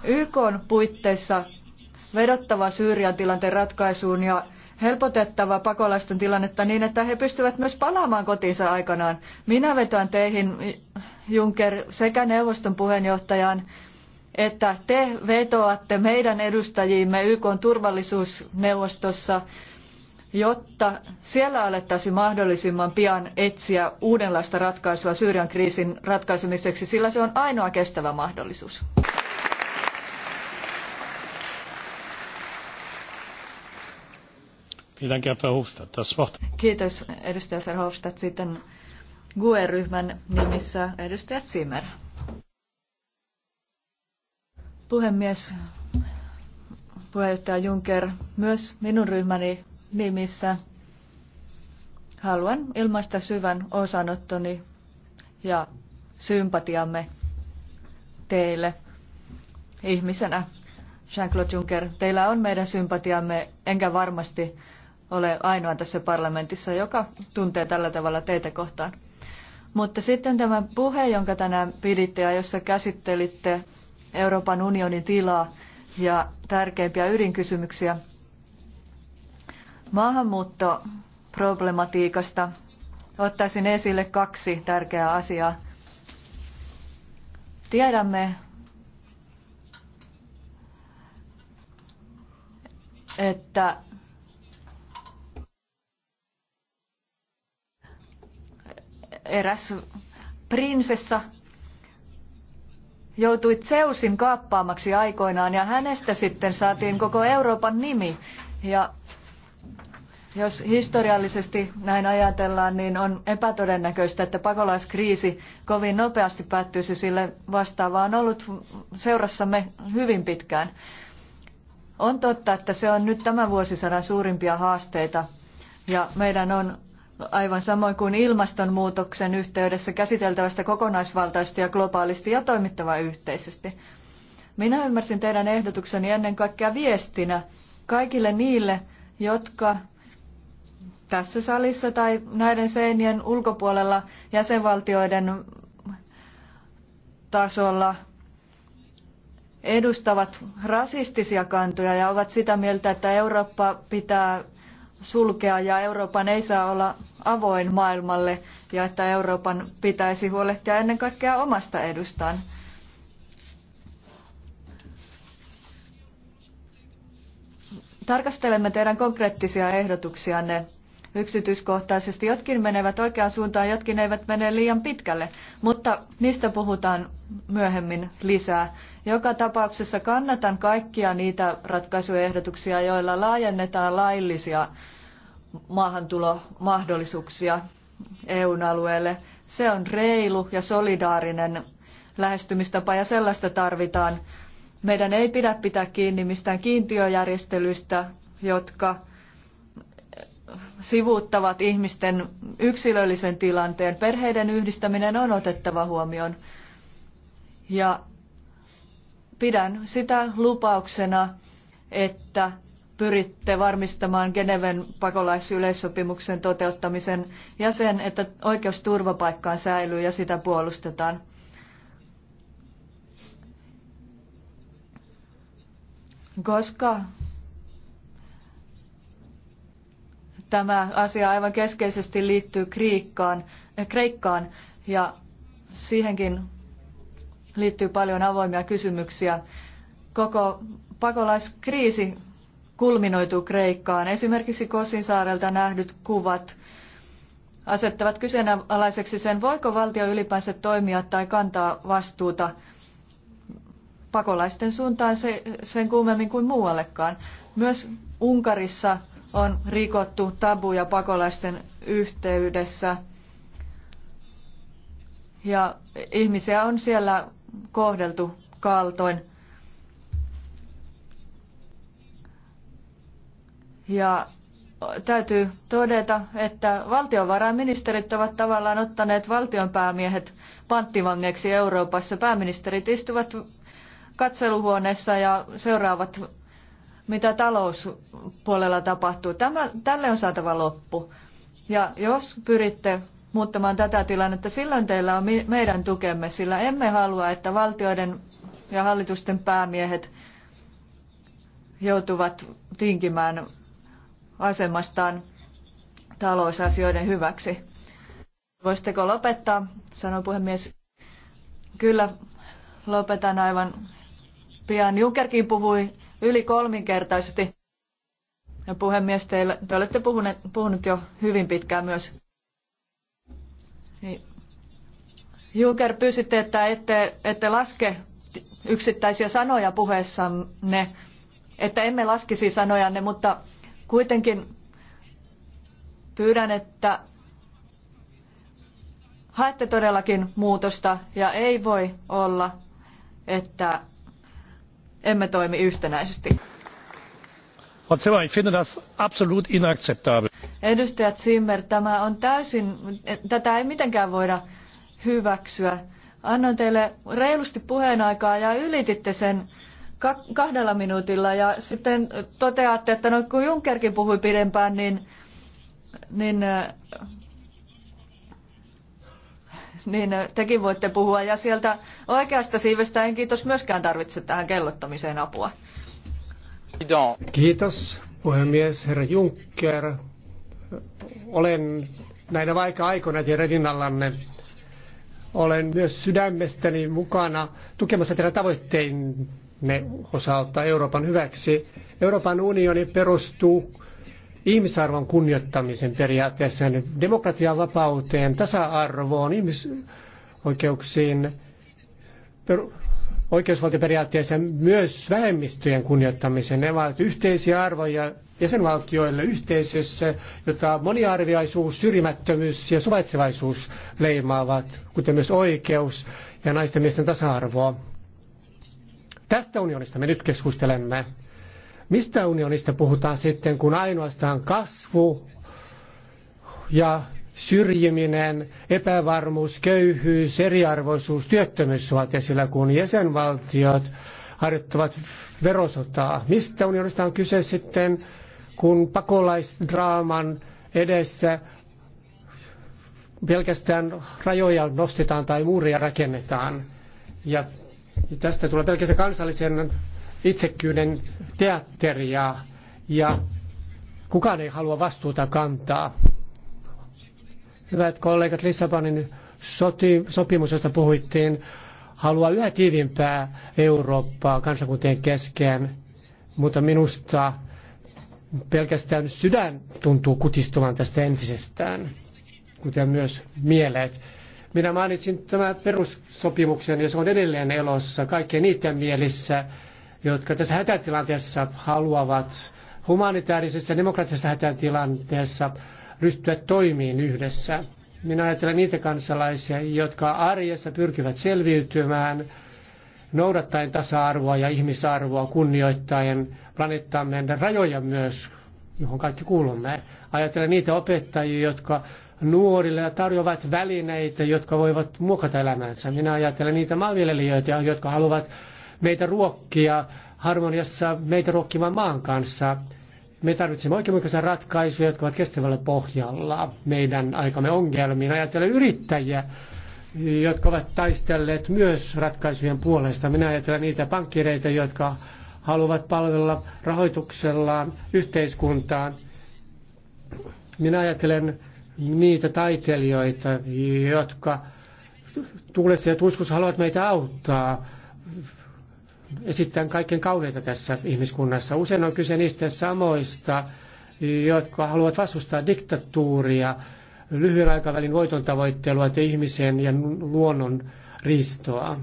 YK puitteissa vedottava Syyrian tilanteen ratkaisuun ja helpotettava pakolaisten tilannetta niin, että he pystyvät myös palaamaan kotiinsa aikanaan. Minä vetoan teihin, Juncker, sekä neuvoston puheenjohtajaan, että te vetoatte meidän edustajiimme YK turvallisuusneuvostossa jotta siellä alettaisiin mahdollisimman pian etsiä uudenlaista ratkaisua Syyrian kriisin ratkaisemiseksi, sillä se on ainoa kestävä mahdollisuus. Kiitos edustaja Verhofstadt. Sitten GUE-ryhmän nimissä edustaja Zimmer. Puhemies, puheenjohtaja Juncker, myös minun ryhmäni nimissä haluan ilmaista syvän osanottoni ja sympatiamme teille ihmisenä. Jean-Claude Juncker, teillä on meidän sympatiamme, enkä varmasti ole ainoa tässä parlamentissa, joka tuntee tällä tavalla teitä kohtaan. Mutta sitten tämä puhe, jonka tänään piditte ja jossa käsittelitte Euroopan unionin tilaa ja tärkeimpiä ydinkysymyksiä – Maahanmuuttoproblematiikasta ottaisin esille kaksi tärkeää asiaa. Tiedämme, että eräs prinsessa joutui Zeusin kaappaamaksi aikoinaan ja hänestä sitten saatiin koko Euroopan nimi. Ja jos historiallisesti näin ajatellaan, niin on epätodennäköistä, että pakolaiskriisi kovin nopeasti päättyisi, sille vastaavaa on ollut seurassamme hyvin pitkään. On totta, että se on nyt tämän vuosisadan suurimpia haasteita ja meidän on aivan samoin kuin ilmastonmuutoksen yhteydessä käsiteltävästä kokonaisvaltaisesti ja globaalisti ja toimittava yhteisesti. Minä ymmärsin teidän ehdotukseni ennen kaikkea viestinä kaikille niille, jotka tässä salissa tai näiden seinien ulkopuolella jäsenvaltioiden tasolla edustavat rasistisia kantoja ja ovat sitä mieltä, että Eurooppa pitää sulkea ja Euroopan ei saa olla avoin maailmalle ja että Euroopan pitäisi huolehtia ennen kaikkea omasta edustaan. Tarkastelemme teidän konkreettisia ehdotuksianne yksityiskohtaisesti. Jotkin menevät oikeaan suuntaan, jotkin eivät mene liian pitkälle, mutta niistä puhutaan myöhemmin lisää. Joka tapauksessa kannatan kaikkia niitä ratkaisuehdotuksia, joilla laajennetaan laillisia maahantulomahdollisuuksia EUn alueelle. Se on reilu ja solidaarinen lähestymistapa ja sellaista tarvitaan. Meidän ei pidä pitää kiinni mistään kiintiöjärjestelyistä, jotka sivuuttavat ihmisten yksilöllisen tilanteen. Perheiden yhdistäminen on otettava huomioon. Ja pidän sitä lupauksena, että pyritte varmistamaan Geneven pakolaisyleissopimuksen toteuttamisen ja sen, että oikeus turvapaikkaan säilyy ja sitä puolustetaan. Koska Tämä asia aivan keskeisesti liittyy Kriikkaan, eh, Kreikkaan ja siihenkin liittyy paljon avoimia kysymyksiä. Koko pakolaiskriisi kulminoituu Kreikkaan. Esimerkiksi Kosin saarelta nähdyt kuvat asettavat kyseenalaiseksi sen, voiko valtio ylipäänsä toimia tai kantaa vastuuta pakolaisten suuntaan se, sen kuumemmin kuin muuallekaan. Myös Unkarissa on rikottu tabuja pakolaisten yhteydessä. Ja ihmisiä on siellä kohdeltu kaltoin. Ja täytyy todeta, että valtiovarainministerit ovat tavallaan ottaneet valtionpäämiehet panttivangeiksi Euroopassa. Pääministerit istuvat katseluhuoneessa ja seuraavat mitä talouspuolella tapahtuu. Tämä, tälle on saatava loppu. Ja jos pyritte muuttamaan tätä tilannetta, silloin teillä on meidän tukemme, sillä emme halua, että valtioiden ja hallitusten päämiehet joutuvat tinkimään asemastaan talousasioiden hyväksi. Voisitteko lopettaa, sanoi puhemies. Kyllä, lopetan aivan pian. Junckerkin puhui yli kolminkertaisesti. Ja puhemies, teille, te olette puhuneet, puhunut jo hyvin pitkään myös. Niin. Juncker, pyysitte, että ette, ette laske yksittäisiä sanoja puheessanne, että emme laskisi sanojanne, mutta kuitenkin pyydän, että haette todellakin muutosta ja ei voi olla, että emme toimi yhtenäisesti. Edustaja Zimmer, tämä on täysin, tätä ei mitenkään voida hyväksyä. Annoin teille reilusti puheenaikaa ja ylititte sen kahdella minuutilla ja sitten toteatte, että no kun Junckerkin puhui pidempään, niin, niin äh, niin, tekin voitte puhua ja sieltä oikeasta siivestä en kiitos myöskään tarvitse tähän kellottamiseen apua. Kiitos puhemies, herra Juncker. Olen näinä vaikka aikoina teidän rinnallanne. Olen myös sydämestäni mukana tukemassa teidän tavoitteinne osalta Euroopan hyväksi. Euroopan unioni perustuu ihmisarvon kunnioittamisen periaatteessa, demokratian vapauteen, tasa-arvoon, ihmisoikeuksiin, per, oikeusvaltioperiaatteeseen, myös vähemmistöjen kunnioittamiseen. Ne ovat yhteisiä arvoja jäsenvaltioille yhteisössä, jota moniarviaisuus, syrjimättömyys ja suvaitsevaisuus leimaavat, kuten myös oikeus ja naisten miesten tasa-arvoa. Tästä unionista me nyt keskustelemme. Mistä unionista puhutaan sitten, kun ainoastaan kasvu ja syrjiminen, epävarmuus, köyhyys, eriarvoisuus, työttömyys ovat esillä, kun jäsenvaltiot harjoittavat verosotaa. Mistä unionista on kyse sitten, kun pakolaisdraaman edessä pelkästään rajoja nostetaan tai muuria rakennetaan. Ja tästä tulee pelkästään kansallisen itsekkyyden teatteria ja kukaan ei halua vastuuta kantaa. Hyvät kollegat, Lissabonin soti, sopimus, josta puhuttiin, haluaa yhä tiivimpää Eurooppaa kansakuntien kesken, mutta minusta pelkästään sydän tuntuu kutistuvan tästä entisestään, kuten myös mielet. Minä mainitsin tämän perussopimuksen ja se on edelleen elossa kaikkien niiden mielissä, jotka tässä hätätilanteessa haluavat humanitaarisessa ja demokraattisessa hätätilanteessa ryhtyä toimiin yhdessä. Minä ajattelen niitä kansalaisia, jotka arjessa pyrkivät selviytymään noudattaen tasa-arvoa ja ihmisarvoa, kunnioittaen planeettamme rajoja myös, johon kaikki kuulumme. Ajattelen niitä opettajia, jotka nuorille tarjoavat välineitä, jotka voivat muokata elämänsä. Minä ajattelen niitä maanviljelijöitä, jotka haluavat meitä ruokkia harmoniassa meitä ruokkimaan maan kanssa. Me tarvitsemme oikeudenmukaisia ratkaisuja, jotka ovat kestävällä pohjalla meidän aikamme ongelmiin. Ajatellen yrittäjiä, jotka ovat taistelleet myös ratkaisujen puolesta. Minä ajattelen niitä pankkireita, jotka haluavat palvella rahoituksellaan yhteiskuntaan. Minä ajattelen niitä taiteilijoita, jotka tuulessa ja tuskussa haluavat meitä auttaa esittää kaiken kauheita tässä ihmiskunnassa. Usein on kyse niistä samoista, jotka haluavat vastustaa diktatuuria, lyhyen aikavälin voiton tavoittelua ja ihmisen ja luonnon riistoa.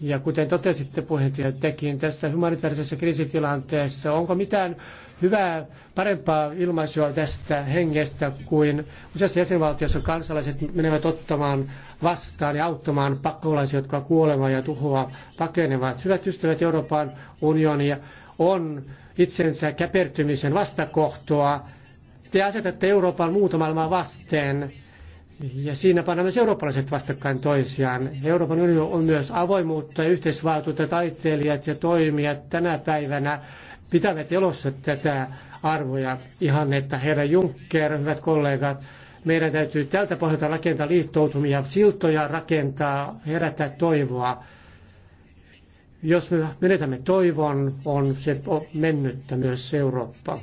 Ja kuten totesitte puheenjohtaja tekin tässä humanitaarisessa kriisitilanteessa, onko mitään hyvää, parempaa ilmaisua tästä hengestä kuin useassa jäsenvaltiossa kansalaiset menevät ottamaan vastaan ja auttamaan pakolaisia, jotka kuolemaan ja tuhoa pakenevat. Hyvät ystävät, Euroopan unionia on itsensä käpertymisen vastakohtoa. Te asetatte Euroopan muuta maailmaa vasten. Ja siinä panna myös eurooppalaiset vastakkain toisiaan. Euroopan unioni on myös avoimuutta ja yhteisvaltuutta taiteilijat ja toimijat tänä päivänä pitävät elossa tätä arvoja ihan, että herra Juncker, hyvät kollegat, meidän täytyy tältä pohjalta rakentaa liittoutumia, siltoja rakentaa, herättää toivoa. Jos me menetämme toivon, on se mennyttä myös Eurooppa.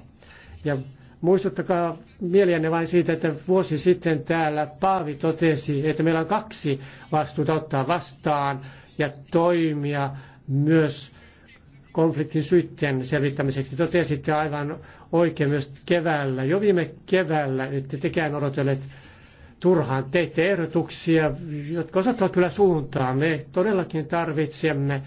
Ja muistuttakaa mieliänne vain siitä, että vuosi sitten täällä Paavi totesi, että meillä on kaksi vastuuta ottaa vastaan ja toimia myös konfliktin syytteen selvittämiseksi. Totesitte aivan oikein myös keväällä, jo viime keväällä, että tekään odotelleet turhaan. Teitte ehdotuksia, jotka osoittavat kyllä suuntaa. Me todellakin tarvitsemme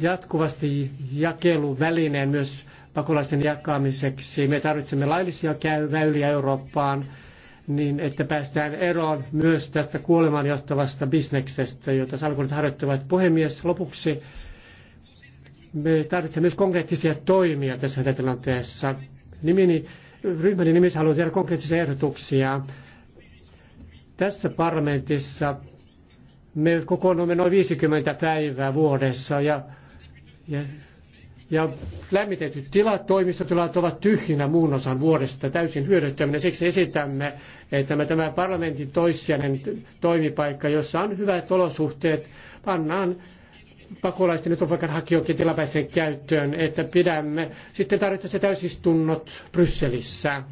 jatkuvasti jakeluvälineen myös pakolaisten jakamiseksi. Me tarvitsemme laillisia väyliä Eurooppaan niin että päästään eroon myös tästä kuolemaan johtavasta bisneksestä, jota salkunit harjoittavat. Puhemies, lopuksi me tarvitsemme myös konkreettisia toimia tässä tilanteessa. Nimini, ryhmäni nimissä haluan tehdä konkreettisia ehdotuksia. Tässä parlamentissa me kokoonnumme noin 50 päivää vuodessa ja, ja, ja lämmitetyt tilat, toimistotilat ovat tyhjinä muun osan vuodesta täysin hyödyttöminä. Siksi esitämme, että me tämä parlamentin toissijainen toimipaikka, jossa on hyvät olosuhteet, pannaan pakolaisten ja turvapaikanhakijoiden tilapäiseen käyttöön, että pidämme sitten tarvittaessa täysistunnot Brysselissä.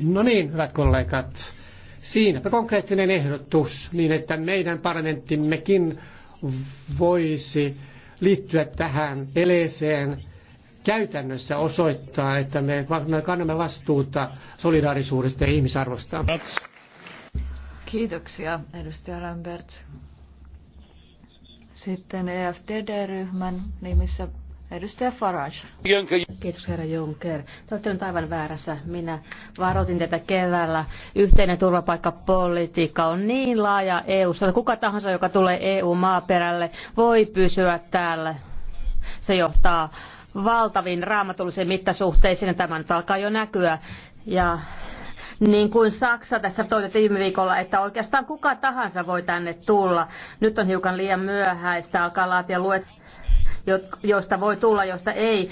No niin, hyvät kollegat, siinäpä konkreettinen ehdotus, niin että meidän parlamenttimmekin voisi liittyä tähän eleeseen käytännössä osoittaa, että me kannamme vastuuta solidaarisuudesta ja ihmisarvosta. Kiitoksia, edustaja Lambert. Sitten EFTD-ryhmän nimissä Edustaja Farage. Kiitos herra Juncker. Te olette nyt aivan väärässä. Minä varoitin tätä keväällä. Yhteinen turvapaikkapolitiikka on niin laaja eu että kuka tahansa, joka tulee EU-maaperälle, voi pysyä täällä. Se johtaa valtaviin raamatullisiin mittasuhteisiin ja tämä nyt alkaa jo näkyä. Ja niin kuin Saksa tässä toivotettiin viime viikolla, että oikeastaan kuka tahansa voi tänne tulla. Nyt on hiukan liian myöhäistä alkaa laatia luet josta voi tulla, josta ei.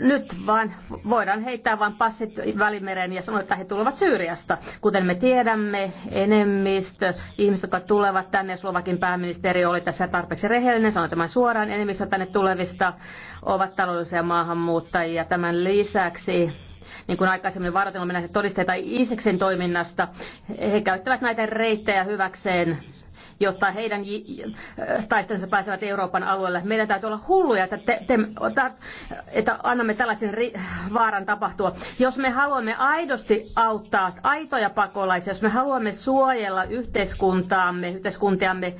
nyt vaan voidaan heittää vain passit välimereen ja sanoa, että he tulevat Syyriasta. Kuten me tiedämme, enemmistö ihmiset, jotka tulevat tänne, Slovakin pääministeri oli tässä tarpeeksi rehellinen, sanoi tämän suoraan, enemmistö tänne tulevista ovat taloudellisia maahanmuuttajia. Tämän lisäksi niin kuin aikaisemmin on näitä todisteita Iseksen toiminnasta. He käyttävät näitä reittejä hyväkseen jotta heidän taistelunsa pääsevät Euroopan alueelle. Meidän täytyy olla hulluja, että, te, te, että annamme tällaisen ri, vaaran tapahtua. Jos me haluamme aidosti auttaa aitoja pakolaisia, jos me haluamme suojella yhteiskuntaamme, yhteiskuntiamme,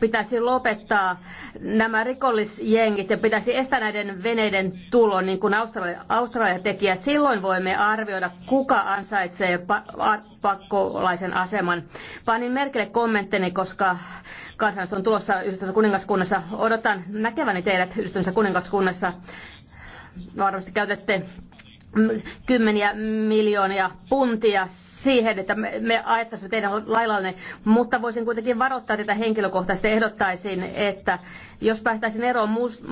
Pitäisi lopettaa nämä rikollisjengit ja pitäisi estää näiden veneiden tulo, niin kuin Australia, Australia teki. Ja silloin voimme arvioida, kuka ansaitsee pakkolaisen aseman. Panin merkille kommenttini, koska kansanäänestys on tulossa yhdistyneessä kuningaskunnassa. Odotan näkeväni teidät yhdistyneessä kuningaskunnassa. Varmasti käytätte kymmeniä miljoonia puntia siihen, että me, me ajattaisimme teidän laillanne, mutta voisin kuitenkin varoittaa tätä henkilökohtaisesti ehdottaisin, että jos päästäisiin eroon, muus,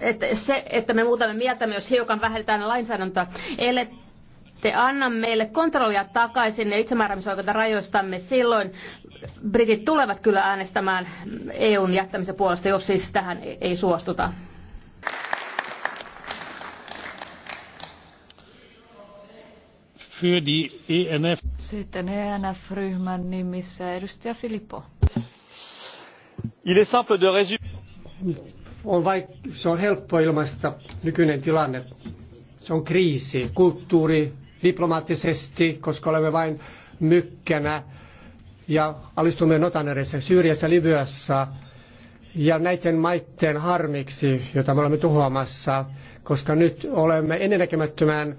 että se, että me muutamme mieltä, jos hiukan vähennetään lainsäädäntöä, eli te anna meille kontrollia takaisin ja itsemääräämisoikeutta rajoistamme, silloin britit tulevat kyllä äänestämään EUn jättämisen puolesta, jos siis tähän ei suostuta. für die ENF. Sitten ENF-ryhmän nimissä edustaja Filippo. Il est simple de résumer. On vaik- se on helppo ilmaista nykyinen tilanne. Se on kriisi, kulttuuri, diplomaattisesti, koska olemme vain mykkänä ja alistumme notanerissa Syyriassa, Libyassa ja näiden maiden harmiksi, jota me olemme tuhoamassa, koska nyt olemme ennennäkemättömän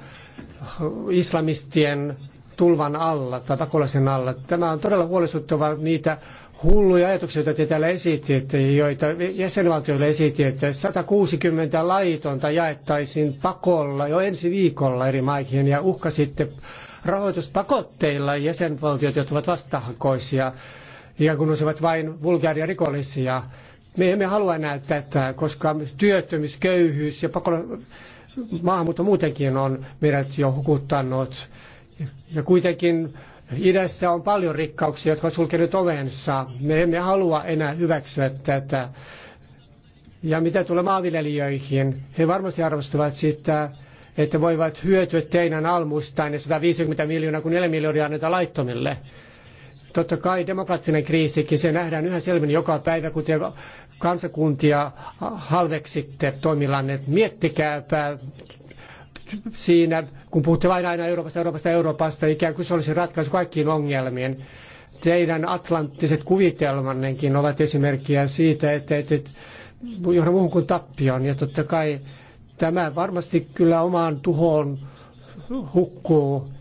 islamistien tulvan alla tai pakolaisen alla. Tämä on todella huolestuttavaa niitä hulluja ajatuksia, joita te täällä että joita jäsenvaltioille esitti, että 160 laitonta jaettaisiin pakolla jo ensi viikolla eri maihin ja uhkasitte rahoituspakotteilla jäsenvaltiot, jotka ovat vastahakoisia, ikään kuin olisivat vain vulgaaria rikollisia. Me emme halua enää tätä, koska työttömyys, köyhyys ja pakolla maahanmuutto muutenkin on meidät jo hukuttanut. Ja kuitenkin idässä on paljon rikkauksia, jotka on sulkenut ovensa. Me emme halua enää hyväksyä tätä. Ja mitä tulee maanviljelijöihin, he varmasti arvostavat sitä, että voivat hyötyä teidän almustaan ja 150 miljoonaa kuin 4 miljoonaa annetaan laittomille. Totta kai demokraattinen kriisikin, se nähdään yhä selvemmin joka päivä, kun kansakuntia halveksitte toimillanne. Miettikääpä siinä, kun puhutte vain aina Euroopasta, Euroopasta, Euroopasta, ikään kuin se olisi ratkaisu kaikkiin ongelmiin. Teidän atlanttiset kuvitelmannekin ovat esimerkkiä siitä, että et, et, johda muuhun kuin tappioon. Ja totta kai tämä varmasti kyllä omaan tuhoon hukkuu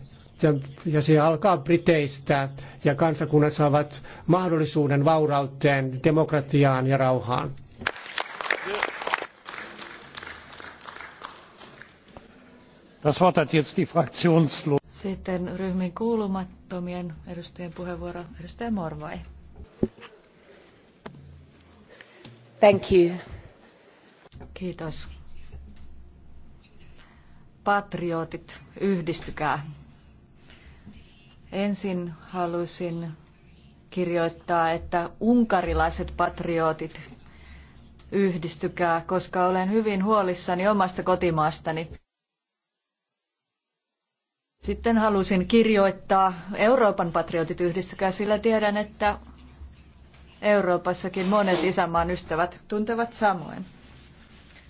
ja, ja se alkaa Briteistä ja kansakunnat saavat mahdollisuuden vaurauteen, demokratiaan ja rauhaan. Das Wort hat jetzt die Fraktionslo Sitten ryhmin kuulumattomien edustajien puheenvuoro. Edustaja Morvai. Thank you. Kiitos. Patriotit, yhdistykää. Ensin halusin kirjoittaa, että unkarilaiset patriotit yhdistykää, koska olen hyvin huolissani omasta kotimaastani. Sitten halusin kirjoittaa Euroopan patriotit yhdistykää, sillä tiedän, että Euroopassakin monet isänmaan ystävät tuntevat samoin.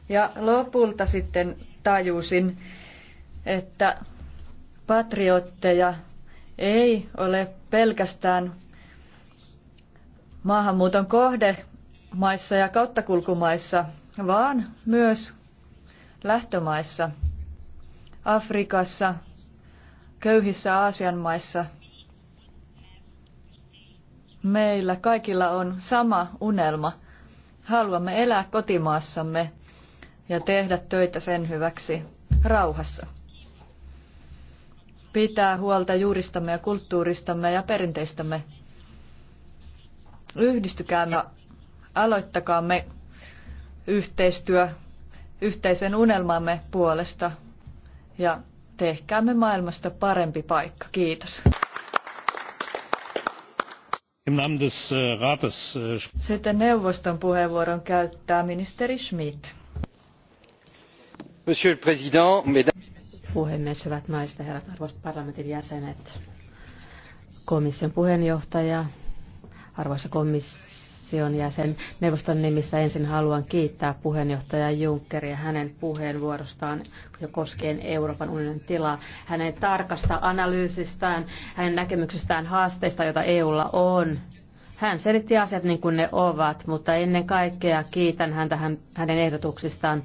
Ja lopulta sitten tajusin, että patriotteja ei ole pelkästään maahanmuuton kohde maissa ja kauttakulkumaissa, vaan myös lähtömaissa, Afrikassa, köyhissä Aasian maissa. Meillä kaikilla on sama unelma. Haluamme elää kotimaassamme ja tehdä töitä sen hyväksi rauhassa pitää huolta juuristamme ja kulttuuristamme ja perinteistämme. Yhdistykäämme, aloittakaamme yhteistyö yhteisen unelmamme puolesta ja tehkäämme maailmasta parempi paikka. Kiitos. Äh, äh, Sitten neuvoston puheenvuoron käyttää ministeri Schmidt. Monsieur le Président, mesdames puhemies, hyvät naiset ja herrat, arvoisat parlamentin jäsenet, komission puheenjohtaja, arvoisa komission jäsen. Neuvoston nimissä ensin haluan kiittää puheenjohtaja Junckeria hänen puheenvuorostaan koskien Euroopan unionin tilaa, hänen tarkasta analyysistään, hänen näkemyksestään haasteista, joita EUlla on hän selitti asiat niin kuin ne ovat, mutta ennen kaikkea kiitän häntä hänen ehdotuksistaan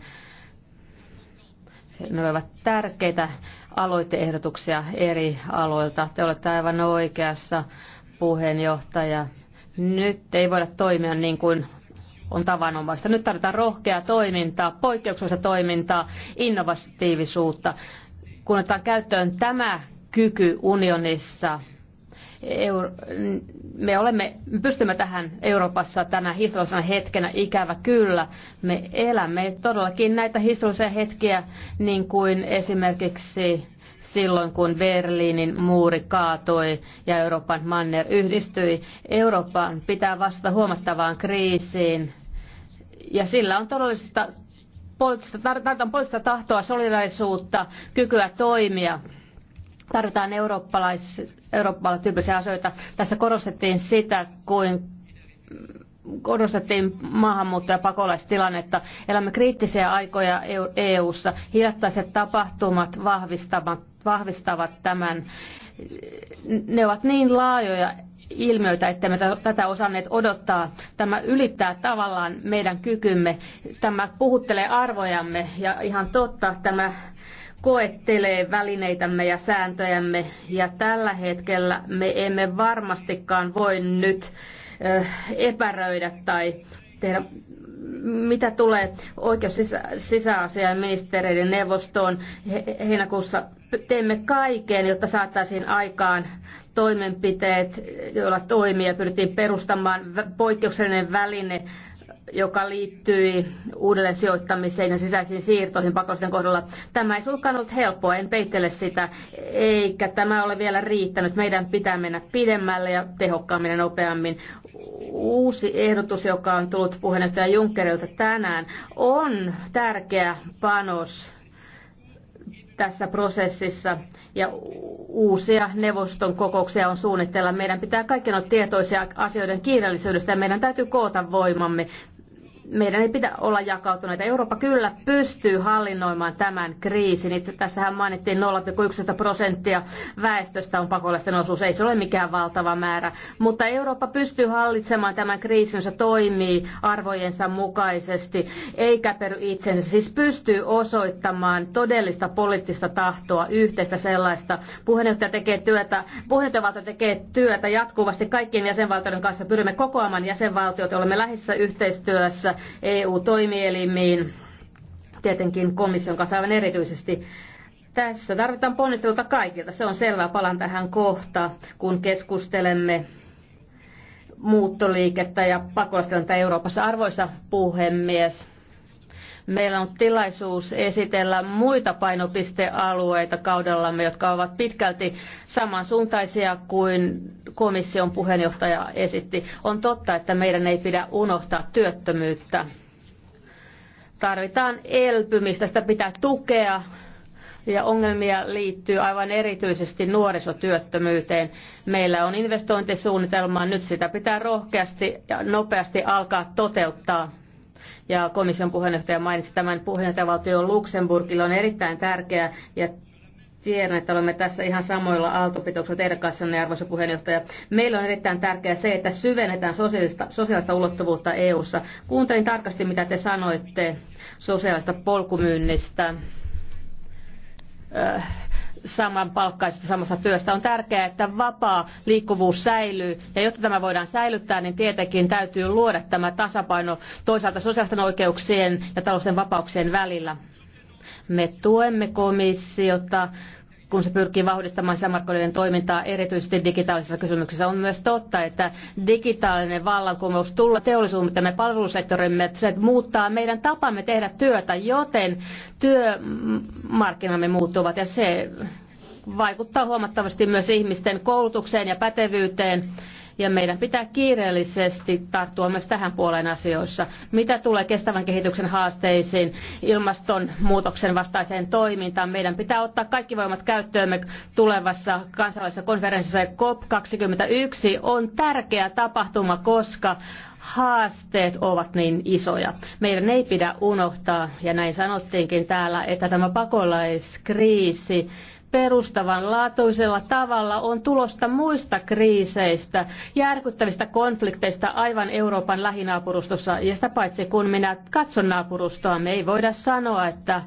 ne olivat tärkeitä aloiteehdotuksia eri aloilta. Te olette aivan oikeassa puheenjohtaja. Nyt ei voida toimia niin kuin on tavanomaista. Nyt tarvitaan rohkeaa toimintaa, poikkeuksellista toimintaa, innovatiivisuutta. Kun otetaan käyttöön tämä kyky unionissa Euro- me olemme, pystymme tähän Euroopassa tänä historiallisena hetkenä, ikävä kyllä. Me elämme todellakin näitä historiallisia hetkiä, niin kuin esimerkiksi silloin, kun Berliinin muuri kaatoi ja Euroopan manner yhdistyi. Euroopan pitää vastata huomattavaan kriisiin. Ja sillä on todellista poliittista, tarvitaan poliittista tahtoa, solidaarisuutta, kykyä toimia tarvitaan eurooppalais, eurooppalaisia tyyppisiä asioita. Tässä korostettiin sitä, kuin korostettiin maahanmuutto- ja pakolaistilannetta. Elämme kriittisiä aikoja EU-ssa. Hiljattaiset tapahtumat vahvistavat, vahvistavat tämän. Ne ovat niin laajoja ilmiöitä, että me tätä osanneet odottaa. Tämä ylittää tavallaan meidän kykymme. Tämä puhuttelee arvojamme ja ihan totta tämä koettelee välineitämme ja sääntöjämme ja tällä hetkellä me emme varmastikaan voi nyt epäröidä tai tehdä, mitä tulee oikeus sisä, sisäasiain ministereiden neuvostoon heinäkuussa, teemme kaiken, jotta saataisiin aikaan toimenpiteet, joilla toimia pyrittiin perustamaan poikkeuksellinen väline joka liittyi uudelleen sijoittamiseen ja sisäisiin siirtoihin pakosten kohdalla. Tämä ei suinkaan ollut helppoa, en peittele sitä, eikä tämä ole vielä riittänyt. Meidän pitää mennä pidemmälle ja tehokkaammin ja nopeammin. Uusi ehdotus, joka on tullut puheenjohtaja Junckerilta tänään, on tärkeä panos tässä prosessissa ja uusia neuvoston kokouksia on suunnitteilla. Meidän pitää kaikkien olla tietoisia asioiden kiireellisyydestä ja meidän täytyy koota voimamme meidän ei pidä olla jakautuneita. Eurooppa kyllä pystyy hallinnoimaan tämän kriisin. Tässähän mainittiin 0,1 prosenttia väestöstä on pakolaisten osuus. Ei se ole mikään valtava määrä. Mutta Eurooppa pystyy hallitsemaan tämän kriisin, jossa toimii arvojensa mukaisesti, ei käpery itsensä. Siis pystyy osoittamaan todellista poliittista tahtoa, yhteistä sellaista. Puheenjohtaja tekee työtä, puheenjohtajavaltio tekee työtä jatkuvasti kaikkien jäsenvaltioiden kanssa. Pyrimme kokoamaan jäsenvaltiot, olemme lähissä yhteistyössä EU-toimielimiin, tietenkin komission kanssa aivan erityisesti. Tässä tarvitaan ponnistelua kaikilta, se on selvää. Palaan tähän kohta, kun keskustelemme muuttoliikettä ja pakolaistilannetta Euroopassa. Arvoisa puhemies, meillä on tilaisuus esitellä muita painopistealueita kaudellamme, jotka ovat pitkälti samansuuntaisia kuin komission puheenjohtaja esitti. On totta, että meidän ei pidä unohtaa työttömyyttä. Tarvitaan elpymistä, sitä pitää tukea, ja ongelmia liittyy aivan erityisesti nuorisotyöttömyyteen. Meillä on investointisuunnitelma, nyt sitä pitää rohkeasti ja nopeasti alkaa toteuttaa ja komission puheenjohtaja mainitsi tämän puheenjohtajavaltion Luxemburgilla on erittäin tärkeä ja Tiedän, että olemme tässä ihan samoilla aaltopitoksilla teidän kanssanne, arvoisa puheenjohtaja. Meillä on erittäin tärkeää se, että syvennetään sosiaalista, sosiaalista ulottuvuutta EU-ssa. Kuuntelin tarkasti, mitä te sanoitte sosiaalista polkumyynnistä äh, samanpalkkaisesta samasta työstä. On tärkeää, että vapaa liikkuvuus säilyy ja jotta tämä voidaan säilyttää, niin tietenkin täytyy luoda tämä tasapaino toisaalta sosiaalisten oikeuksien ja talousten vapauksien välillä. Me tuemme komissiota kun se pyrkii vauhdittamaan sisämarkkinoiden toimintaa erityisesti digitaalisissa kysymyksissä. On myös totta, että digitaalinen vallankumous tulla teollisuutemme palvelusektorimme, se muuttaa meidän tapamme tehdä työtä, joten työmarkkinamme muuttuvat ja se vaikuttaa huomattavasti myös ihmisten koulutukseen ja pätevyyteen ja meidän pitää kiireellisesti tarttua myös tähän puoleen asioissa. Mitä tulee kestävän kehityksen haasteisiin, ilmastonmuutoksen vastaiseen toimintaan, meidän pitää ottaa kaikki voimat käyttöömme tulevassa kansainvälisessä konferenssissa COP21 on tärkeä tapahtuma, koska haasteet ovat niin isoja. Meidän ei pidä unohtaa, ja näin sanottiinkin täällä, että tämä pakolaiskriisi perustavanlaatuisella tavalla on tulosta muista kriiseistä, järkyttävistä konflikteista aivan Euroopan lähinaapurustossa. Ja sitä paitsi kun minä katson naapurustoa, me ei voida sanoa, että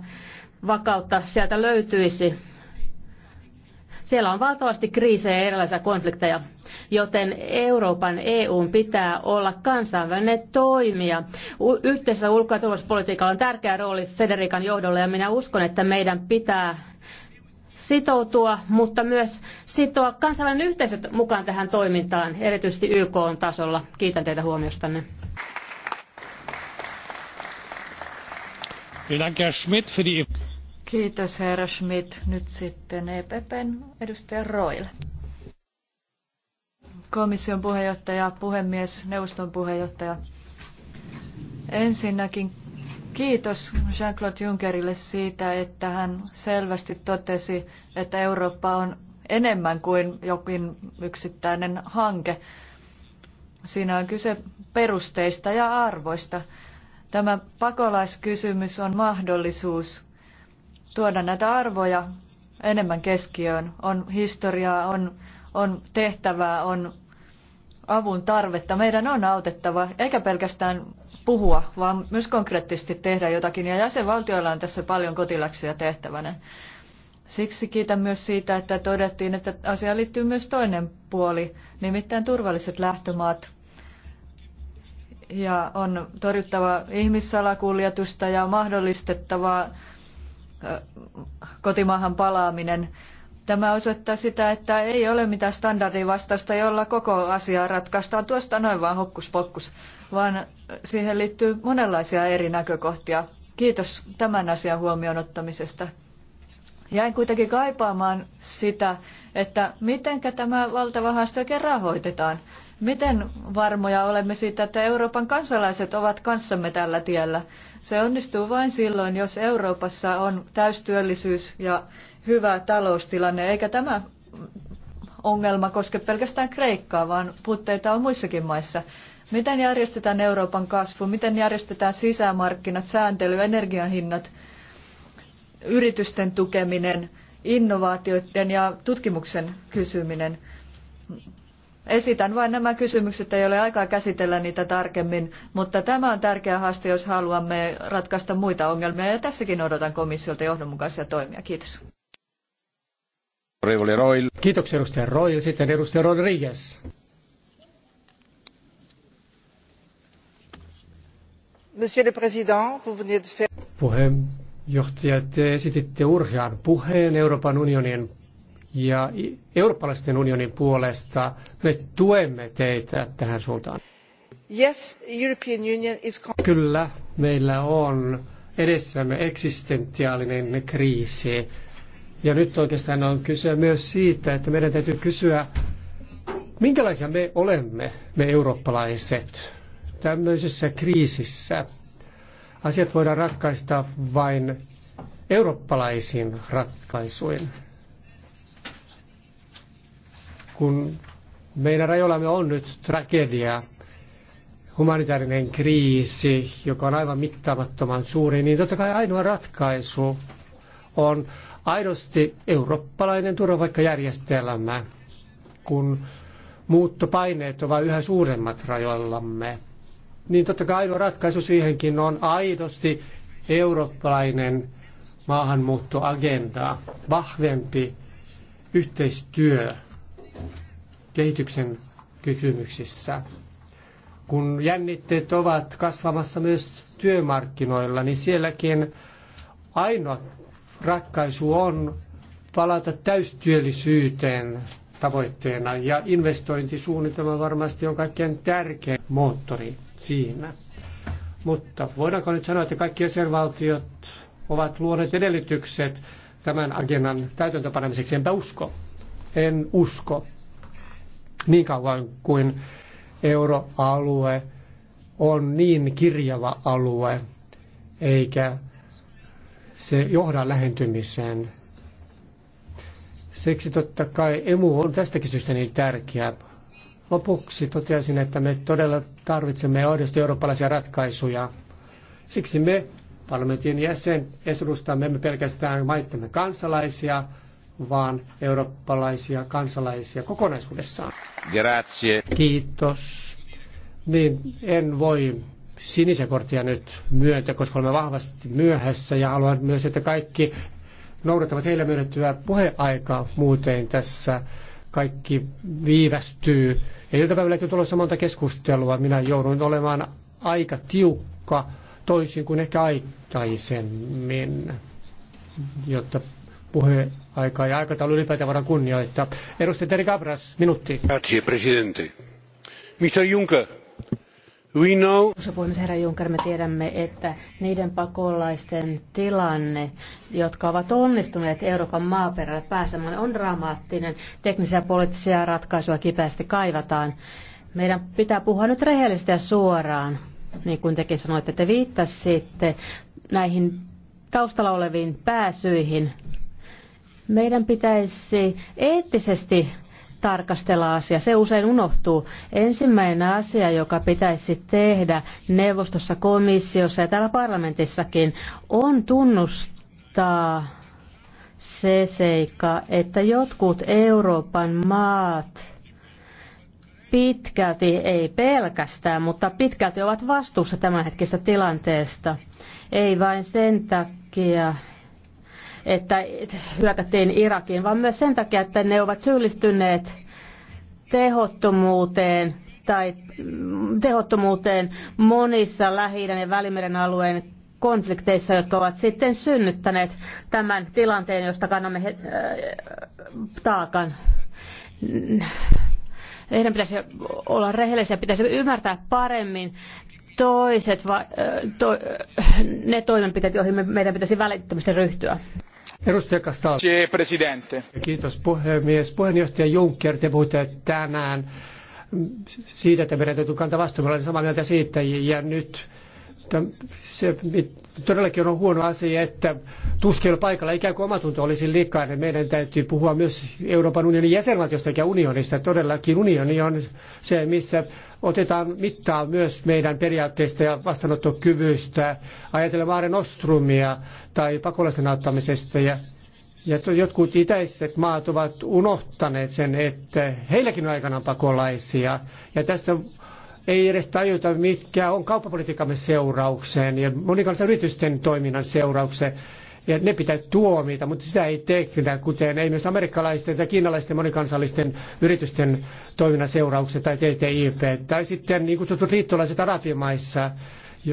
vakautta sieltä löytyisi. Siellä on valtavasti kriisejä ja erilaisia konflikteja, joten Euroopan EUn pitää olla kansainvälinen toimija. Yhteisessä ulko- ja turvallisuuspolitiikalla on tärkeä rooli Federikan johdolla ja minä uskon, että meidän pitää sitoutua, mutta myös sitoa kansainvälinen yhteisö mukaan tähän toimintaan, erityisesti YK-tasolla. Kiitän teitä huomiostanne. Kiitos herra Schmidt. Nyt sitten EPPn edustaja Roil. Komission puheenjohtaja, puhemies, neuvoston puheenjohtaja. Ensinnäkin Kiitos Jean-Claude Junckerille siitä, että hän selvästi totesi, että Eurooppa on enemmän kuin jokin yksittäinen hanke. Siinä on kyse perusteista ja arvoista. Tämä pakolaiskysymys on mahdollisuus tuoda näitä arvoja enemmän keskiöön. On historiaa, on, on tehtävää, on avun tarvetta. Meidän on autettava, eikä pelkästään puhua, vaan myös konkreettisesti tehdä jotakin, ja jäsenvaltioilla on tässä paljon kotiläksyjä tehtävänä. Siksi kiitän myös siitä, että todettiin, että asiaan liittyy myös toinen puoli, nimittäin turvalliset lähtömaat. Ja on torjuttava ihmissalakuljetusta ja mahdollistettava kotimaahan palaaminen. Tämä osoittaa sitä, että ei ole mitään standardivastausta, jolla koko asia ratkaistaan tuosta noin vaan hokkus pokkus vaan siihen liittyy monenlaisia eri näkökohtia. Kiitos tämän asian huomioon ottamisesta. Jäin kuitenkin kaipaamaan sitä, että miten tämä valtava haaste oikein rahoitetaan. Miten varmoja olemme siitä, että Euroopan kansalaiset ovat kanssamme tällä tiellä? Se onnistuu vain silloin, jos Euroopassa on täystyöllisyys ja hyvä taloustilanne, eikä tämä ongelma koske pelkästään Kreikkaa, vaan puutteita on muissakin maissa. Miten järjestetään Euroopan kasvu, miten järjestetään sisämarkkinat, sääntely, energian hinnat, yritysten tukeminen, innovaatioiden ja tutkimuksen kysyminen. Esitän vain nämä kysymykset, ei ole aikaa käsitellä niitä tarkemmin, mutta tämä on tärkeä haaste, jos haluamme ratkaista muita ongelmia, ja tässäkin odotan komissiolta johdonmukaisia toimia. Kiitos. Kiitoksia edustaja Roil. Sitten edustaja Rodriguez. Monsieur le Président, vous venez de faire... Puheenjohtaja, te esititte urhean puheen Euroopan unionin ja eurooppalaisten unionin puolesta. Me tuemme teitä tähän suuntaan. Yes, European Union is... Kyllä, meillä on edessämme eksistentiaalinen kriisi. Ja nyt oikeastaan on kyse myös siitä, että meidän täytyy kysyä, minkälaisia me olemme, me eurooppalaiset. Tämmöisessä kriisissä asiat voidaan ratkaista vain eurooppalaisin ratkaisuin. Kun meidän rajoillamme on nyt tragedia, humanitaarinen kriisi, joka on aivan mittaamattoman suuri, niin totta kai ainoa ratkaisu on aidosti eurooppalainen turvapaikkajärjestelmä, kun muuttopaineet ovat yhä suuremmat rajoillamme niin totta kai ainoa ratkaisu siihenkin on aidosti eurooppalainen maahanmuuttoagenda, vahvempi yhteistyö kehityksen kysymyksissä. Kun jännitteet ovat kasvamassa myös työmarkkinoilla, niin sielläkin ainoa ratkaisu on palata täystyöllisyyteen tavoitteena ja investointisuunnitelma varmasti on kaikkein tärkein moottori siinä. Mutta voidaanko nyt sanoa, että kaikki jäsenvaltiot ovat luoneet edellytykset tämän agendan täytäntöpanemiseksi? Enpä usko. En usko. Niin kauan kuin euroalue on niin kirjava alue, eikä se johda lähentymiseen. Siksi totta kai emu on tästäkin syystä niin tärkeä. Lopuksi toteaisin, että me todella tarvitsemme aidosti eurooppalaisia ratkaisuja. Siksi me parlamentin jäsen edustamme emme pelkästään maittamme kansalaisia, vaan eurooppalaisia kansalaisia kokonaisuudessaan. Grazie. Kiitos. Niin, en voi sinisen korttia nyt myöntä, koska olemme vahvasti myöhässä ja haluan myös, että kaikki noudattavat heille myönnettyä puheaikaa muuten tässä kaikki viivästyy. Ja iltapäivälläkin on tulossa monta keskustelua. Minä joudun olemaan aika tiukka toisin kuin ehkä aikaisemmin, jotta puheaika ja aikataulu ylipäätään voidaan kunnioittaa. Edustaja Terry Gabras, minuutti. Grazie, presidente. Mr. Juncker, We know... Puhemies herra Juncker, me tiedämme, että niiden pakolaisten tilanne, jotka ovat onnistuneet Euroopan maaperällä pääsemään, on dramaattinen. Teknisiä ja poliittisia ratkaisuja kipeästi kaivataan. Meidän pitää puhua nyt rehellisesti ja suoraan, niin kuin tekin sanoitte, te viittasitte näihin taustalla oleviin pääsyihin. Meidän pitäisi eettisesti tarkastella asiaa. Se usein unohtuu. Ensimmäinen asia, joka pitäisi tehdä neuvostossa, komissiossa ja täällä parlamentissakin, on tunnustaa se seikka, että jotkut Euroopan maat pitkälti, ei pelkästään, mutta pitkälti ovat vastuussa tämänhetkisestä tilanteesta. Ei vain sen takia, että hyökättiin Irakiin, vaan myös sen takia, että ne ovat syyllistyneet tehottomuuteen tai mm, tehottomuuteen monissa lähi ja Välimeren alueen konflikteissa, jotka ovat sitten synnyttäneet tämän tilanteen, josta kannamme he, äh, taakan. Heidän pitäisi olla rehellisiä, pitäisi ymmärtää paremmin toiset, va, äh, to, äh, ne toimenpiteet, joihin meidän pitäisi välittömästi ryhtyä. Edustaja Kastal. Kiitos puhemies. Puheenjohtaja Juncker, te puhutte tänään siitä, että meidän täytyy kantaa vastuun. Olen samaa mieltä siitä ja nyt se todellakin on huono asia, että tuskin paikalla ikään kuin omatunto olisi likainen. Meidän täytyy puhua myös Euroopan unionin jäsenvaltiosta eikä unionista. Todellakin unioni on se, missä otetaan mittaa myös meidän periaatteista ja vastaanottokyvystä, ajatella Maaren Ostrumia tai pakolaisten auttamisesta. Ja, ja jotkut itäiset maat ovat unohtaneet sen, että heilläkin on aikanaan pakolaisia. Ja tässä ei edes tajuta, mitkä on kauppapolitiikamme seuraukseen ja monikansan yritysten toiminnan seuraukseen ja ne pitää tuomita, mutta sitä ei tehdä, kuten ei myös amerikkalaisten tai kiinalaisten monikansallisten yritysten toiminnan seuraukset tai TTIP, tai sitten niin kutsutut liittolaiset arabimaissa,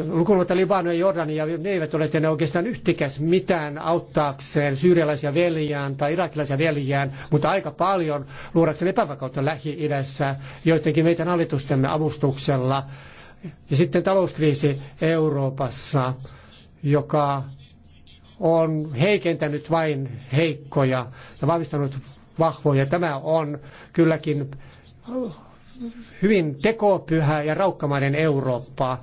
lukunutta Libano ja Jordania, ne eivät ole tehneet oikeastaan yhtikäs mitään auttaakseen syyrialaisia veljään tai irakilaisia veljään, mutta aika paljon luodakseen epävakautta Lähi-idässä joidenkin meidän hallitustemme avustuksella. Ja sitten talouskriisi Euroopassa, joka on heikentänyt vain heikkoja ja vahvistanut vahvoja. Tämä on kylläkin hyvin tekopyhä ja raukkamainen Eurooppa.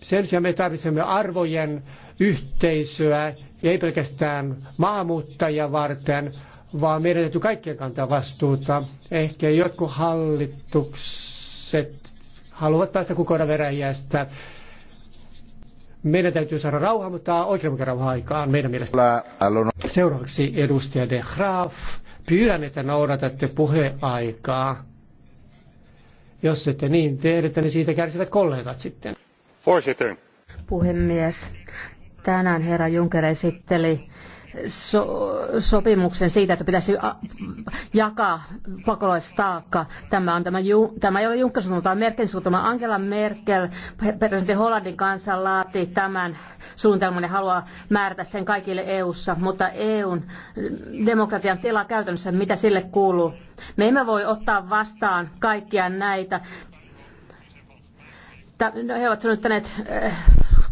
Sen sijaan me tarvitsemme arvojen yhteisöä, ei pelkästään maahanmuuttajia varten, vaan meidän täytyy kaikkien kantaa vastuuta. Ehkä jotkut hallitukset haluavat päästä kukaan veräjästä meidän täytyy saada rauha, mutta oikein rauha aikaan meidän mielestä. No- Seuraavaksi edustaja De Graaf. Pyydän, että noudatatte puheaikaa. Jos ette niin tehdä, niin siitä kärsivät kollegat sitten. Puhemies, tänään herra Juncker esitteli so- sopimuksen siitä, että pitäisi jakaa pakolaistaakka. Tämä, on tämä, ju- tämä ei ole Junckerin suunta, vaan Merkelin suunta. Angela Merkel, presidentti Hollandin kanssa, laati tämän suunnitelman ja haluaa määrätä sen kaikille EU-ssa, mutta EUn demokratian tila käytännössä, mitä sille kuuluu. Me emme voi ottaa vastaan kaikkia näitä no, he ovat sanoneet eh,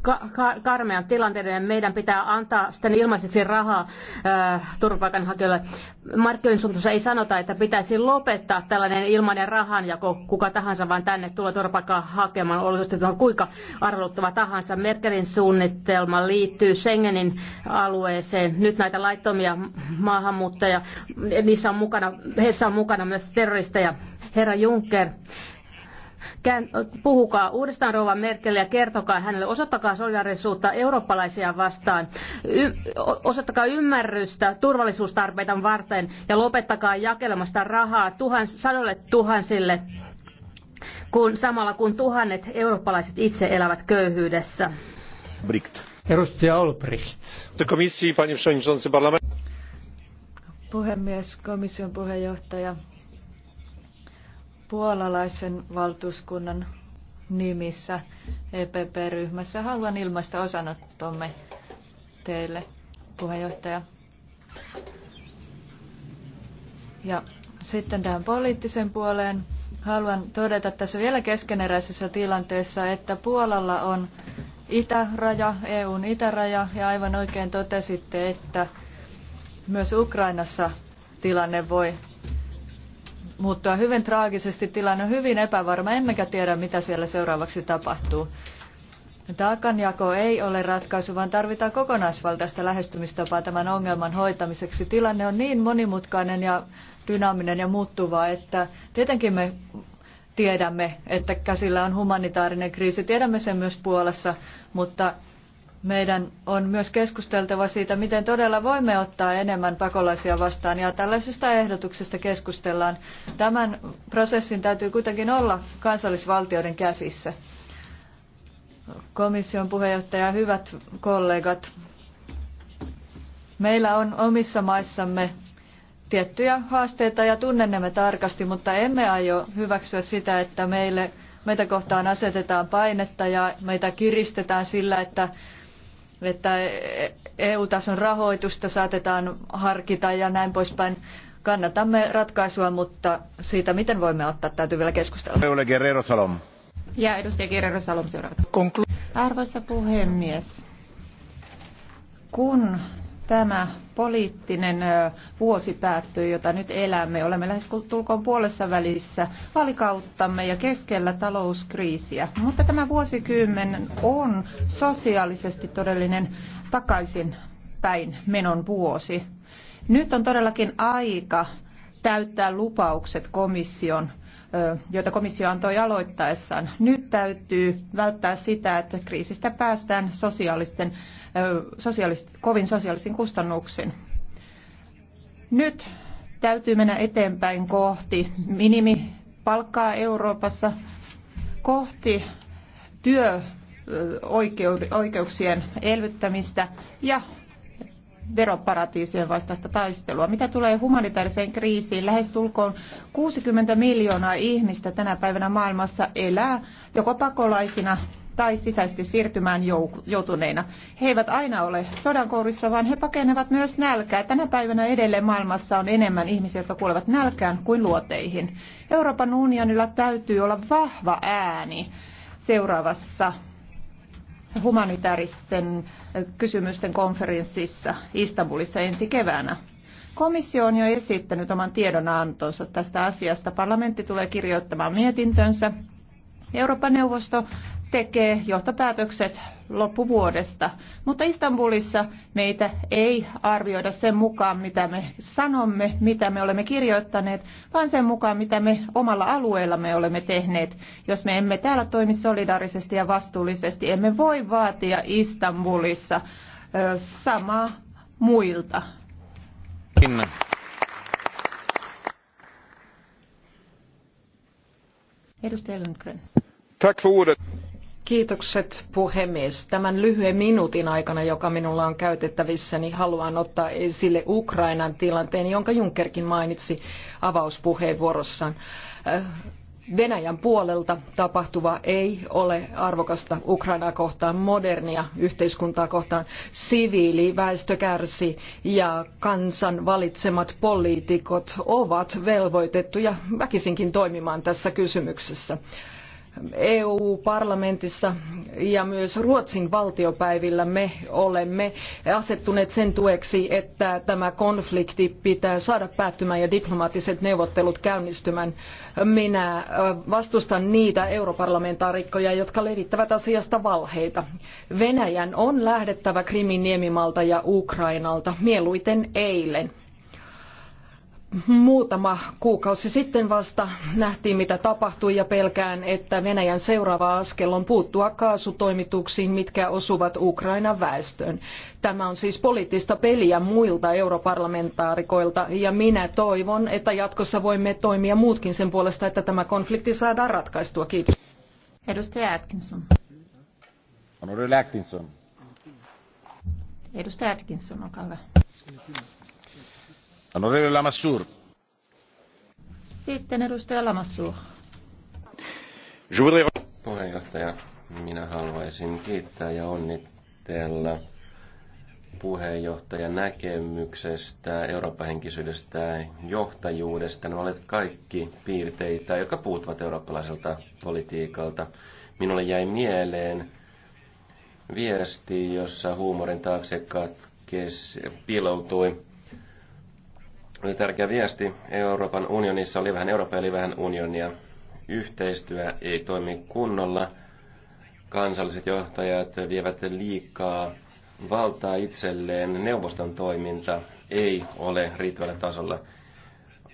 ka- ka- karmean tilanteiden. Meidän pitää antaa sitten ilmaiseksi rahaa äh, turvapaikanhakijoille. Markkinoiden suuntaan ei sanota, että pitäisi lopettaa tällainen ilmainen rahanjako kuka tahansa, vaan tänne tulee turvapaikkaa hakemaan olosuhteet, kuinka arveluttava tahansa. Merkelin suunnitelma liittyy Schengenin alueeseen. Nyt näitä laittomia maahanmuuttajia, niissä on mukana, heissä on mukana myös terroristeja. Herra Juncker, puhukaa uudestaan rouva Merkel ja kertokaa hänelle, osoittakaa solidarisuutta eurooppalaisia vastaan, y- osoittakaa ymmärrystä turvallisuustarpeita varten ja lopettakaa jakelemasta rahaa tuhans, sadolle tuhansille, kun, samalla kun tuhannet eurooppalaiset itse elävät köyhyydessä. Bricht. Edustaja Olbricht. Komissi, Puhemies, komission puheenjohtaja, puolalaisen valtuuskunnan nimissä EPP-ryhmässä haluan ilmaista osanottomme teille, puheenjohtaja. Ja sitten tähän poliittiseen puoleen. Haluan todeta tässä vielä keskeneräisessä tilanteessa, että Puolalla on itäraja, EUn itäraja, ja aivan oikein totesitte, että myös Ukrainassa tilanne voi muuttua hyvin traagisesti. Tilanne on hyvin epävarma, emmekä tiedä mitä siellä seuraavaksi tapahtuu. Taakanjako ei ole ratkaisu, vaan tarvitaan kokonaisvaltaista lähestymistapaa tämän ongelman hoitamiseksi. Tilanne on niin monimutkainen ja dynaaminen ja muuttuva, että tietenkin me tiedämme, että käsillä on humanitaarinen kriisi. Tiedämme sen myös Puolassa, mutta meidän on myös keskusteltava siitä, miten todella voimme ottaa enemmän pakolaisia vastaan ja tällaisista ehdotuksista keskustellaan. Tämän prosessin täytyy kuitenkin olla kansallisvaltioiden käsissä. Komission puheenjohtaja, hyvät kollegat, meillä on omissa maissamme tiettyjä haasteita ja tunnennemme tarkasti, mutta emme aio hyväksyä sitä, että meille, meitä kohtaan asetetaan painetta ja meitä kiristetään sillä, että että EU-tason rahoitusta saatetaan harkita ja näin poispäin. Kannatamme ratkaisua, mutta siitä, miten voimme ottaa, täytyy vielä keskustella. Salom. Ja edustaja Guerrero Salom seuraavaksi. Arvoisa puhemies, kun Tämä poliittinen vuosi päättyy, jota nyt elämme. Olemme lähes tulkoon puolessa välissä valikauttamme ja keskellä talouskriisiä. Mutta tämä vuosikymmen on sosiaalisesti todellinen takaisin päin menon vuosi. Nyt on todellakin aika täyttää lupaukset komission joita komissio antoi aloittaessaan. Nyt täytyy välttää sitä, että kriisistä päästään sosiaalisten sosiaalist, kovin sosiaalisin kustannuksin. Nyt täytyy mennä eteenpäin kohti minimipalkkaa Euroopassa, kohti työoikeuksien elvyttämistä ja veroparatiisien vastaista taistelua. Mitä tulee humanitaariseen kriisiin, lähestulkoon 60 miljoonaa ihmistä tänä päivänä maailmassa elää joko pakolaisina tai sisäisesti siirtymään joutuneina. He eivät aina ole sodankourissa, vaan he pakenevat myös nälkää. Tänä päivänä edelleen maailmassa on enemmän ihmisiä, jotka kuolevat nälkään kuin luoteihin. Euroopan unionilla täytyy olla vahva ääni seuraavassa humanitaaristen kysymysten konferenssissa Istanbulissa ensi keväänä. Komissio on jo esittänyt oman tiedonantonsa tästä asiasta. Parlamentti tulee kirjoittamaan mietintönsä. Euroopan neuvosto tekee johtopäätökset loppuvuodesta. Mutta Istanbulissa meitä ei arvioida sen mukaan, mitä me sanomme, mitä me olemme kirjoittaneet, vaan sen mukaan, mitä me omalla alueella me olemme tehneet. Jos me emme täällä toimi solidaarisesti ja vastuullisesti, emme voi vaatia Istanbulissa samaa muilta. Kinnan. Edustaja Lundgren. Tack för ordet. Kiitokset puhemies. Tämän lyhyen minuutin aikana, joka minulla on käytettävissä, niin haluan ottaa esille Ukrainan tilanteen, jonka Junckerkin mainitsi avauspuheenvuorossaan. Äh, Venäjän puolelta tapahtuva ei ole arvokasta Ukrainaa kohtaan, modernia yhteiskuntaa kohtaan. Siviiliväestö kärsi ja kansan valitsemat poliitikot ovat velvoitettuja väkisinkin toimimaan tässä kysymyksessä. EU-parlamentissa ja myös Ruotsin valtiopäivillä me olemme asettuneet sen tueksi, että tämä konflikti pitää saada päättymään ja diplomaattiset neuvottelut käynnistymään. Minä vastustan niitä europarlamentaarikkoja, jotka levittävät asiasta valheita. Venäjän on lähdettävä Krimin niemimaalta ja Ukrainalta mieluiten eilen muutama kuukausi sitten vasta nähtiin, mitä tapahtui ja pelkään, että Venäjän seuraava askel on puuttua kaasutoimituksiin, mitkä osuvat Ukrainan väestöön. Tämä on siis poliittista peliä muilta europarlamentaarikoilta ja minä toivon, että jatkossa voimme toimia muutkin sen puolesta, että tämä konflikti saadaan ratkaistua. Kiitos. Edustaja Atkinson. Atkinson. Edustaja Atkinson, olkaa hyvä. Onorevole Lamassur. Sitten edustaja Lamassur. voudrais... Puheenjohtaja, minä haluaisin kiittää ja onnitella puheenjohtajan näkemyksestä, eurooppahenkisyydestä, johtajuudesta. Ne olet kaikki piirteitä, jotka puuttuvat eurooppalaiselta politiikalta. Minulle jäi mieleen viesti, jossa huumorin taakse katkes, piiloutui oli tärkeä viesti. Euroopan unionissa oli vähän Eurooppa, eli vähän unionia. Yhteistyö ei toimi kunnolla. Kansalliset johtajat vievät liikaa valtaa itselleen. Neuvoston toiminta ei ole riittävällä tasolla.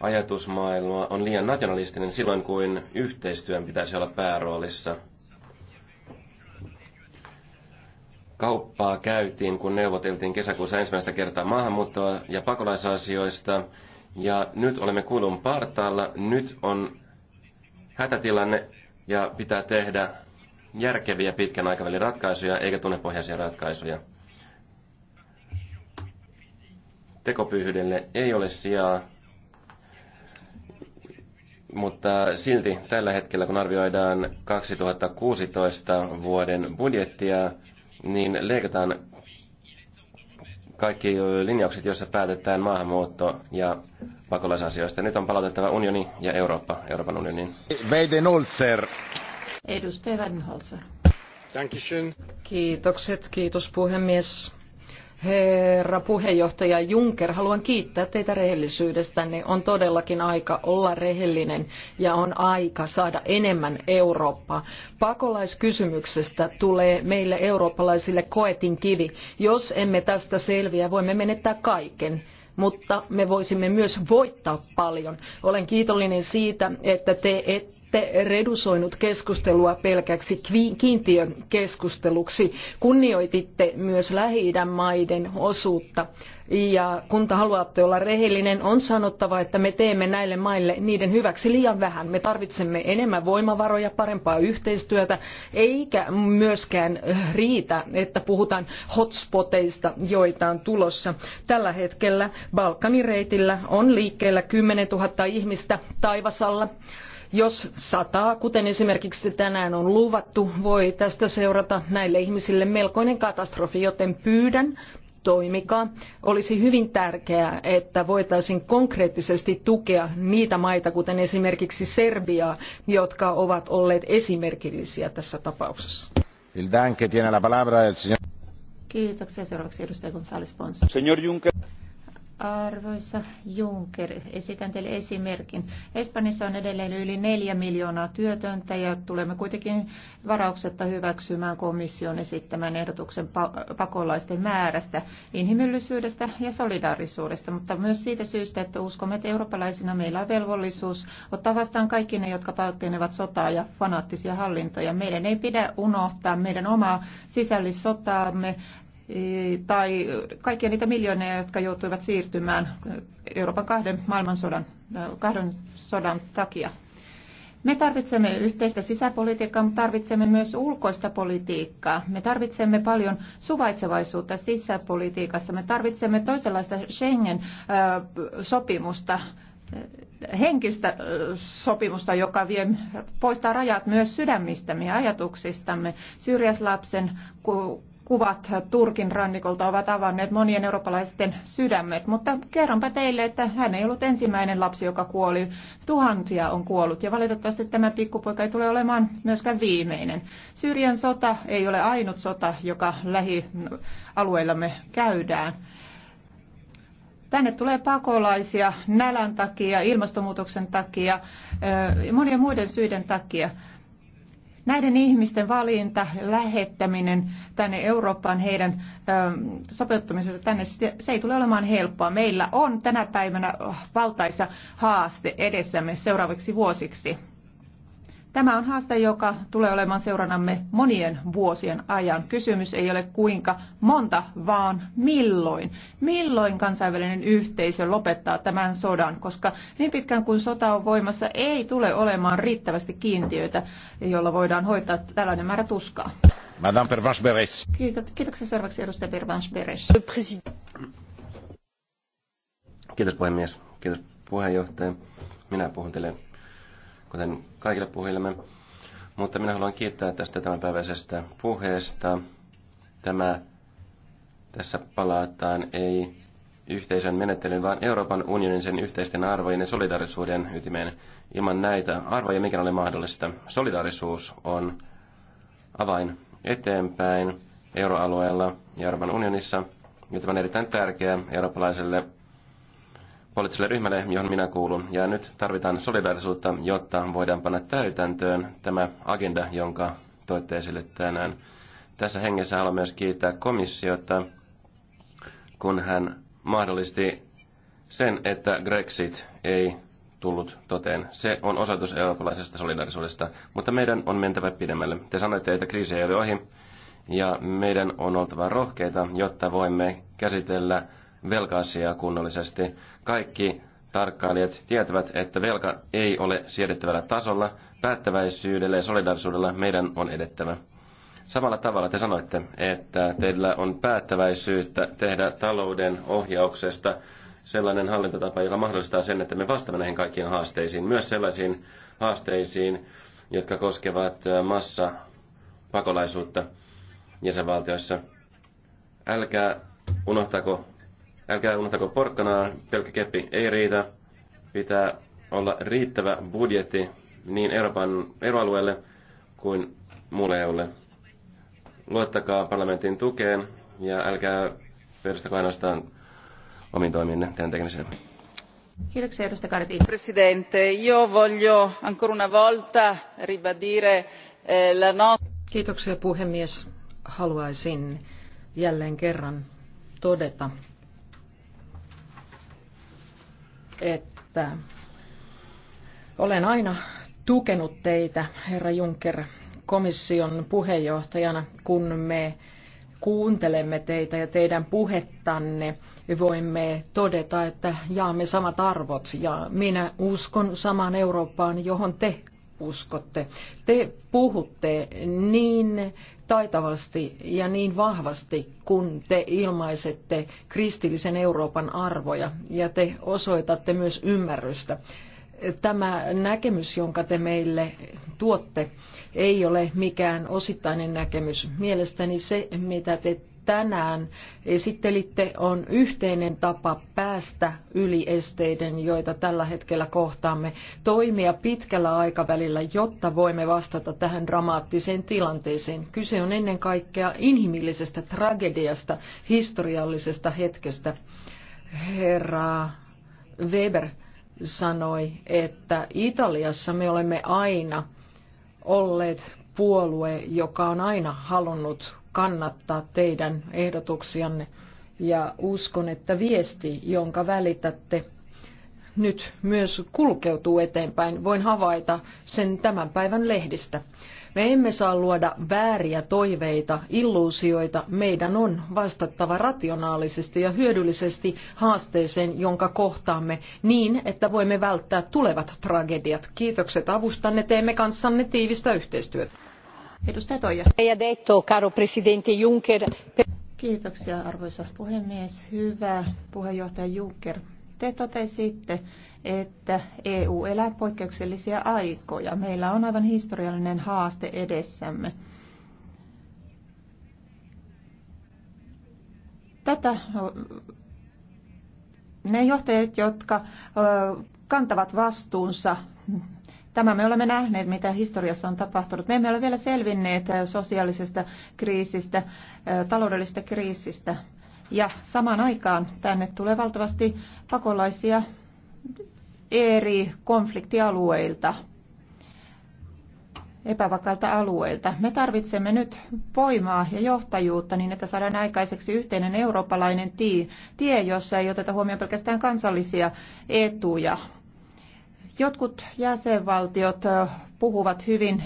Ajatusmaailma on liian nationalistinen silloin, kun yhteistyön pitäisi olla pääroolissa – Kauppaa käytiin, kun neuvoteltiin kesäkuussa ensimmäistä kertaa maahanmuuttoa ja pakolaisasioista. Ja nyt olemme kuilun partaalla. Nyt on hätätilanne ja pitää tehdä järkeviä pitkän aikavälin ratkaisuja eikä tunnepohjaisia ratkaisuja. Tekopyhyydelle ei ole sijaa, mutta silti tällä hetkellä, kun arvioidaan 2016 vuoden budjettia, niin leikataan kaikki linjaukset, joissa päätetään maahanmuutto- ja pakolaisasioista. Nyt on palautettava unioni ja Eurooppa, Euroopan unioniin. Veiden Olzer. Edustaja Weidenholzer. Kiitokset, kiitos puhemies. Herra puheenjohtaja Juncker, haluan kiittää teitä rehellisyydestänne. On todellakin aika olla rehellinen ja on aika saada enemmän Eurooppaa. Pakolaiskysymyksestä tulee meille eurooppalaisille koetin kivi. Jos emme tästä selviä, voimme menettää kaiken mutta me voisimme myös voittaa paljon. Olen kiitollinen siitä, että te ette redusoinut keskustelua pelkäksi kiintiökeskusteluksi. Kunnioititte myös lähi maiden osuutta ja kun haluatte olla rehellinen, on sanottava, että me teemme näille maille niiden hyväksi liian vähän. Me tarvitsemme enemmän voimavaroja, parempaa yhteistyötä, eikä myöskään riitä, että puhutaan hotspoteista, joita on tulossa. Tällä hetkellä Balkanin reitillä on liikkeellä 10 000 ihmistä taivasalla jos sataa, kuten esimerkiksi tänään on luvattu, voi tästä seurata näille ihmisille melkoinen katastrofi, joten pyydän toimikaa. Olisi hyvin tärkeää, että voitaisiin konkreettisesti tukea niitä maita, kuten esimerkiksi Serbiaa, jotka ovat olleet esimerkillisiä tässä tapauksessa. Kiitoksia. Seuraavaksi edustaja González Señor Juncker. Arvoisa Juncker, esitän teille esimerkin. Espanjassa on edelleen yli neljä miljoonaa työtöntä ja tulemme kuitenkin varauksetta hyväksymään komission esittämän ehdotuksen pakolaisten määrästä, inhimillisyydestä ja solidaarisuudesta, mutta myös siitä syystä, että uskomme, että eurooppalaisina meillä on velvollisuus ottaa vastaan kaikki ne, jotka pakenevat sotaa ja fanaattisia hallintoja. Meidän ei pidä unohtaa meidän omaa sisällissotaamme, tai kaikkia niitä miljoonia, jotka joutuivat siirtymään Euroopan kahden maailmansodan kahden sodan takia. Me tarvitsemme yhteistä sisäpolitiikkaa, mutta tarvitsemme myös ulkoista politiikkaa. Me tarvitsemme paljon suvaitsevaisuutta sisäpolitiikassa. Me tarvitsemme toisenlaista Schengen-sopimusta, henkistä sopimusta, joka vie, poistaa rajat myös sydämistämme ja ajatuksistamme. Syrjäslapsen kuvat Turkin rannikolta ovat avanneet monien eurooppalaisten sydämet, mutta kerronpa teille, että hän ei ollut ensimmäinen lapsi, joka kuoli. Tuhansia on kuollut ja valitettavasti tämä pikkupoika ei tule olemaan myöskään viimeinen. Syyrian sota ei ole ainut sota, joka lähialueillamme käydään. Tänne tulee pakolaisia nälän takia, ilmastonmuutoksen takia, monien muiden syiden takia. Näiden ihmisten valinta, lähettäminen tänne Eurooppaan, heidän sopeuttamisensa tänne, se ei tule olemaan helppoa. Meillä on tänä päivänä valtaisa haaste edessämme seuraaviksi vuosiksi. Tämä on haaste, joka tulee olemaan seurannamme monien vuosien ajan. Kysymys ei ole kuinka monta, vaan milloin. Milloin kansainvälinen yhteisö lopettaa tämän sodan, koska niin pitkään kuin sota on voimassa, ei tule olemaan riittävästi kiintiöitä, jolla voidaan hoitaa tällainen määrä tuskaa. Madame Pervanche Beres. Kiitoksia seuraavaksi edustaja Pervanche Beres. Kiitos puhemies. Kiitos puheenjohtaja. Minä puhun teille kuten kaikille puhujillemme. Mutta minä haluan kiittää tästä tämänpäiväisestä puheesta. Tämä tässä palataan ei yhteisön menettelyn, vaan Euroopan unionin sen yhteisten arvojen ja solidaarisuuden ytimeen. Ilman näitä arvoja mikä ole mahdollista. Solidaarisuus on avain eteenpäin euroalueella ja Euroopan unionissa, ja tämä on erittäin tärkeä eurooppalaiselle poliittiselle ryhmälle, johon minä kuulun. Ja nyt tarvitaan solidaarisuutta, jotta voidaan panna täytäntöön tämä agenda, jonka toitte esille tänään. Tässä hengessä haluan myös kiittää komissiota, kun hän mahdollisti sen, että Grexit ei tullut toteen. Se on osoitus eurooppalaisesta solidaarisuudesta, mutta meidän on mentävä pidemmälle. Te sanoitte, että kriisi ei ole ohi, ja meidän on oltava rohkeita, jotta voimme käsitellä velka-asiaa kunnollisesti. Kaikki tarkkailijat tietävät, että velka ei ole siedettävällä tasolla. Päättäväisyydellä ja solidarisuudella meidän on edettävä. Samalla tavalla te sanoitte, että teillä on päättäväisyyttä tehdä talouden ohjauksesta sellainen hallintotapa, joka mahdollistaa sen, että me vastaamme näihin kaikkiin haasteisiin, myös sellaisiin haasteisiin, jotka koskevat äh, massa pakolaisuutta jäsenvaltioissa. Älkää unohtako Älkää unohtako porkkanaa, pelkkä keppi ei riitä. Pitää olla riittävä budjetti niin Euroopan eroalueelle kuin muulle EUlle. Luottakaa parlamentin tukeen ja älkää perustako ainoastaan omiin toiminne tämän tekemiseen. Kiitoksia, edustaja Karti. Presidente, io voglio ancora una volta ribadire eh, la no... Kiitoksia puhemies. Haluaisin jälleen kerran todeta että olen aina tukenut teitä, herra Juncker, komission puheenjohtajana, kun me kuuntelemme teitä ja teidän puhettanne, voimme todeta, että jaamme samat arvot ja minä uskon samaan Eurooppaan, johon te uskotte. Te puhutte niin taitavasti ja niin vahvasti, kun te ilmaisette kristillisen Euroopan arvoja ja te osoitatte myös ymmärrystä. Tämä näkemys, jonka te meille tuotte, ei ole mikään osittainen näkemys. Mielestäni se, mitä te tänään esittelitte, on yhteinen tapa päästä yli esteiden, joita tällä hetkellä kohtaamme, toimia pitkällä aikavälillä, jotta voimme vastata tähän dramaattiseen tilanteeseen. Kyse on ennen kaikkea inhimillisestä tragediasta, historiallisesta hetkestä. Herra Weber sanoi, että Italiassa me olemme aina olleet puolue, joka on aina halunnut kannattaa teidän ehdotuksianne ja uskon, että viesti, jonka välitätte nyt myös kulkeutuu eteenpäin. Voin havaita sen tämän päivän lehdistä. Me emme saa luoda vääriä toiveita, illuusioita. Meidän on vastattava rationaalisesti ja hyödyllisesti haasteeseen, jonka kohtaamme niin, että voimme välttää tulevat tragediat. Kiitokset avustanne, teemme kanssanne tiivistä yhteistyötä. Juncker. Kiitoksia arvoisa puhemies. Hyvä puheenjohtaja Juncker. Te totesitte, että EU elää poikkeuksellisia aikoja. Meillä on aivan historiallinen haaste edessämme. Tätä ne johtajat, jotka kantavat vastuunsa Tämä me olemme nähneet, mitä historiassa on tapahtunut. Me emme ole vielä selvinneet sosiaalisesta kriisistä, taloudellisesta kriisistä. Ja samaan aikaan tänne tulee valtavasti pakolaisia eri konfliktialueilta, epävakailta alueilta. Me tarvitsemme nyt voimaa ja johtajuutta niin, että saadaan aikaiseksi yhteinen eurooppalainen tie, jossa ei oteta huomioon pelkästään kansallisia etuja, Jotkut jäsenvaltiot puhuvat hyvin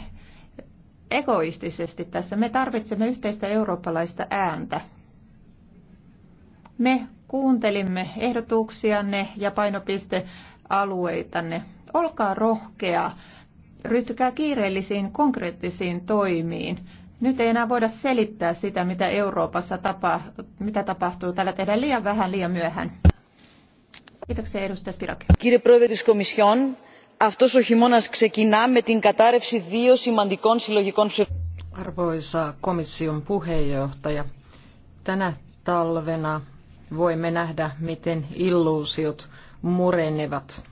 egoistisesti tässä. Me tarvitsemme yhteistä eurooppalaista ääntä. Me kuuntelimme ehdotuksianne ja painopistealueitanne. Olkaa rohkea, ryhtykää kiireellisiin konkreettisiin toimiin. Nyt ei enää voida selittää sitä, mitä Euroopassa tapa, mitä tapahtuu. Täällä tehdään liian vähän, liian myöhään. Kiitoksia edustaja Spirake. Κύριε Πρόεδρε της Κομισιόν, αυτός ο χειμώνας ξεκινά με την κατάρρευση δύο σημαντικών συλλογικών Arvoisa komission puheenjohtaja, tänä talvena voimme nähdä, miten illuusiot murenevat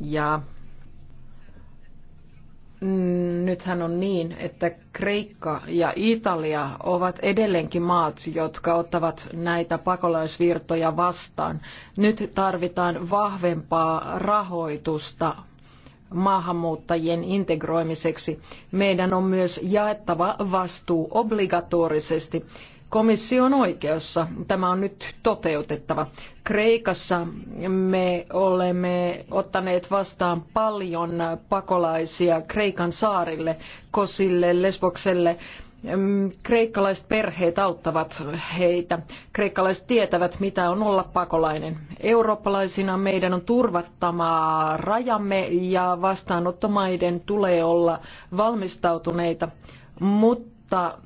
ja Mm, nythän on niin, että Kreikka ja Italia ovat edelleenkin maat, jotka ottavat näitä pakolaisvirtoja vastaan. Nyt tarvitaan vahvempaa rahoitusta maahanmuuttajien integroimiseksi. Meidän on myös jaettava vastuu obligatorisesti Komissio on oikeassa. Tämä on nyt toteutettava. Kreikassa me olemme ottaneet vastaan paljon pakolaisia Kreikan saarille, Kosille, Lesbokselle. Kreikkalaiset perheet auttavat heitä. Kreikkalaiset tietävät, mitä on olla pakolainen. Eurooppalaisina meidän on turvattava rajamme ja vastaanottomaiden tulee olla valmistautuneita, mutta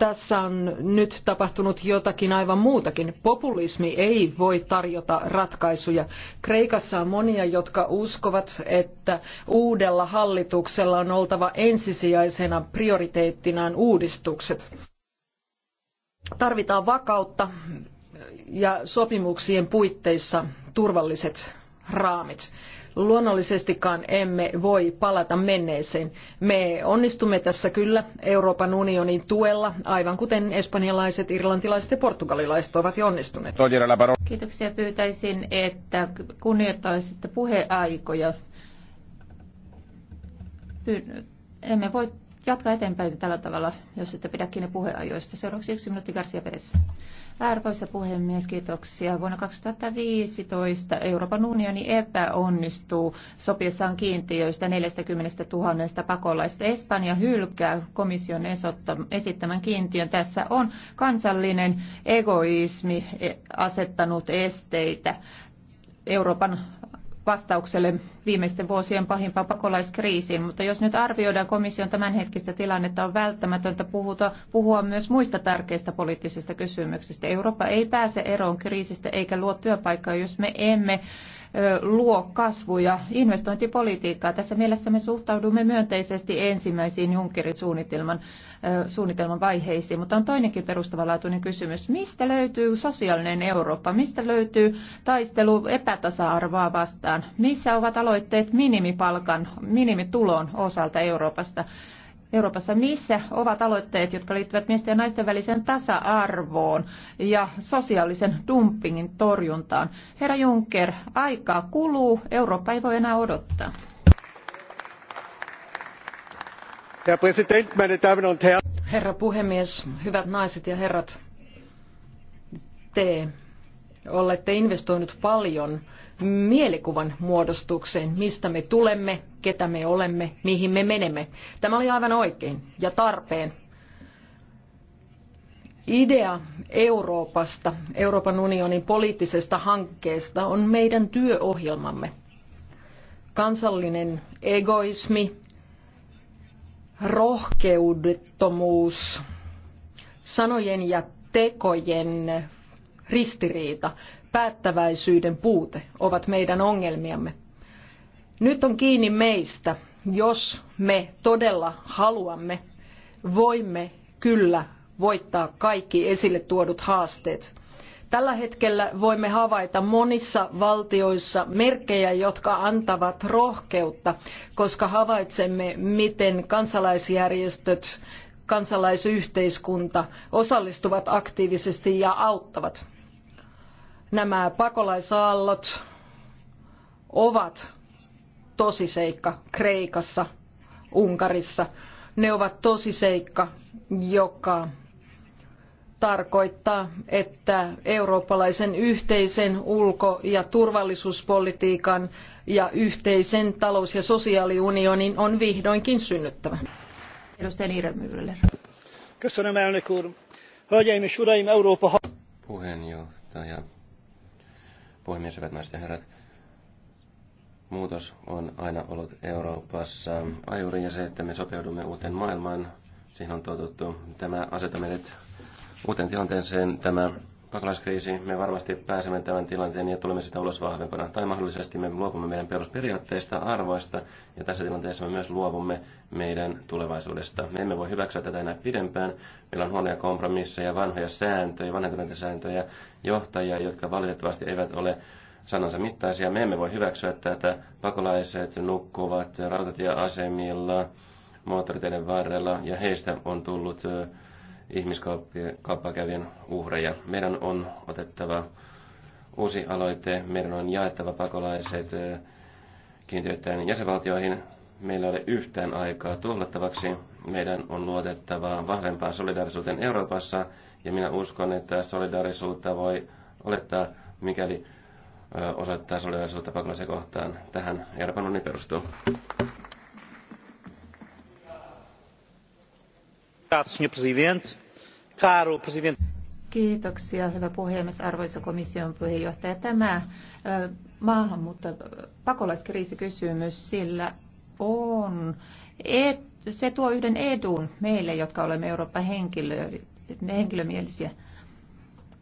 tässä on nyt tapahtunut jotakin aivan muutakin. Populismi ei voi tarjota ratkaisuja. Kreikassa on monia, jotka uskovat, että uudella hallituksella on oltava ensisijaisena prioriteettinaan uudistukset. Tarvitaan vakautta ja sopimuksien puitteissa turvalliset raamit. Luonnollisestikaan emme voi palata menneeseen. Me onnistumme tässä kyllä Euroopan unionin tuella, aivan kuten espanjalaiset, irlantilaiset ja portugalilaiset ovat jo onnistuneet. Kiitoksia. Pyytäisin, että kunnioittaisitte puheaikoja. emme voi jatkaa eteenpäin tällä tavalla, jos ette pidä kiinni puheajoista. Seuraavaksi yksi minuutti Garcia Perez. Arvoisa puhemies, kiitoksia. Vuonna 2015 Euroopan unioni epäonnistuu sopiessaan kiintiöistä 40 000 pakolaista. Espanja hylkää komission esittämän kiintiön. Tässä on kansallinen egoismi asettanut esteitä Euroopan vastaukselle viimeisten vuosien pahimpaan pakolaiskriisiin, mutta jos nyt arvioidaan komission tämänhetkistä tilannetta, on välttämätöntä puhuta, puhua myös muista tärkeistä poliittisista kysymyksistä. Eurooppa ei pääse eroon kriisistä eikä luo työpaikkaa, jos me emme luo kasvu- ja investointipolitiikkaa. Tässä mielessä me suhtaudumme myönteisesti ensimmäisiin Junckerin suunnitelman, suunnitelman vaiheisiin, mutta on toinenkin perustavanlaatuinen kysymys. Mistä löytyy sosiaalinen Eurooppa? Mistä löytyy taistelu epätasa-arvoa vastaan? Missä ovat aloitteet minimipalkan, minimitulon osalta Euroopasta? Euroopassa, missä ovat aloitteet, jotka liittyvät miesten ja naisten väliseen tasa-arvoon ja sosiaalisen dumpingin torjuntaan. Herra Juncker, aikaa kuluu, Eurooppa ei voi enää odottaa. Herra puhemies, hyvät naiset ja herrat, te olette investoinut paljon mielikuvan muodostukseen, mistä me tulemme, ketä me olemme, mihin me menemme. Tämä oli aivan oikein ja tarpeen. Idea Euroopasta, Euroopan unionin poliittisesta hankkeesta on meidän työohjelmamme. Kansallinen egoismi, rohkeudettomuus, sanojen ja tekojen ristiriita päättäväisyyden puute ovat meidän ongelmiamme. Nyt on kiinni meistä, jos me todella haluamme, voimme kyllä voittaa kaikki esille tuodut haasteet. Tällä hetkellä voimme havaita monissa valtioissa merkkejä, jotka antavat rohkeutta, koska havaitsemme, miten kansalaisjärjestöt, kansalaisyhteiskunta osallistuvat aktiivisesti ja auttavat. Nämä pakolaisaallot ovat tosiseikka Kreikassa, Unkarissa. Ne ovat tosiseikka, joka tarkoittaa, että eurooppalaisen yhteisen ulko- ja turvallisuuspolitiikan ja yhteisen talous- ja sosiaaliunionin on vihdoinkin synnyttävä. Edustaja Niira Köszönöm, elnök úr. Hölgyeim és uraim, Európa... Puheenjohtaja, puhemies, hyvät naiset ja herrat. Muutos on aina ollut Euroopassa ajuri ja se, että me sopeudumme uuteen maailmaan, siihen on totuttu. Tämä asetaminen uuteen tilanteeseen. Tämä pakolaiskriisiin, me varmasti pääsemme tämän tilanteen ja tulemme sitä ulos vahvempana. Tai mahdollisesti me luovumme meidän perusperiaatteista, arvoista ja tässä tilanteessa me myös luovumme meidän tulevaisuudesta. Me emme voi hyväksyä tätä enää pidempään. Meillä on huonoja kompromisseja, vanhoja sääntöjä, vanhentuneita sääntöjä, johtajia, jotka valitettavasti eivät ole sanansa mittaisia. Me emme voi hyväksyä tätä. Pakolaiset nukkuvat rautatieasemilla, moottoriteiden varrella ja heistä on tullut ihmiskauppaa käyvien uhreja. Meidän on otettava uusi aloite, meidän on jaettava pakolaiset kiintiöittäin jäsenvaltioihin. Meillä ei ole yhtään aikaa tuhlattavaksi. Meidän on luotettava vahvempaan solidaarisuuteen Euroopassa, ja minä uskon, että solidaarisuutta voi olettaa, mikäli osoittaa solidaarisuutta pakolaisen kohtaan. Tähän Euroopan unioni perustuu. Kiitoksia, hyvä puhemies, arvoisa komission puheenjohtaja. Tämä maahanmuutto pakolaiskriisikysymys, sillä on, et, se tuo yhden edun meille, jotka olemme Euroopan henkilö, henkilömielisiä.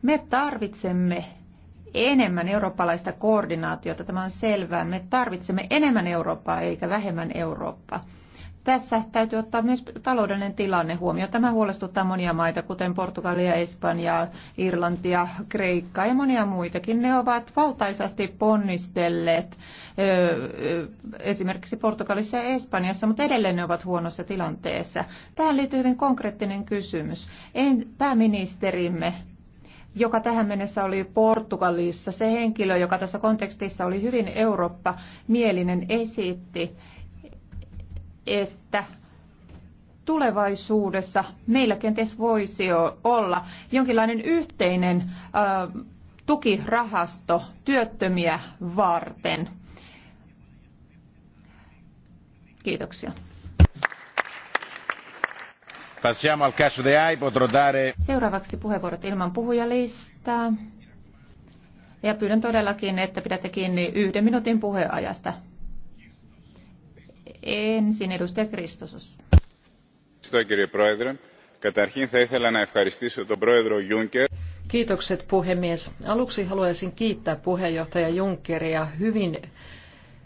Me tarvitsemme enemmän eurooppalaista koordinaatiota, tämä on selvää. Me tarvitsemme enemmän Eurooppaa eikä vähemmän Eurooppaa. Tässä täytyy ottaa myös taloudellinen tilanne huomioon. Tämä huolestuttaa monia maita, kuten Portugalia, Espanjaa, Irlantia, Kreikkaa ja monia muitakin. Ne ovat valtaisasti ponnistelleet esimerkiksi Portugalissa ja Espanjassa, mutta edelleen ne ovat huonossa tilanteessa. Tähän liittyy hyvin konkreettinen kysymys. En, pääministerimme joka tähän mennessä oli Portugalissa, se henkilö, joka tässä kontekstissa oli hyvin Eurooppa-mielinen, esitti, että tulevaisuudessa meillä kenties voisi olla jonkinlainen yhteinen tukirahasto työttömiä varten. Kiitoksia. Passiamo al caso de AI, potrò dare... Seuraavaksi puheenvuorot ilman puhujalistaa. Ja pyydän todellakin, että pidätte kiinni yhden minuutin puheajasta. Ensin edustaja Kristosos. Kiitokset puhemies. Aluksi haluaisin kiittää puheenjohtaja Junckeria hyvin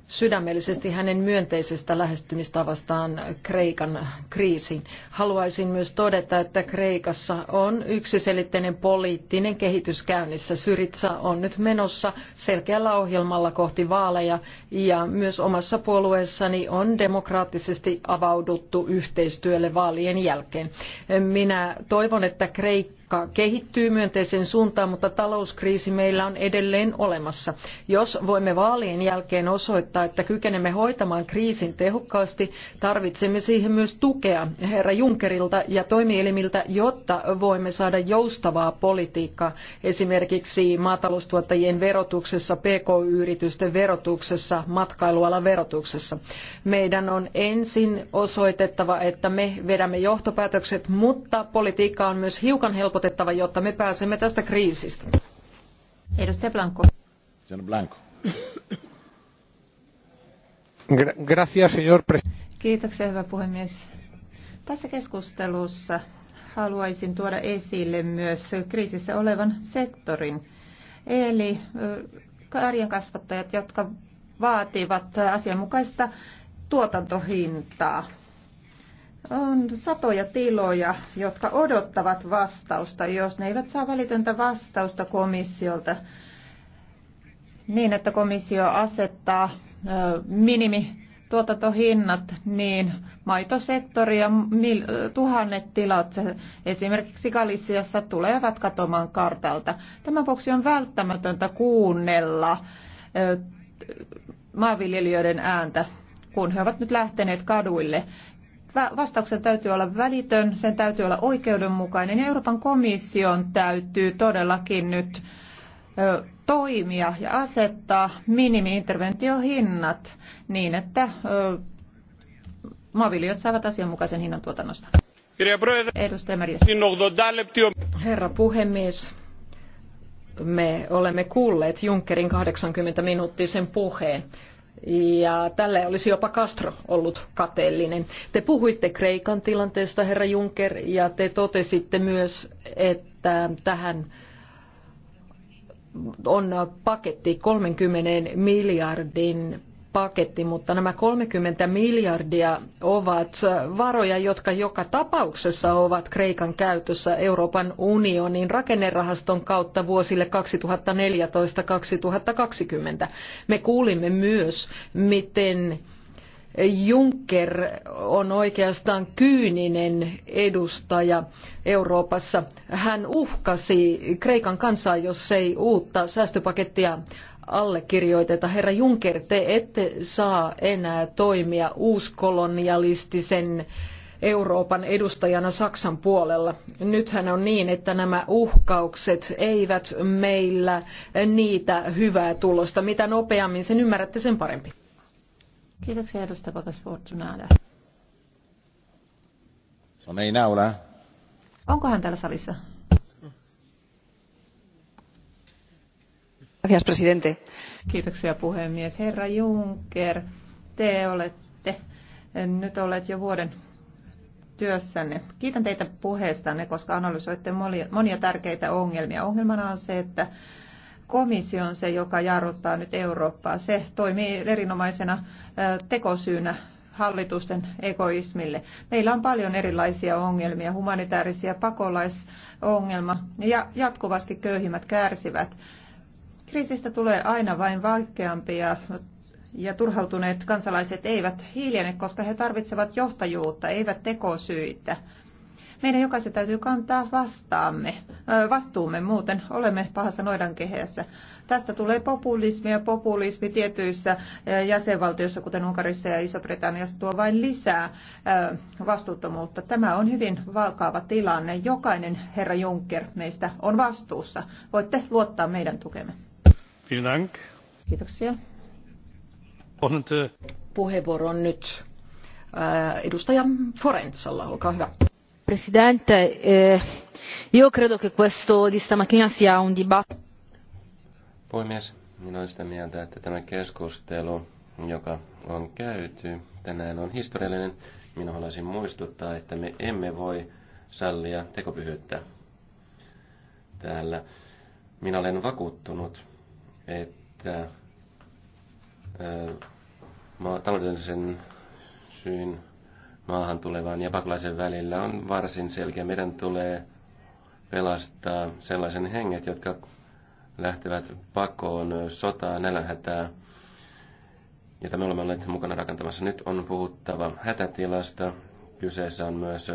sydämellisesti hänen myönteisestä lähestymistavastaan Kreikan kriisiin. Haluaisin myös todeta, että Kreikassa on yksiselitteinen poliittinen kehitys käynnissä. Syritsa on nyt menossa selkeällä ohjelmalla kohti vaaleja ja myös omassa puolueessani on demokraattisesti avauduttu yhteistyölle vaalien jälkeen. Minä toivon, että Kreikka Kreikka kehittyy myönteiseen suuntaan, mutta talouskriisi meillä on edelleen olemassa. Jos voimme vaalien jälkeen osoittaa, että kykenemme hoitamaan kriisin tehokkaasti, tarvitsemme siihen myös tukea herra Junckerilta ja toimielimiltä, jotta voimme saada joustavaa politiikkaa esimerkiksi maataloustuottajien verotuksessa, pk-yritysten verotuksessa, matkailualan verotuksessa. Meidän on ensin osoitettava, että me vedämme johtopäätökset, mutta politiikka on myös hiukan helpottaa otettava, jotta me pääsemme tästä kriisistä. Edustaja Blanco. Blanco. Gracias, señor Kiitoksia, hyvä puhemies. Tässä keskustelussa haluaisin tuoda esille myös kriisissä olevan sektorin, eli karjan kasvattajat, jotka vaativat asianmukaista tuotantohintaa. On satoja tiloja, jotka odottavat vastausta, jos ne eivät saa välitöntä vastausta komissiolta niin, että komissio asettaa minimi tuotantohinnat, niin maitosektori ja tuhannet tilat esimerkiksi Galissiassa tulevat katomaan kartalta. Tämän vuoksi on välttämätöntä kuunnella maanviljelijöiden ääntä, kun he ovat nyt lähteneet kaduille vastauksen täytyy olla välitön, sen täytyy olla oikeudenmukainen ja Euroopan komission täytyy todellakin nyt toimia ja asettaa minimi-interventiohinnat niin, että maanviljelijät saavat asianmukaisen hinnan tuotannosta. Edustaja Merjes. Niin Herra puhemies, me olemme kuulleet Junckerin 80-minuuttisen puheen. Ja tälle olisi jopa Castro ollut kateellinen. Te puhuitte Kreikan tilanteesta, herra Juncker, ja te totesitte myös, että tähän on paketti 30 miljardin paketti, mutta nämä 30 miljardia ovat varoja, jotka joka tapauksessa ovat Kreikan käytössä Euroopan unionin rakennerahaston kautta vuosille 2014-2020. Me kuulimme myös, miten Juncker on oikeastaan kyyninen edustaja Euroopassa. Hän uhkasi Kreikan kansaa, jos ei uutta säästöpakettia allekirjoiteta. Herra Juncker, te ette saa enää toimia uuskolonialistisen Euroopan edustajana Saksan puolella. Nythän on niin, että nämä uhkaukset eivät meillä niitä hyvää tulosta. Mitä nopeammin sen ymmärrätte, sen parempi. Kiitoksia edustaja Pakas Fortunada. On ei niin Onko hän täällä salissa? arvoisa Kiitoksia puhemies. Herra Juncker, te olette nyt olet jo vuoden työssänne. Kiitän teitä puheestanne, koska analysoitte monia tärkeitä ongelmia. Ongelmana on se, että komissio on se, joka jarruttaa nyt Eurooppaa. Se toimii erinomaisena tekosyynä hallitusten egoismille. Meillä on paljon erilaisia ongelmia, humanitaarisia pakolaisongelma ja jatkuvasti köyhimmät kärsivät. Kriisistä tulee aina vain vaikeampi ja, ja turhautuneet kansalaiset eivät hiljene, koska he tarvitsevat johtajuutta, eivät tekosyitä. Meidän jokaisen täytyy kantaa vastaamme, vastuumme, muuten olemme pahassa noidankehässä. Tästä tulee populismi ja populismi tietyissä jäsenvaltioissa, kuten Unkarissa ja Iso-Britanniassa, tuo vain lisää vastuuttomuutta. Tämä on hyvin vakava tilanne. Jokainen herra Juncker meistä on vastuussa. Voitte luottaa meidän tukemme. Kiitoksia. Äh, Puheenvuoro on nyt äh, edustaja Forenzalla, olkaa hyvä. Presidente, eh, io credo che questo di stamattina sia un dibattito. Puhemies, minä olen sitä mieltä, että tämä keskustelu, joka on käyty tänään, on historiallinen. Minä haluaisin muistuttaa, että me emme voi sallia tekopyhyyttä täällä. Minä olen vakuuttunut että taloudellisen syyn maahan tulevan ja pakolaisen välillä on varsin selkeä. Meidän tulee pelastaa sellaisen henget, jotka lähtevät pakoon sotaa, nälähätää, jota me olemme olleet mukana rakentamassa. Nyt on puhuttava hätätilasta. Kyseessä on myös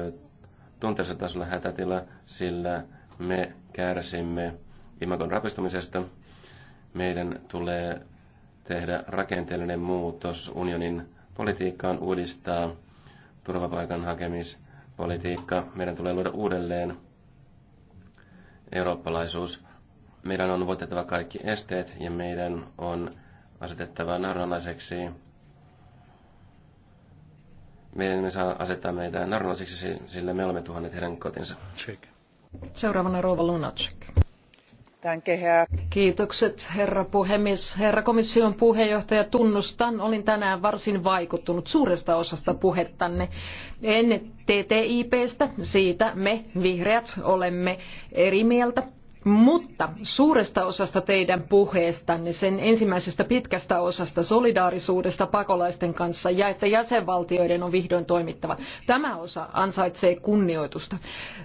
tunteessa tasolla hätätila, sillä me kärsimme imagon rapistumisesta – meidän tulee tehdä rakenteellinen muutos unionin politiikkaan, uudistaa turvapaikan hakemispolitiikka. Meidän tulee luoda uudelleen eurooppalaisuus. Meidän on voitettava kaikki esteet ja meidän on asetettava narranaiseksi meidän me saa asettaa meitä narrallisiksi, sillä me olemme tuhannet heidän kotinsa. Check. Seuraavana rova Lunacek. Kiitokset herra puhemies. Herra komission puheenjohtaja, tunnustan, olin tänään varsin vaikuttunut suuresta osasta puhettanne. En TTIPstä, siitä me vihreät olemme eri mieltä mutta suuresta osasta teidän puheestanne, sen ensimmäisestä pitkästä osasta, solidaarisuudesta pakolaisten kanssa ja että jäsenvaltioiden on vihdoin toimittava, tämä osa ansaitsee kunnioitusta.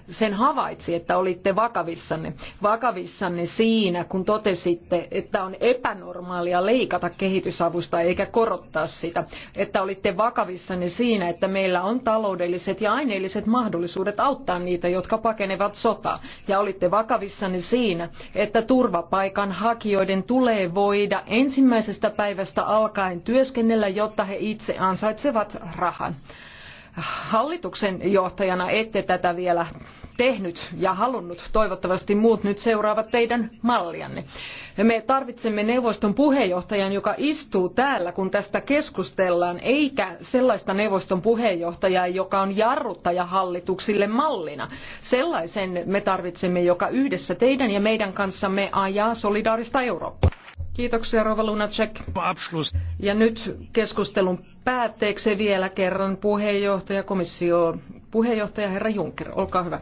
Sen havaitsi, että olitte vakavissanne. Vakavissanne siinä, kun totesitte, että on epänormaalia leikata kehitysavusta eikä korottaa sitä. Että olitte vakavissanne siinä, että meillä on taloudelliset ja aineelliset mahdollisuudet auttaa niitä, jotka pakenevat sotaa. Ja olitte vakavissanne siinä, että turvapaikanhakijoiden tulee voida ensimmäisestä päivästä alkaen työskennellä, jotta he itse ansaitsevat rahan. Hallituksen johtajana ette tätä vielä tehnyt ja halunnut. Toivottavasti muut nyt seuraavat teidän mallianne. Me tarvitsemme neuvoston puheenjohtajan, joka istuu täällä, kun tästä keskustellaan, eikä sellaista neuvoston puheenjohtajaa, joka on jarruttaja hallituksille mallina. Sellaisen me tarvitsemme, joka yhdessä teidän ja meidän kanssamme ajaa solidaarista Eurooppaa. Kiitoksia Rova Lunacek. Ja nyt keskustelun päätteeksi vielä kerran puheenjohtaja, komissio, puheenjohtaja herra Juncker, olkaa hyvä.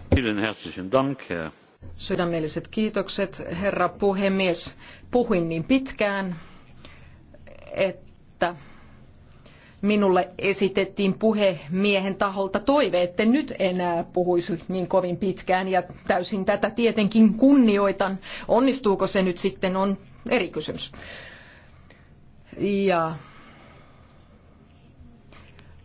Sydämelliset kiitokset, herra puhemies. Puhuin niin pitkään, että minulle esitettiin puhemiehen taholta toive, että nyt enää puhuisi niin kovin pitkään ja täysin tätä tietenkin kunnioitan. Onnistuuko se nyt sitten on eri kysymys. Ja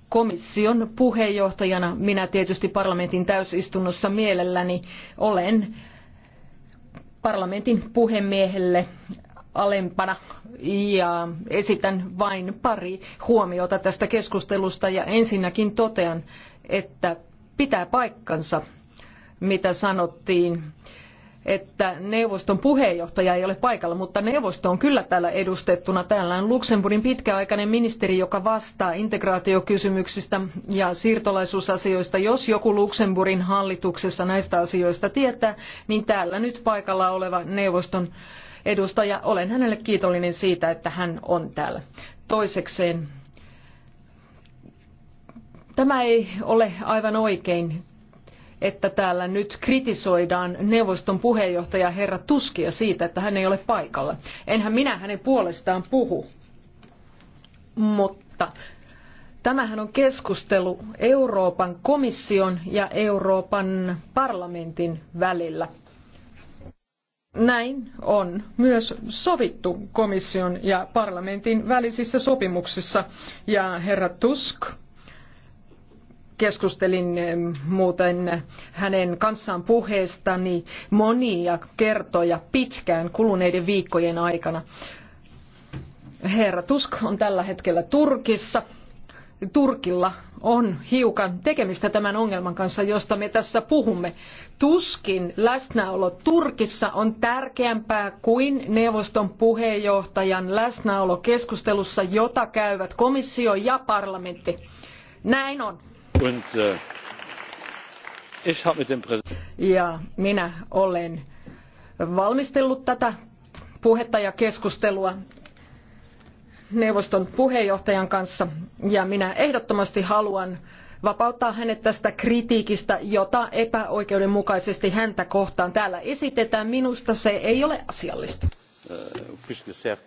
komission puheenjohtajana minä tietysti parlamentin täysistunnossa mielelläni olen parlamentin puhemiehelle alempana ja esitän vain pari huomiota tästä keskustelusta ja ensinnäkin totean, että pitää paikkansa, mitä sanottiin että neuvoston puheenjohtaja ei ole paikalla, mutta neuvosto on kyllä täällä edustettuna. Täällä on Luxemburgin pitkäaikainen ministeri, joka vastaa integraatiokysymyksistä ja siirtolaisuusasioista. Jos joku Luxemburgin hallituksessa näistä asioista tietää, niin täällä nyt paikalla oleva neuvoston edustaja. Olen hänelle kiitollinen siitä, että hän on täällä. Toisekseen Tämä ei ole aivan oikein että täällä nyt kritisoidaan neuvoston puheenjohtaja herra Tuskia siitä, että hän ei ole paikalla. Enhän minä hänen puolestaan puhu. Mutta tämähän on keskustelu Euroopan komission ja Euroopan parlamentin välillä. Näin on myös sovittu komission ja parlamentin välisissä sopimuksissa. Ja herra Tusk keskustelin muuten hänen kanssaan puheestani monia kertoja pitkään kuluneiden viikkojen aikana. Herra Tusk on tällä hetkellä Turkissa. Turkilla on hiukan tekemistä tämän ongelman kanssa, josta me tässä puhumme. Tuskin läsnäolo Turkissa on tärkeämpää kuin neuvoston puheenjohtajan läsnäolo keskustelussa, jota käyvät komissio ja parlamentti. Näin on. Äh, ja minä olen valmistellut tätä puhetta ja keskustelua neuvoston puheenjohtajan kanssa ja minä ehdottomasti haluan vapauttaa hänet tästä kritiikistä, jota epäoikeudenmukaisesti häntä kohtaan täällä esitetään. Minusta se ei ole asiallista. Äh,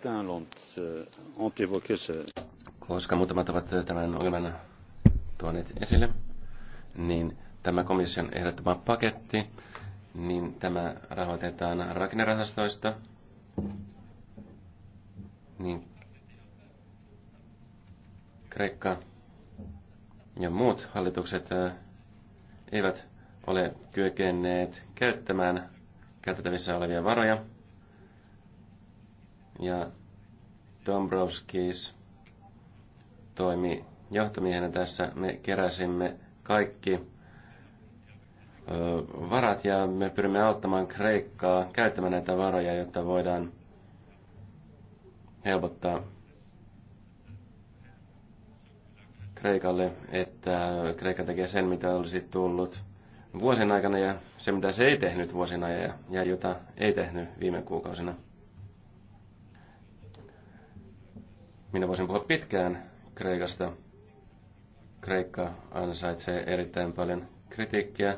äh, Koska muutamat ovat tämän ongelman tuoneet esille, niin tämä komission ehdottama paketti, niin tämä rahoitetaan rakennerahastoista, niin Kreikka ja muut hallitukset eivät ole kykenneet käyttämään käytettävissä olevia varoja. Ja Dombrovskis toimi johtomiehenä tässä me keräsimme kaikki varat ja me pyrimme auttamaan Kreikkaa käyttämään näitä varoja, jotta voidaan helpottaa Kreikalle, että Kreikka tekee sen, mitä olisi tullut vuosien aikana ja se, mitä se ei tehnyt vuosina ja, ja jota ei tehnyt viime kuukausina. Minä voisin puhua pitkään Kreikasta. Kreikka ansaitsee erittäin paljon kritiikkiä.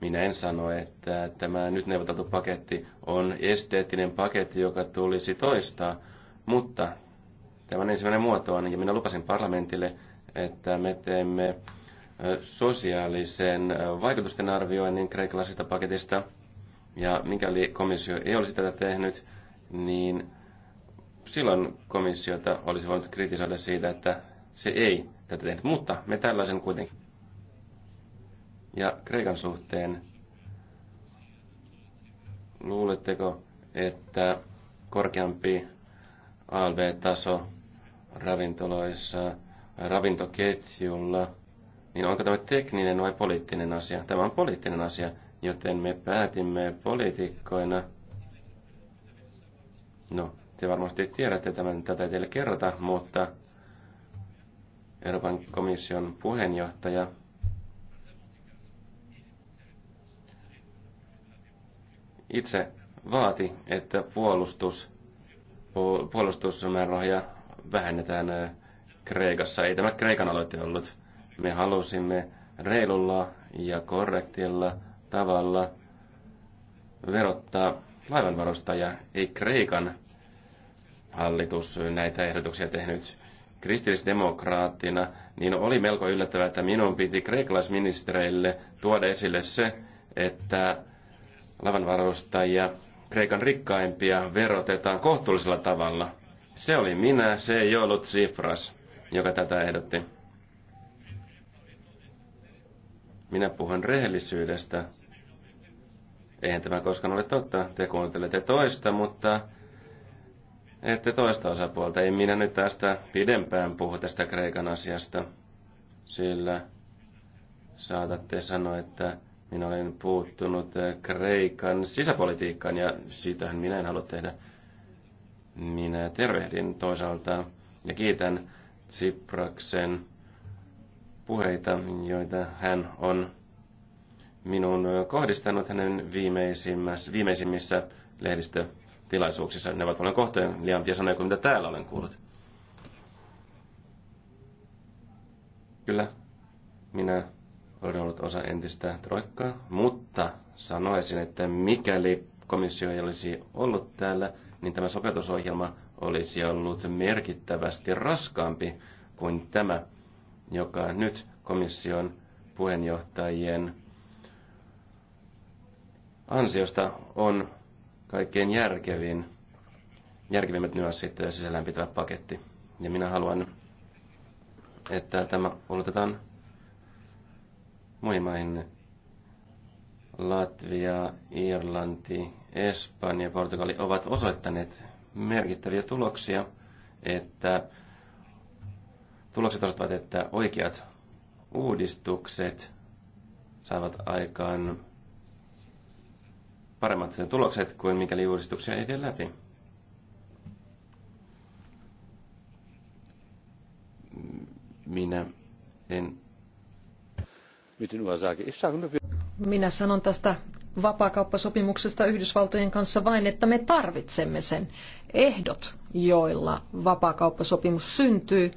Minä en sano, että tämä nyt neuvoteltu paketti on esteettinen paketti, joka tulisi toistaa, mutta tämä on ensimmäinen muoto on, ja minä lupasin parlamentille, että me teemme sosiaalisen vaikutusten arvioinnin kreikkalaisesta paketista, ja mikäli komissio ei olisi tätä tehnyt, niin silloin komissiota olisi voinut kritisoida siitä, että se ei tätä tehnyt, mutta me tällaisen kuitenkin. Ja Kreikan suhteen, luuletteko, että korkeampi ALV-taso ravintoloissa, ravintoketjulla, niin onko tämä tekninen vai poliittinen asia? Tämä on poliittinen asia, joten me päätimme poliitikkoina, no te varmasti tiedätte tämän, tätä ei teille kerrota, mutta Euroopan komission puheenjohtaja itse vaati, että puolustus, puolustusmäärärahoja vähennetään Kreikassa. Ei tämä Kreikan aloite ollut. Me halusimme reilulla ja korrektilla tavalla verottaa laivanvarustajia. Ei Kreikan hallitus näitä ehdotuksia tehnyt kristillisdemokraattina, niin oli melko yllättävää, että minun piti kreikalaisministereille tuoda esille se, että lavanvarustajia, Kreikan rikkaimpia, verotetaan kohtuullisella tavalla. Se oli minä, se ei ollut Tsipras, joka tätä ehdotti. Minä puhun rehellisyydestä. Eihän tämä koskaan ole totta, te kuuntelette toista, mutta ette toista osapuolta. Ei minä nyt tästä pidempään puhu tästä Kreikan asiasta, sillä saatatte sanoa, että minä olen puuttunut Kreikan sisäpolitiikkaan ja sitähän minä en halua tehdä. Minä tervehdin toisaalta ja kiitän Tsipraksen puheita, joita hän on minun kohdistanut hänen viimeisimmissä lehdistö tilaisuuksissa. Ne ovat paljon kohteliaampia sanoja kuin mitä täällä olen kuullut. Kyllä, minä olen ollut osa entistä troikkaa, mutta sanoisin, että mikäli komissio ei olisi ollut täällä, niin tämä sopeutusohjelma olisi ollut merkittävästi raskaampi kuin tämä, joka nyt komission puheenjohtajien ansiosta on kaikkein järkevin, järkevimmät nyanssit sisällään pitävä paketti. Ja minä haluan, että tämä ulotetaan muihin maihin. Latvia, Irlanti, Espanja ja Portugali ovat osoittaneet merkittäviä tuloksia, että tulokset osoittavat, että oikeat uudistukset saavat aikaan paremmat sen tulokset kuin mikäli uudistuksia ei vie läpi. Minä en... Minä sanon tästä vapaakauppasopimuksesta Yhdysvaltojen kanssa vain, että me tarvitsemme sen. Ehdot, joilla vapaakauppasopimus syntyy,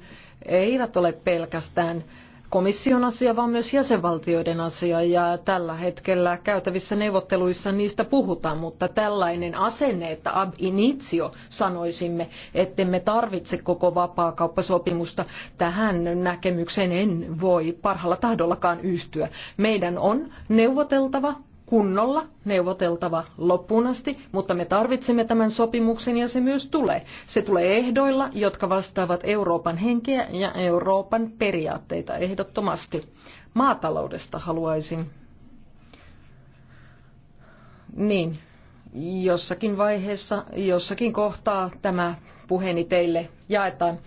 eivät ole pelkästään komission asia, vaan myös jäsenvaltioiden asia ja tällä hetkellä käytävissä neuvotteluissa niistä puhutaan, mutta tällainen asenne, että ab initio sanoisimme, ettemme tarvitse koko vapaakauppasopimusta, tähän näkemykseen en voi parhaalla tahdollakaan yhtyä. Meidän on neuvoteltava kunnolla neuvoteltava loppuun asti, mutta me tarvitsemme tämän sopimuksen ja se myös tulee. Se tulee ehdoilla, jotka vastaavat Euroopan henkeä ja Euroopan periaatteita ehdottomasti. Maataloudesta haluaisin. Niin, jossakin vaiheessa, jossakin kohtaa tämä puheeni teille jaetaan.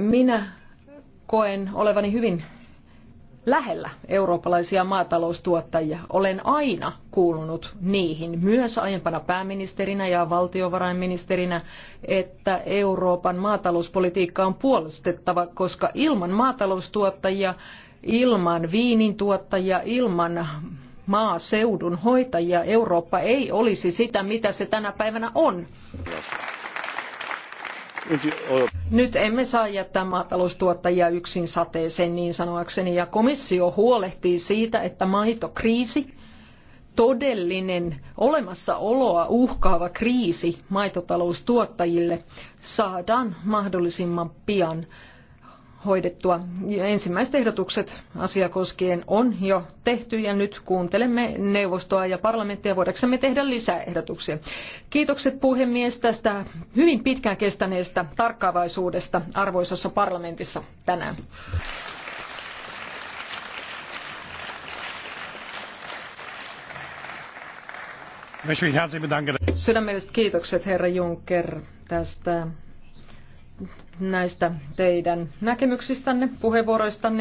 Minä koen olevani hyvin lähellä eurooppalaisia maataloustuottajia. Olen aina kuulunut niihin, myös aiempana pääministerinä ja valtiovarainministerinä, että Euroopan maatalouspolitiikka on puolustettava, koska ilman maataloustuottajia, ilman viinintuottajia, ilman maaseudun hoitajia Eurooppa ei olisi sitä, mitä se tänä päivänä on. Oh. Nyt emme saa jättää maataloustuottajia yksin sateeseen niin sanoakseni, ja komissio huolehtii siitä, että maitokriisi, todellinen olemassaoloa uhkaava kriisi maitotaloustuottajille saadaan mahdollisimman pian hoidettua. Ensimmäiset ehdotukset asia koskien on jo tehty ja nyt kuuntelemme neuvostoa ja parlamenttia voidaksemme tehdä lisää ehdotuksia. Kiitokset puhemies tästä hyvin pitkään kestäneestä tarkkaavaisuudesta arvoisassa parlamentissa tänään. Sydämelliset kiitokset herra Juncker tästä näistä teidän näkemyksistänne, puheenvuoroistanne.